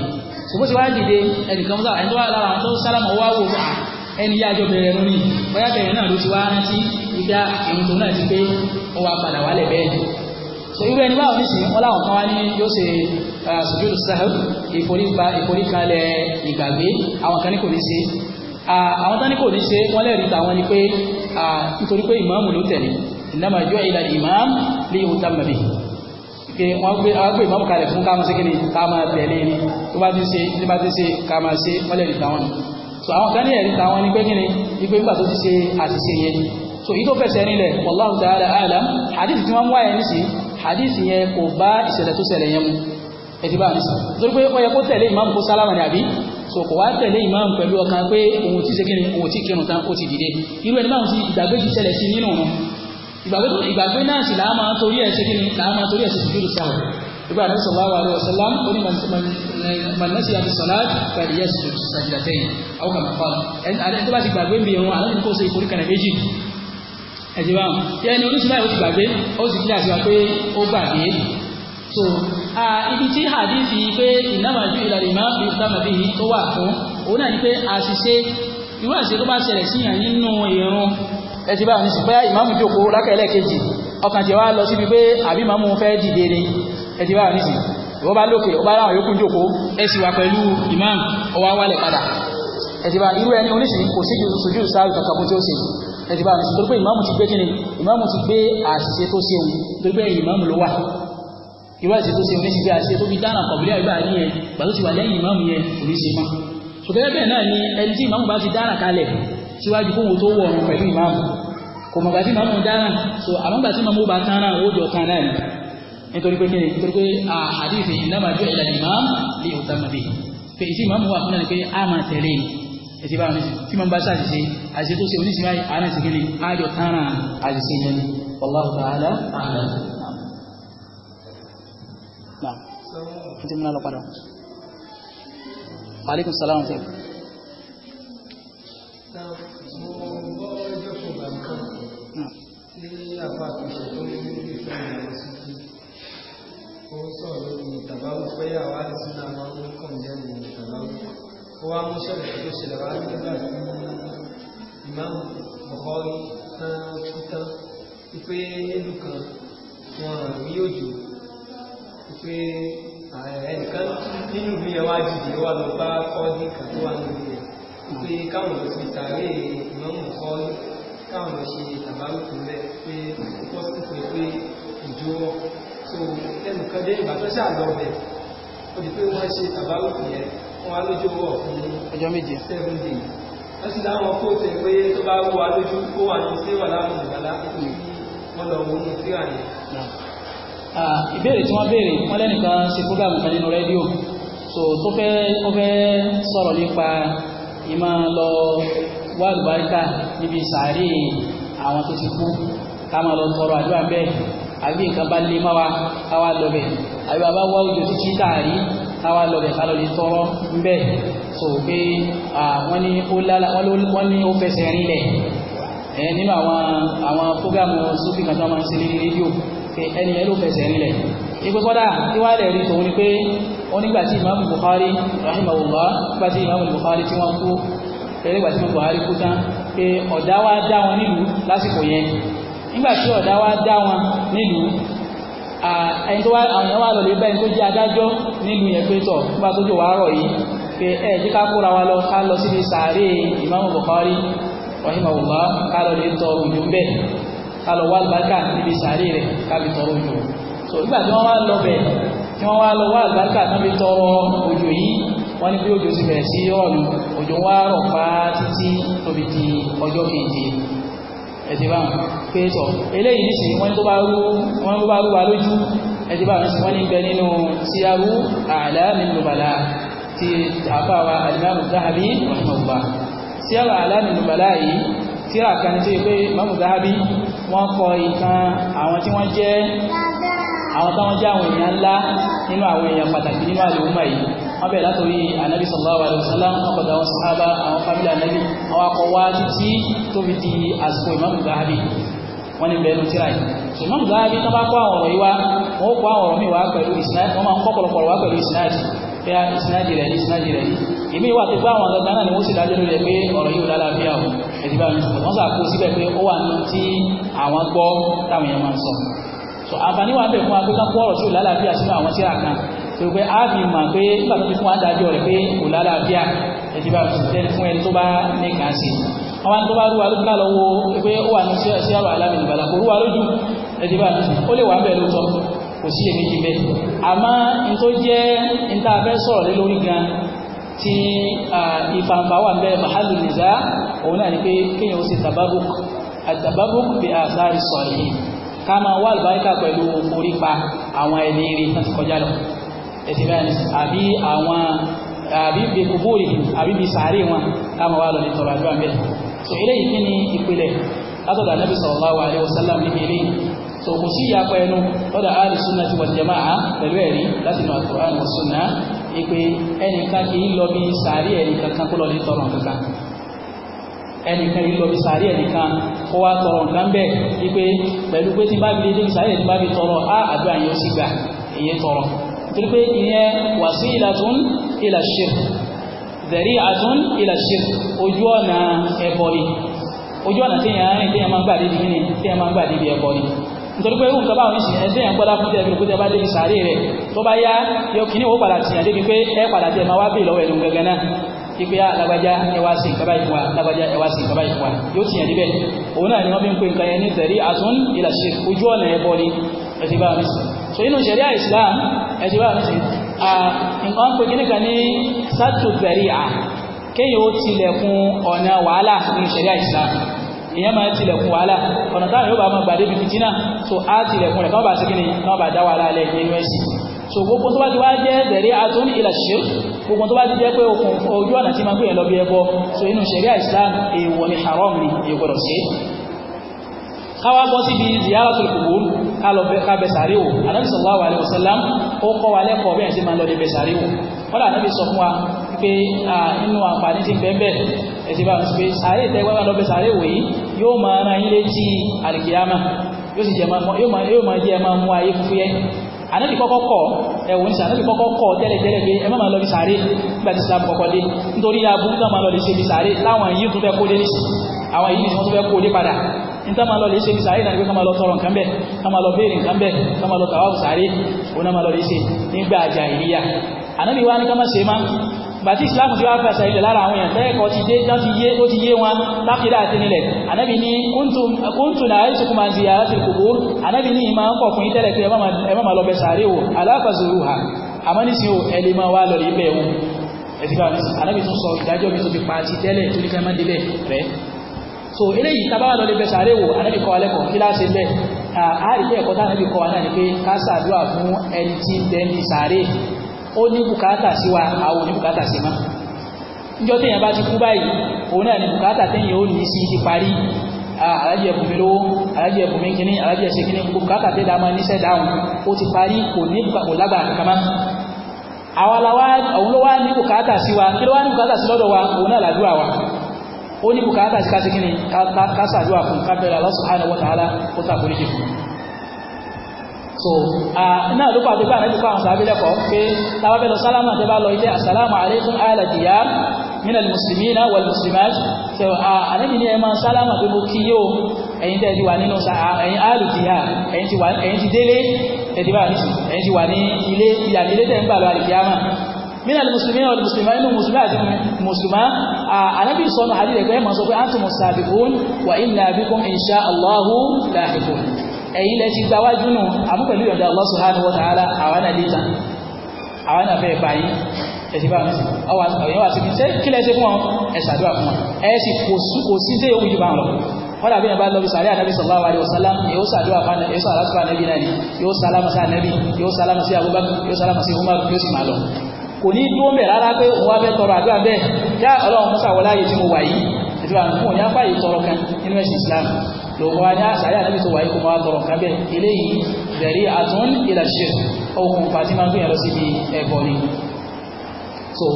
so bó ti wá dìde ẹnìkan mú sálámà ẹni tó tó sálámà ó wá wò ẹni yájọ bẹ̀rẹ̀ lórí bóyá bẹ̀rẹ̀ náà ló ti wá rántí ìdá ìrùn ah, tó náà ti pé ó wá padà wálẹ̀ bẹ́ẹ̀ ni so irú ẹni báwọn nísìn wọn láwọn kan wá ní yóò ṣe sùjúdù ah, sáhù ìforíkalẹ̀ ìgbàgbé àwọn kan ní kò ní ṣe ah, àwọn tán ní kò ní ṣe wọ́n lẹ́rìí tàwọn ni pé nítorí pé ìmáàmù ló tẹ̀lé ìnáma yọ ìlà ìmáàmù lè yóò tá mọ̀bí wọ́n gbé ìmáàmù kalẹ̀ fún káàmù sí káàmù tẹ̀lé ni tó bá ti ṣe káàmù ṣe wọ́n lẹ́rìí tàwọn ni so àwọn kan ní ẹ̀rí tàwọn ní pé kí ni wípé nígbà tó ti ṣe àṣìṣe yẹn so èyí tó nílẹ̀ wallahu ta'ala a'lam hadith tí wọ́n ń wáyé nísì hadith yẹn kò bá ìṣẹ̀lẹ̀ tó ṣẹlẹ̀ yẹn mu ẹ̀dí bá mi sọ torí pé ó yẹ kó tẹ̀lé ìmáàmù kó sálámà ní àbí so kò wá tẹ̀lé ìmáàmù pẹ̀lú ọkàn pé ni òun ti kírun tán ó ti dìde irú ẹni báwọn ti ìgbàgbé ti ṣẹlẹ̀ sí nínú ìgbàgbé náà sì làá máa torí ẹ̀ ṣe kí ni làá máa torí ìgbà ànábì sallallahu alaihi wasallam ó ní mànásí àti sọlá kàrí yẹsù sàjìdàtẹyìn àwọn kàmá fáwọn ẹni àti ẹni tó bá ti gbàgbé mi ìrún àlọ́ ní kó ṣe ìforí kan méjì ẹ̀jẹ̀ bá wọn tí ẹni oníṣúná yóò ti gbàgbé ó sì so ibi tí hadithi pé ìnáwájú ìlànà ìmọ̀ ìtàmàbí tó wà fún òun náà ni pé àṣìṣe irú àṣìṣe tó bá ṣẹlẹ̀ síyàn nínú ìrún ẹtì bá wọn ní sùpẹ́ ìmáàmù jókòó lákẹ́lẹ́ kejì ọkàn tí wàá lọ síbi pé àbí ìmáàmù fẹ́ ẹ̀dí bá wà nísì ìwọ́ bá lókè ọba láwọn yókù jòkó ẹ̀sì wà pẹ̀lú imam ọwá wálẹ̀ padà ẹ̀dí bá irú ẹni oníṣì kò sí jù sojú sáàrù kàkàkù tí ó ṣe ẹ̀dí bá nísì torípé ìmáàmù ti gbé kíni ìmáàmù ti gbé àṣìṣe tó ṣe òun torípé ìmáàmù ló wà irú àṣìṣe tó ṣe òun níṣì gbé àṣìṣe ni ẹni tí ìmáàmù bá ti dáná kalẹ̀ síwájú kóhun tó wọ̀ ọ̀run pẹ̀lú ìmáàmù so àmọ́gbà tí ìmáàmù bá tán náà ó jọ nítorí pé kíni nítorí pé àdìsí ìnáma jọ ìlànà imam lè ò tàmà bí pé ìsí imam wà fún ẹni pé a máa tẹ̀lé ni e. ẹ̀sìn bá tí máa ń bá ṣàṣìṣe àṣìṣe tó ṣe oníṣìí báyìí àárín kíni ájọ tánra àṣìṣe yẹn ni wallahu ta'ala a'lam. Naam. Ẹ ti múná ní ìfẹ́ mi ó sọ̀rọ̀ lórí tàbáwò pé àwa lè sínú àwọn ọmọ kọ̀ǹdẹ́nù tàbáwò ó wá mú ṣẹ̀rẹ̀ tó ṣẹlẹ̀ wá nígbà tí ìmáàmù Bukhari tán kú tán wípé nílùú kan wọn rí òjò wípé ẹnìkan nínú ìlú yẹn wá dìde wá lọ bá kọ́ọ́dì kan tó wà nínú rẹ̀ wípé káwọn lọ sí sàárè ìmáàmù Bukhari káwọn lọ ṣe tàbáwò tó mẹ́ pé ó sì pé pé ìjó so ẹnu kan dé ìgbà tó ṣáà lọ bẹ̀ ó di pé wọ́n ṣe tàbáwò yẹn wọ́n wá lójú wọ̀ fún ọjọ́ méje ìbéèrè tí wọ́n béèrè wọ́n lẹ́nìkan ṣe fúgàmù kan nínú rédíò so tó fẹ́ ó fẹ́ sọ̀rọ̀ nípa ìmọ̀ lọ wá àlùbáríkà níbi sàárè àwọn tó ti kú ká máa lọ sọ̀rọ̀ àdúrà bẹ́ẹ̀ àbí nǹkan bá lé máa káwà lọ́bẹ̀ àbí bàbá wá òjò títí tààrí káwà lọ́bẹ̀ ká lọ́lẹ̀ tọrọ ń bẹ̀ so pé wọ́n ní ó fẹsẹ̀ rinlẹ̀ ẹ̀ nínú àwọn àwọn fógámù sufi kan tó máa ń ṣe ní rédíò pé ẹni ẹ fẹsẹ̀ rinlẹ̀ ipò kọ́dà tí wàá lẹ̀ rí tòun ni pé wọ́n nígbà ìmáàmù Bukhari rahimahullah nígbà tí ìmáàmù Bukhari tí wọ́n kú pẹ̀lú ìmáàmù Bukhari kú tán pé ọ̀dá wa dá wọn nílùú lásìkò yẹn nígbà tí ọ̀dá wa dá wọn nílùú ẹni tó wá àwọn èèyàn wà lọ́lẹ́ bẹ́ẹ̀ tó jẹ́ adájọ́ nílùú yẹn pé tọ̀ nígbà tó jò wá rọ̀ yìí pé ẹ jẹ́ ká kóra wa lọ ká lọ síbi sàárè ìmáàmù Bukhari rahimahullah ká lọ lè tọrọ òjò ń bẹ̀ ká lọ wá àlùbáríkà níbi sàárè rẹ̀ ká tọrọ òjò so nígbà tí wọ́n wá lọ bẹ̀ tí wọ́n wá lọ wá àlùbáríkà náà fi tọrọ òjò yìí wọ́n ní bí òjò ti bẹ̀rẹ̀ sí rọ̀ òjò wá rọ̀ pa títí tóbi di ọjọ́ kejì ẹ̀sìn báwọn pé sọ eléyìí nìsín wọ́n tó bá rú wọ́n tó bá rú wa lójú ẹ̀sìn báwọn sì wọ́n ní bẹ nínú síyáwó àlá nínú bàlá ti àfáwa alimami zahabi rahimahullah síyáwó àlá nínú bàlá yìí tíra kan tó yẹ pé mamu zahabi wọ́n kọ ìtàn àwọn tí wọ́n jẹ́ àwọn táwọn jẹ́ àwọn èèyàn ńlá nínú àwọn èèyàn pàtàkì nínú àlùmọ́ wọ́n bẹ̀rẹ̀ látòrí ànábì sallallahu alaihi wasallam ọkọ̀dọ̀ àwọn sàhábà àwọn fámílì ànábì àwọn akọwà títí tó fi di àsìkò ìmáàmù Zahabi wọ́n ní bẹ̀rẹ̀ tíra yìí ìmáàmù Zahabi tó bá kọ́ àwọn ọ̀rọ̀ yìí wá wọ́n kọ́ àwọn ọ̀rọ̀ mi wá pẹ̀lú isnad wọ́n máa ń kọ́ pọ̀lọpọ̀lọ wá pẹ̀lú isnad bẹ́ẹ̀ isnad rẹ̀ ní isnad rẹ̀ ìmí wà tó bá àwọn ọ̀gá o ẹ̀dí bá mi sọ̀rọ̀ wọ́n sàkó so àǹfààní wà ń bẹ̀ fún wa pé ká kó ọ̀rọ̀ tí so pé a fi mọ̀ pé nígbà tó fi fún wa dájọ́ rẹ̀ pé kò lálàáfíà ẹ̀sìn bá fi tẹ́lẹ̀ fún ẹni tó bá ní kàn sí àwọn tó bá rú wa lójú lọ́wọ́ pé ó wà ní sí àrò alámi ìbàlá kò rú wa lójú ẹ̀sìn bá ó lè wà bẹ̀ lóòótọ́ kò sí èmi jì bẹ́ẹ̀ àmọ́ wà ń ni pé kéèyàn ó sì tababuk àtababuk bí àṣàrí sọ̀rọ̀ yìí ká máa wá àlùbáríkà pẹ̀lú orí àwọn ẹni rí láti kọjá lọ ẹ̀sìn báyìí àbí àwọn àbí bí kòbóòrì àbí bí sàárè wọn káàmà so eléyìí kí ni ìpìlẹ̀ látọ̀dọ̀ anábì sallallahu alaihi wasallam níbi so kò sí ìyapa ẹnu lọ́dọ̀ ahlu sunnati wal jama'a pẹ̀lú ẹ̀rí láti nù al-Qur'an wa sunnah ìpè ẹnìkan kì í lọ bí sàárè ẹnìkan kan kó lọ́lẹ̀ tọrọ kankan ẹnìkan yìí lọ bí sàárì ẹnìkan kó wá tọrọ nǹkan bẹ́ẹ̀ wípé pẹ̀lú pé tí bá bí lé dé sàárì bá bí tọrọ á àdúrà yẹn sì gbà èyí tọrọ torí pé ìyẹn wasilatun ila shirk dhari'atun ila shirk ojú ọ̀nà ẹbọ ni ojú ọ̀nà tí yẹn rìn tí yẹn máa gbà débi kíni tí yẹn máa gbà débi ẹbọ ni nítorí pé nǹkan báwọn ìsìn ẹ̀sìn yẹn gbọ́dá fún tẹ̀bí òkúta bá débi sàárè rẹ̀ tó bá yá yóò kíní owó padà tìyàn débi pé ẹ padà tẹ̀ máa wá bí lọ́wọ́ ẹ̀lú gẹ́gẹ́ náà ipe ah, alagbaja ni wọ́n fi ń pè nǹkan yẹn ní so inú Sharia islam ẹ̀tí wà sí nǹkan pé kíníkà ní sátò bẹ̀ríà kéyìn ó tilẹ̀kùn ọ̀nà wàhálà nínú ṣẹ̀ríà islam ìyẹn máa tilẹ̀kùn wàhálà ọ̀nà táwọn yóò bá máa gbàdé bíi fìtínà so a tilẹ̀kùn rẹ̀ káwọn bá sí kíni káwọn bá dá wàhálà lẹ̀ nínú ẹ̀sìn so gbogbo tó bá ti wá jẹ́ bẹ̀rẹ̀ atún ilà ṣe gbogbo tó bá ti jẹ́ pé ojú ọ̀nà tí máa gbé yẹn ẹbọ so inú ṣẹ̀ríà islam èèwọ̀ ni haram ni èèwọ̀ sí káwá bọ́ síbi ziyaratul qubur kábẹ̀ sàárè wò anábì sallallahu alaihi wasallam ó kọ́ wa lẹ́kọ̀ọ́ bẹ́ẹ̀ sí máa lọ lè bẹ̀ sàárè wò wọ́n dà anábì sọ fún wa pé inú àǹfààní ti bẹ́ẹ̀ bẹ́ẹ̀ ẹ̀sìn bá wọn pé sàárè tẹ́gbẹ́ máa lọ bẹ̀ sàárè wò yìí yóò máa ran ilé tí àlìkìyàmà yóò sì jẹ́ máa jẹ́ máa mú ayé fúfúyẹ́ anabi kọ́kọ́ kọ́ ẹ̀wọ̀n sí anabi kọ́kọ́ kọ́ tẹ́lẹ̀tẹ́lẹ̀ pé ẹ má àwọn yìí tún fẹ́ kó dé padà níta máa lọ lè ṣe ìsàárè náà ní pé ká máa lọ tọrọ nǹkan bẹ́ẹ̀ ká máa lọ béèrè nǹkan bẹ́ẹ̀ ká máa lọ tàwa ìsàárè òun náà máa lọ lè ṣe nígbà àjà ìlíyà ànábì wa ní ká máa ṣe má bàtí islam ti wá fẹsẹ̀ ilẹ̀ lára àwọn èèyàn tẹ́ẹ̀kọ́ ti dé náà ti yé ó ti yé wọn lákìdá àti nílẹ̀ ànábì ní kúntù náà ẹ̀ tukùn máa ziyàrá ti kùkú ànábì ní ìmọ̀ ń pọ̀ fún ìtẹ́lẹ̀ pé ẹ má lọ bẹ sàárè wò aláfàzòrò ha àmọ́ nísìnyí ò ẹ lè máa wá lọ rí bẹ́ẹ̀ wò ẹ̀sìn so eléyìí tábà wà lọ lè bẹ sàárè wò anábì kọ́ alẹ́kọ̀ọ́ kí láti bẹ́ àárín ẹ̀kọ́ tá anábì kọ́ wa náà ni pé ká ṣàdúrà fún ẹni tí ń bẹ ní sàárè ó ní bùkátà sí wa àwọn ní bùkátà sí ma níjọ́ téèyàn bá ti kú báyìí òun náà ni bùkátà téèyàn ó ní sí ti parí alájẹ ẹ̀bùnmi lówó alájẹ ẹ̀bùnmi kíní alájẹ ẹ̀sẹ̀ kíní gbogbo bùkátà tẹ́ dáa máa níṣẹ́ dáhùn ó ti parí kò ní kò lágbà kama àwọn ló wá ní bùkátà sí wa kí ló wá ní bùkátà sí lọ́dọ̀ wa òun náà làdúrà wa ó ní bùkátà sí kásí kíni kásàdúwà fún kábẹ̀rẹ̀ Allah subhanahu wa ta'ala ó tàbóríjì fún so náà ló pàdé bá ànábì kọ́ àwọn sàábí lẹ́kọ̀ọ́ pé tàbábẹ́ lọ sálámà tẹ́ bá lọ ilé assalamu alaikum ala diyar min al-muslimina wal muslimat so ànábì ní ẹ máa sálámà pé mo kí yóò ẹ̀yin tẹ́ ti wà nínú ẹ̀yin alu diyar ẹ̀yin ti délé tẹ̀dí bá nìsí ẹ̀yin من المسلمين والمسلمات من المسلمات مسلمة النبي صلى الله عليه وسلم sọ pé أنتم السابقون وإنا بكم إن شاء الله لاحقون ẹ̀yin lẹ ti gba wájú nù àmọ́ pẹ̀lú ìyọ̀dá Allah subhanahu wa ta'ala àwọn náà létà àwọn náà fẹ́ bá yín ẹ̀sìn bá mi sí ọ̀yẹ́ wà sí mi ṣé kí lẹ ṣe fún ọ ẹ ṣàdúrà fún ọ ẹ sì kò sí tẹ́ yóò jù bá wọn lọ kọ́dà bí ẹ̀bá lọ́bí sàárẹ́ ànábì sallallahu alaihi wasallam yóò sàdúwà fún ẹ̀yọ́ sàdúwà fún ànábì náà ni yóò sálámà sí ànábì yóò sálámà sí Abubakar yóò sálámà sí Umar yóò sì máa lọ kò ní dúró mẹ́ rárá pé òun wá fẹ́ tọrọ àdúrà bẹ́ẹ̀ já ọlọ́run mọ́sà wọlá ayé tí mo wà yìí ètò àwọn fún òun yáfà yìí tọrọ kan nínú ẹ̀sìn Islam lòun wá ní àṣàyà níbi tó wáyé kó máa tọrọ kan bẹ́ẹ̀ eléyìí bẹ̀rí àtún ìlàṣẹ̀ okùnfà tí máa ń gbìyànjú so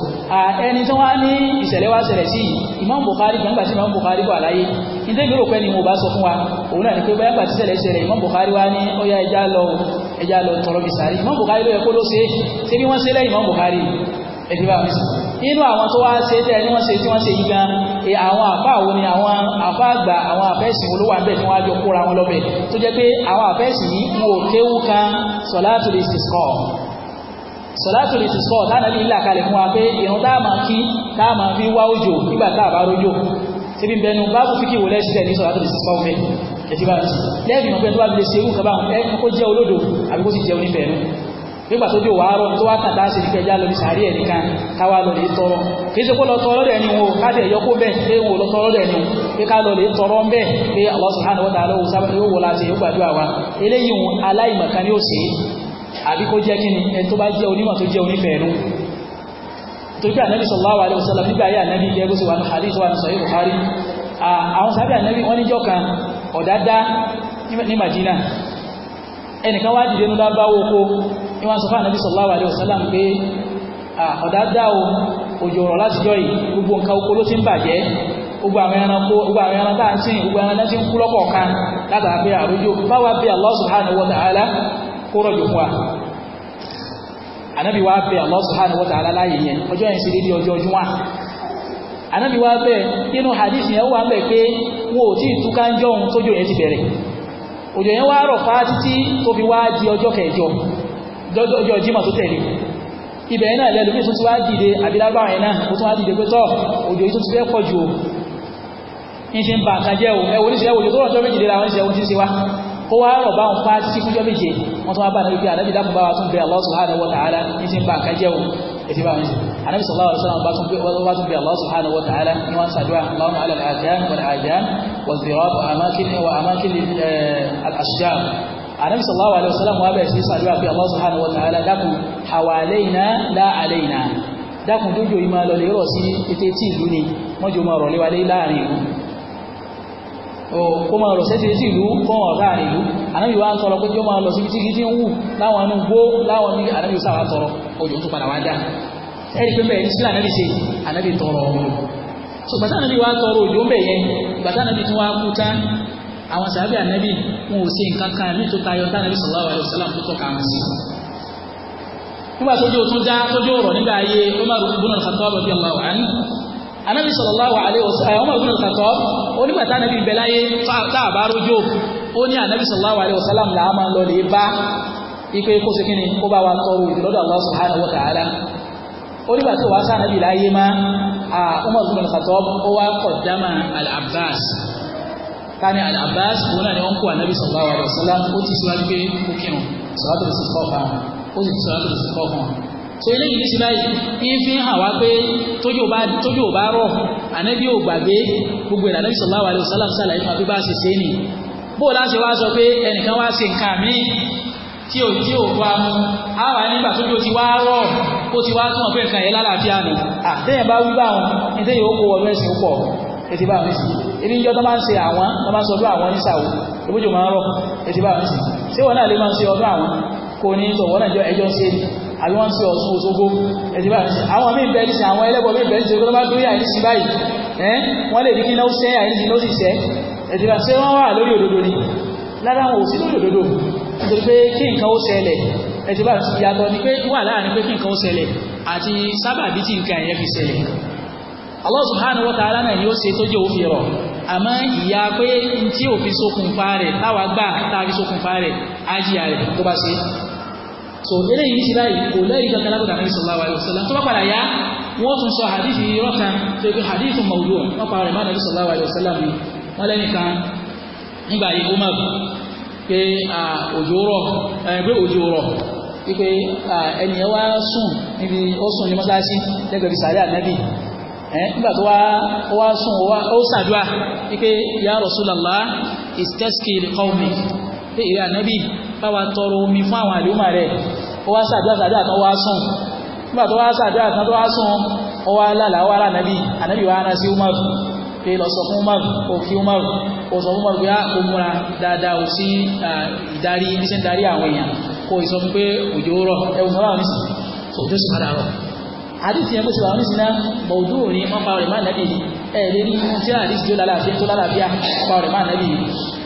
ẹni tí wọ́n ní ìṣẹ̀lẹ̀ wá ṣẹlẹ̀ sí Imam Bukhari gbangba sí Imam Bukhari bọ̀ àlàyé ìdé ìgbèrò pẹ́ ni mo bá sọ fún wa òun náà ni pé báyàgbà ṣẹlẹ̀ ṣẹlẹ̀ Imam Bukhari wá ní ọya ẹja lọ ẹja tọrọ bisari Imam Bukhari ló yẹ kó ló ṣe ṣe bí wọ́n ṣe lẹ́yìn Imam Bukhari ẹ̀dí bá mi sọ inú àwọn tó wá ṣe ni wọ́n ṣe tí e àwọn àfá àwọn ni àwọn àfá àgbà àwọn àfẹ́sì wo ló wà bẹ́ẹ̀ tí wọ́n á jọ kóra wọn lọ́bẹ̀ tó jẹ́ pé àwọn sọ̀látù lè ti sọ tánàbí ilà kalẹ̀ fún wa pé ìrun tá máa kí tá máa fi wá òjò nígbà tá a bá rójò tí bí bẹnu báàbù fíkì wò lẹ́sílẹ̀ ní sọ̀látù lè ti sọ fẹ́ ẹ̀tí bá lẹ́ẹ̀mì mọ̀ pé tó bá lè ṣe irú kaba ẹ̀kún kó jẹ́ olódò àbí kó ni wọn káàdì ẹ̀yọ́kó bẹ́ẹ̀ pé wọn lọ tọrọ ni pé ká lọ lè tọrọ ń bẹ́ẹ̀ Allah subhanahu wa ta'ala lọ́wọ́ sábà yóò wọlá àti yóò gbàdúrà wa àbí kó jẹ́ kíni ẹni tó bá jẹ́ onímọ̀ tó jẹ́ onífẹ̀ẹ́nu torí pé ànábì sallallahu alaihi wasallam nígbà ayé ànábì jẹ́ gbóṣe wà ní hadith wà ní sahih buhari àwọn sábẹ́ ànábì wọ́n níjọ́ kan ọ̀dádá ní madina ẹnìkan wá dìde nílá bá wókó ní wọ́n sọ fún ànábì sallallahu alaihi wasallam pé ọ̀dádá o òjò ọ̀rọ̀ látijọ́ yìí gbogbo nǹkan oko ló ti ń bàjẹ́ gbogbo àwọn ẹranko gbogbo àwọn ẹran tá à ń sìn gbogbo ẹran náà ti ń kú lọ́kọ̀ọ̀kan kó rọ̀jò fún wa anabi wa bẹ Allah subhanahu wa ta'ala láàyè yẹn ọjọ́ yẹn ṣe dédé ọjọ́ júmọ́ anabi wa bẹ inú hadith yẹn wà bẹ pé wọn ò tí ì túká ń jọun tójò yẹn ti bẹ̀rẹ̀ òjò yẹn wá rọ̀ fá títí tó fi wá di ọjọ́ kẹjọ ọjọ́ jimá tó tẹ̀lé ibẹ̀ yẹn náà lẹ́lùmí tó ti wá dìde àbílágbà yẹn náà ó kó wá rọ̀ bá wọn pa sí fúnjọ́ méje wọ́n tún wá bá nàbí ànábì dákun bá wa tún bẹ Allah subhanahu wa ta'ala ní ti ń ba nǹkan jẹ́ o ètí bá wọn sí ànábì sallallahu alaihi wasallam bá tún bẹ Allah subhanahu wa ta'ala ní wọn sàdúrà Allahumma ala al-adhan wal ajan wa zirab wa amakin eh, al-ashjar ànábì kó máa lọ sẹ́sẹ̀ sí ìlú kó wọn ọ̀gá ìlú ànábì wa ń tọrọ pé kí ó máa lọ síbi tí kì í ti ń wù láwọn inú gbó láwọn ní ànábì sáà wá tọrọ òjò tó padà wá dá ẹ̀rí pé bẹ́ẹ̀ sílẹ̀ ànábì ṣe ànábì tọrọ ọmọ so gbàtà ànábì wa tọrọ òjò ń bẹ̀ yẹn gbàtà ànábì tí wọ́n á kú tán àwọn sàbí ànábì wọn ò sí nǹkan kan ní tó tayọ tánàbì sallallahu alaihi wasallam tó tọ́ka wọn anábì sallallahu alaihi wasallam ọmọ ìgbìnà sàtọ́ onígbàtà anábì bẹ̀láyé tààbá rójò ó ní anábì sallallahu alaihi wasallam làá máa ń lọ lè bá ipe kó se kíni kó bá wa tọrọ ìdílọ́dọ̀ Allah subhanahu wa ta'ala onígbàtà wà sá anábì láyé má ọmọ ìgbìnà sàtọ́ ó wá kọ̀dámà al-Abbas kani al-Abbas òun náà ni wọ́n kó anábì sallallahu alaihi wasallam ó ti síwájú pé ó kírun sọ̀rọ̀ tó so eléyìí ní sí báyìí ń fi hàn wá pé tójú ò bá rọ̀ ànábì ò gbàgbé gbogbo ìlànà Ànábì sallallahu alaihi wasallam sàlàyé fún abíbá ṣe ṣe ni bó o láti wá sọ pé ẹnìkan wá ṣe nǹkan míì tí ò tí ò wá mu á wà nígbà tójú ti wá rọ̀ ó ti wá túmọ̀ pé nǹkan yẹn lálàáfíà nù àtẹ̀yìn bá wí báwọn ẹ̀tẹ́ yóò kó wọnú ẹ̀sìn pọ̀ ẹ̀tì bá wọn sí ebi ń jọ tó máa ń ṣe àwọn tó máa ń sọdún àwọn oníṣàwò ìbújò máa ń rọ̀ ẹ̀tì bá wọn sí ṣé wọn náà lè máa ń ṣe ọdún àwọn kò ní sọ wọn náà jọ ẹjọ́ ṣe àbí wọ́n sí ọ̀ṣun òṣogbo ẹ̀dìbà àwọn mí bẹ̀rẹ̀ sí àwọn ẹlẹ́bọ̀ mí bẹ̀rẹ̀ sí ọgbọ́n bá dórí àìní sí báyìí ẹ́ wọ́n lè ní kí náà sẹ́ àìní sí lóṣì sẹ́ ẹ̀dìbà sí wọ́n wà lórí òdodo ni lára wọn ò sí lórí òdodo nítorí pé kí nǹkan ó ṣẹlẹ̀ ẹ̀dìbà yàtọ̀ ni pé wà láàrin pé kí nǹkan ó ṣẹlẹ̀ àti sábàbí tí nǹkan ẹ̀yẹ fi ṣẹlẹ̀ Allah subhanahu wa ta'ala náà yóò ṣe tó jẹ́ òfin rọ̀ àmọ́ ìyá pé tí òfin ṣokùnfà rẹ̀ táwa gbà táwa fi ṣokùnfà rẹ̀ ájíyà rẹ̀ tó bá ṣe so eléyìí ní ti báyìí kò lẹ́rìí kankan lábẹ́ kàmí sallallahu alaihi wasallam tó bá padà yá wọ́n tún sọ hadith yìí rọ́ta tó yẹ kó hadith mawdu' wọ́n pa rẹ̀ má nàbí sallallahu alaihi wasallam mi wọ́n lẹ́nu kan nígbà yìí ó máa pé òjò rọ̀ pé òjò rọ̀ pé ẹnìyẹn wá sùn níbi ó sùn ní mọ́sáàsì lẹ́gbẹ̀ẹ́ bisàlẹ̀ ànábì nígbà tó wá sùn ó sàdúà pé ya Rasulullah istaski li qawmi pé èrè ànábì báwa tọrọ omi fún àwọn àlùmọ̀ rẹ̀ ó wá sàdúrà sàdúrà tán wá sùn nígbà tó wá sàdúrà tán tó wá sùn ó wá lálàá wá rànábì ànábì wá rán sí Umar pé lọ sọ fún Umar kò fi Umar kò sọ fún Umar pé ah, kò múra dáadáa ò sí ìdarí bí ṣe ń darí àwọn èèyàn kò sọ fún pé òjò rọ ẹwùn sábà ní sìn tó òjò sì padà rọ àdìsí yẹn kó sì wà ní sinna mọ̀ọ́dún òní wọ́n pa ọ̀rẹ́ máa nàbì ẹ̀ ní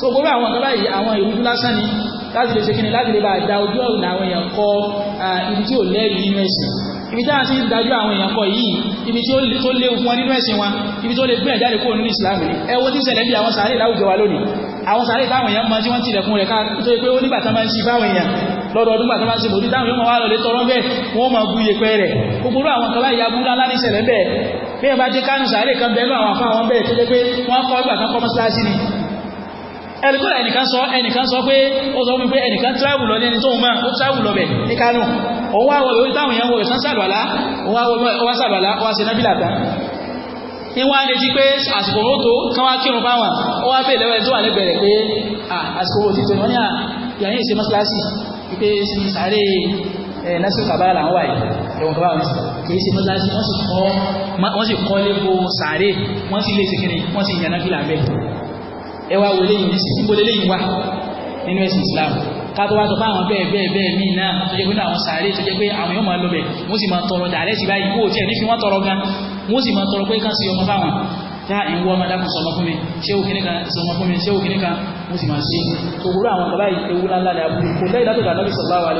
so gbogbo àwọn ọ̀tọ́ báyìí àwọn ìrújú lásán ni láti lè ṣe kí ni láti lè bá da ojú ọ̀nà àwọn èèyàn kọ ibi tí ò lẹ́rìí nínú ẹ̀sìn ibi tí a ti ń dájú àwọn èèyàn kọ yìí ibi tí ó léwu fún wọn nínú ẹ̀sìn wọn ibi tí ó lè gbé ẹ̀jáde kúrò nínú ìsìlámù ni ẹ wo tí ń ṣẹlẹ̀ bí àwọn sàárè láwùjọ wa lónìí àwọn sàárè táwọn èèyàn máa tí wọ́n tilẹ̀kùn rẹ̀ ká tó yẹ pé ó nígbà tán máa ń ṣe fáwọn èèyàn lọ́dọọdún gbàtọ́ máa ń ṣe bòdú táwọn yóò máa wá lọ lé tọrọ bẹ́ẹ̀ wọ́n máa gúye pẹ́ rẹ̀ gbogbo àwọn kan báyìí abúlá ńlá ní ìṣẹ̀lẹ̀ bẹ́ẹ̀ bí ẹ bá dé kánú sàárè kan bẹ́ẹ̀ lọ àwọn afáwọn bẹ́ẹ̀ tó jẹ́ pé wọ́n kọ́ ìgbà kan kọ́ mọ́sálásí ni ẹ̀rìkọ́lá ẹnìkan sọ ẹnìkan sọ pé ó sọ wípé ẹnìkan travel lọ lẹ́ni tó ń máa ó travel lọ bẹ̀ ní Kánò òun wá wọ ìwé táwọn èèyàn wọ ìsán sàlùwàlá òun wá sàlùwàlá ó wá ṣe nábìlà ta ìwọ́n á lè jí pé àsìkò òun tó kán wá kírun báwọn ó wá bèèrè lẹ́wọ́ ẹ̀ tó wà lẹ́gbẹ̀ẹ́ pé àsìkò òun ti tẹ̀ wọ́n ní àyàyìn ìṣe mọ́sálásì sì kọ́ lé bo sáré wọ́n sì lè ṣe wọ́n sì yànnà fìlà bẹ́ẹ̀ ẹwà wo léyìn ní sísí bólé léyìn wá nínú ẹ̀sìn Islam kátó wá sọ fún àwọn bẹ́ẹ̀ bẹ́ẹ̀ bẹ́ẹ̀ míì náà tó jẹ́ pé àwọn sàárè tó jẹ́ pé àwọn yóò máa lọ bẹ̀ wọ́n sì máa tọrọ dàrẹ́ sí báyìí kó o tiẹ̀ nífi wọ́n tọrọ gan wọ́n sì máa tọrọ pé ká sí ọmọ fáwọn tá ìwọ ọmọ alaihi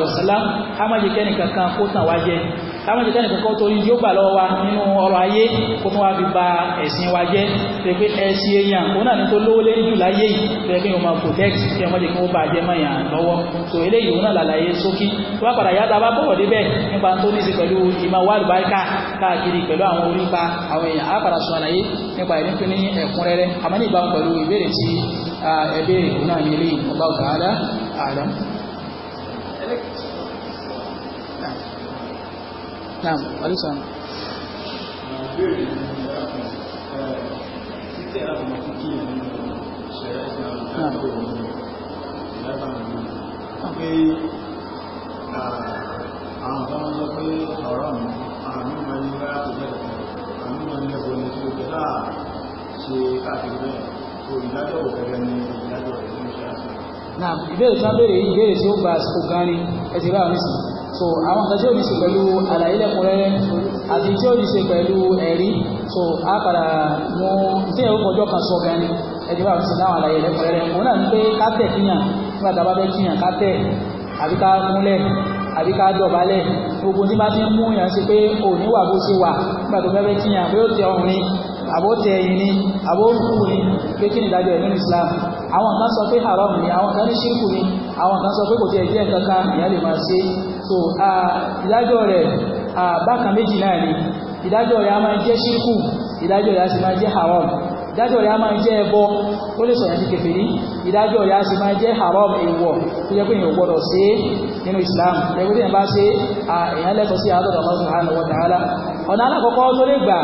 wasallam á má jẹ kẹ́nìkan káwọn ti sẹ́ni kankan torí yóò gbà lọ́wọ́ wa nínú ọrọ̀ ayé kó tún wá fi ba ẹ̀sìn wa jẹ́ pé pé ẹ̀sìn èèyàn òun náà ní tó lówó lé jù láyé yìí pé kí wọ́n máa protect kí wọ́n jẹ́ kí wọ́n bá jẹ́ mọ̀yàn lọ́wọ́ so eléyìí òun náà làlàyé sókí tó bá padà yáda bá bọ̀wọ̀ débẹ̀ nípa tó ní í ṣe pẹ̀lú ìmọ̀ wà lùbáríkà káàkiri pẹ̀lú àwọn orípa àwọn èèyàn á padà sọ àlàyé nípa ẹ̀rí fún ní àdá Naam, alisa. Ṣé káàkiri bẹ́ẹ̀, òrìdájọ́ òkèrè ni ìdájọ́ ìdíjẹ́ àti na ìbéèrè tán béèrè yìí ìbéèrè tí ó gba àsìkò gan ni ẹ bá wọn sí so àwọn nǹkan tí ó ní ṣe pẹ̀lú àlàyé lẹ́kùnrẹ́rẹ́ àti tí ó ní ṣe pẹ̀lú ẹ̀rí so a padà mú tí ẹ̀rọ kọjọ́ kan sọ gan ni ẹ ti bá wọn sí láwọn àlàyé lẹ́kùnrẹ́rẹ́ òun náà ń pé kátẹ̀ kíyàn nígbà tá a bá fẹ́ kíyàn kátẹ̀ àbí ká múlẹ̀ àbí ká dọ̀bálẹ̀ gbogbo tí bá ti ń mú yàn ṣe pé òní wà bó ṣe wà nígbà tó fẹ́ fẹ́ kíyàn pé ó tẹ ọrùn ni àbótẹ ẹ̀yìn ni àbókù ni pé kí ni ìdájọ́ ẹ̀ nínú Islam àwọn kan sọ pé haram ni àwọn kan ní ṣírkù ni àwọn kan sọ pé kò tiẹ̀ jẹ́ kankan ìyá lè máa ṣe so ìdájọ́ rẹ̀ bákan méjì náà ni ìdájọ́ rẹ̀ a máa jẹ́ ṣírkù ìdájọ́ rẹ̀ a sì máa jẹ́ haram ìdájọ́ rẹ̀ a máa jẹ́ ẹbọ ó lè sọ̀rọ̀ ní kèfèrí ìdájọ́ rẹ̀ a sì máa jẹ́ haram èèwọ̀ tó jẹ́ pé èèyàn gbọ́dọ̀ sí nínú Islam ẹgbẹ́ tí èèyàn bá ṣe èèyàn lẹ́tọ̀ọ́ sí àádọ́dọ̀ Allah subhanahu wa ta'ala ọ̀nà alákọ̀ọ́kọ́ tó lè gbà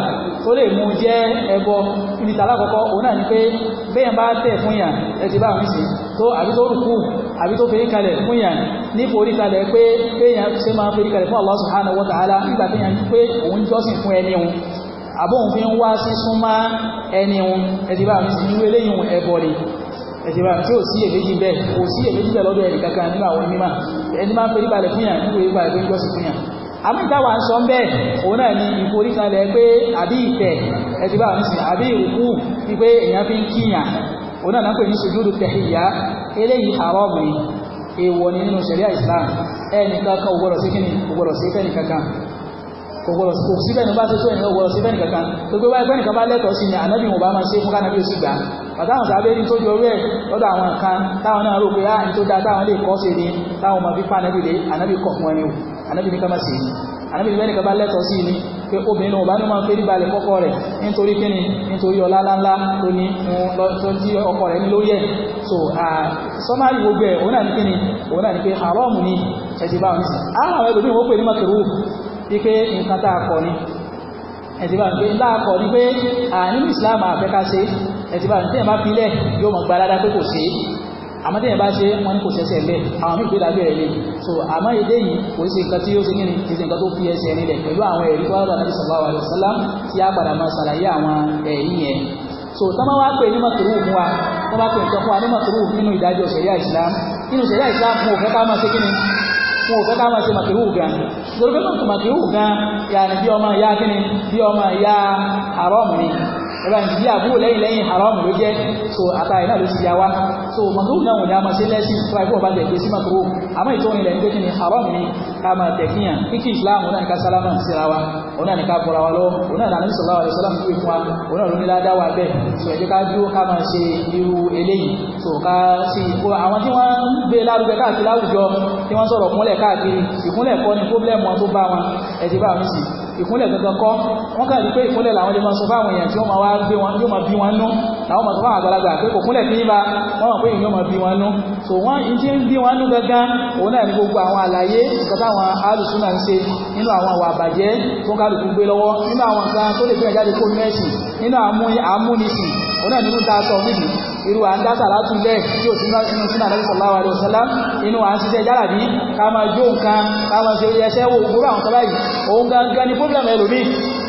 tó lè mú jẹ́ ẹbọ ìdíta alákọ̀ọ́kọ́ òun náà ni pé bẹ́yàn bá tẹ̀ fún yàn ẹ̀tì bá wọ́n sí tó àbí tó rùkú àbí tó fèrí kalẹ̀ àbóhùn fi ń wá sí súnmá ẹni wọn ẹ̀dìbà mi sí ìwé lẹ́yìn ẹbọ rẹ̀ ẹ̀dìbà tí ó sí èméjì bẹ́ẹ̀ kò sí èméjì bẹ́ẹ̀ lọ́dọ̀ ẹ̀rì kankan nínú àwọn onímọ̀ ẹni máa ń fẹ́rí balẹ̀ fúnyà nígbò ìgbà ẹgbẹ́ ìjọsìn fúnyà àmìtàwà ń sọ bẹ́ẹ̀ òun náà ni ìforíkalẹ̀ pé àbí ìtẹ̀ ẹ̀dìbà mi sí àbí ìrùkú ni pé èèyàn fi ń kíyàn òun náà pè ní sojúdù tẹ̀hìyà eléyìí haram ni èèwọ̀ ni nínú ṣẹ̀ríà Islam ẹnìkankan ò gbọ́dọ̀ sí kíni ò gbọ́dọ̀ sí fẹ́nìkankan kògbọ́rọ̀ kò sí bẹ́ẹ̀ ní bá tẹ́tọ́ ẹ̀yìn ọgbọ̀rọ̀ sí bẹ́ẹ̀ nìkankan tó gbé wáyé bẹ́ẹ̀nìkan bá lẹ́tọ̀ọ́ sí ni ànábì wọn bá máa ṣe fún kánábì òsì pàtàkùn sábẹ́ ní tó jọrú ẹ̀ lọ́dọ̀ àwọn nǹkan táwọn náà rò pé ah, tó dá táwọn lè kọ́ sí ni táwọn ọmọ bí fánábì lé ànábì kọ̀ fún ẹni ànábì ní ká sí ni ànábì ní bẹ́ẹ̀nìkan bá lẹ́tọ̀ọ́ sí ni pé obìnrin náà bá ní máa ń fẹ́rí balẹ̀ kọ́kọ́ rẹ̀ nítorí kíni nítorí ọlá ńláńlá tó ní tí ọkọ rẹ̀ ní lórí ẹ̀ so sọ́márì gbogbo ẹ̀ òun náà ní kíni òun náà ní pé haram ni ẹ̀sìn báwọn ní sí àwọn ẹlòmíràn wọ́n ní mọ́kẹ́rù wípé nǹkan tá a kọ̀ ni ẹ̀sìnbà ń pè láàkọ̀ ní pé àníní Islam àfẹ́ká ṣe ẹ̀sìnbà ń tẹ́yìn bá filẹ̀ yóò mọ̀ gba dáadáa pé kò ṣe àmọ́ tẹ́yìn bá ṣe wọ́n ní kò ṣẹ̀ṣẹ̀ lẹ̀ àwọn míì gbéra bẹ̀rẹ̀ lè so àmọ́ èdè yìí kò ṣe nǹkan tí ó ṣe kíni kì í ṣe nǹkan tó fi ẹsẹ̀ nílẹ̀ pẹ̀lú sallallahu alaihi wasallam tí a padà máa ṣàlàyé àwọn ẹ̀rí yẹn so tọ́ bá wá pè ní mọ̀tòrú fún wa tọ́ bá pè nǹkan fún wa ní mọ̀tòrú nínú ìdájọ́ ṣẹ̀ríà Islam nínú ṣẹ̀ríà Islam fún òfẹ́ ká máa ṣe kíni wọn ò fẹ́ ká máa ṣe màkìrú gan torí pé màkìrú gan yà ní bí ọmọ ìyá kíni bí ọmọ ìyá àrọ́ọ̀mù ẹ̀rọ àǹtí àbúrò lẹ́yìn lẹ́yìn haram ló jẹ́ so àtàrí náà ló ti yá wa so màkúrú náà wò ní a máa ṣe lẹ́sìn tó àìkú ọba tẹ̀ gbé sí màkúrú àmọ́ ìtọ́ ìrìn lẹ́yìn tó kí ni haram ni ká máa tẹ̀kíyàn kíkí islam náà ní ká sálámà síra wa òun náà ní ká bọ̀ra wa lọ òun náà ní sọ̀rọ̀ àwọn ìṣọ́lá fún ìfún wa òun náà ló ní ládá wa bẹ́ẹ̀ so ẹ̀jẹ̀ ká dúró ká máa ṣe irú eléyìí so ká sí ipò àwọn tí wọ́n ń gbé lárugẹ káàkiri láwùjọ tí wọ́n sọ̀rọ̀ kúnlẹ̀ káàkiri ìkúnlẹ̀ kọ́ ìkúnlẹ̀ gangan kọ́ wọ́n kàn rí pé ìkúnlẹ̀ làwọn lè máa sọ fáwọn èèyàn tí ó máa bí wọn nú làwọn máa àgbàlagbà pé kò kúnlẹ̀ sí yíba wọ́n mọ̀ pé èèyàn máa bí wọn nú so wọ́n ń tí ń bí wọn nú gangan òun náà ní gbogbo àwọn àlàyé irú à ń dá sàlátù lẹ̀ tí ò sínú inú sínú àdájú sallallahu alaihi wasallam inú à ń ṣiṣẹ́ yára bí ká máa jó nǹkan ká máa ṣe ẹsẹ̀ wo gbogbo àwọn tọ́lá òun gangan ni problem ẹlòmíì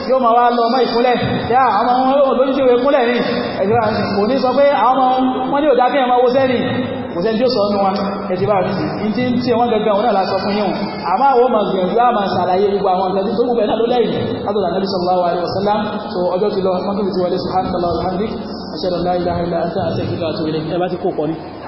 yóò máa wá lọ ọmọ ìkúnlẹ̀ tí àwọn ọmọ olóòwò tó ní ṣe ìkúnlẹ̀ ní ẹ̀sìn bá kò ní sọ pé àwọn ọmọ wọn ní òdá kẹ́yàn máa wo sẹ́ni kò sẹ́ni tí ó sọ ọ́nú wọn ẹ̀sìn tí tí wọ́n gẹ́gẹ́ wọn náà lásọ fún yíò àmá àwọn ọmọ sallallahu alaihi wasallam so ọjọ́ ti lọ mọ́kìlì ti wọlé subhanallah alhamdulilayi ashhadu an anta astaghfiruka wa atubu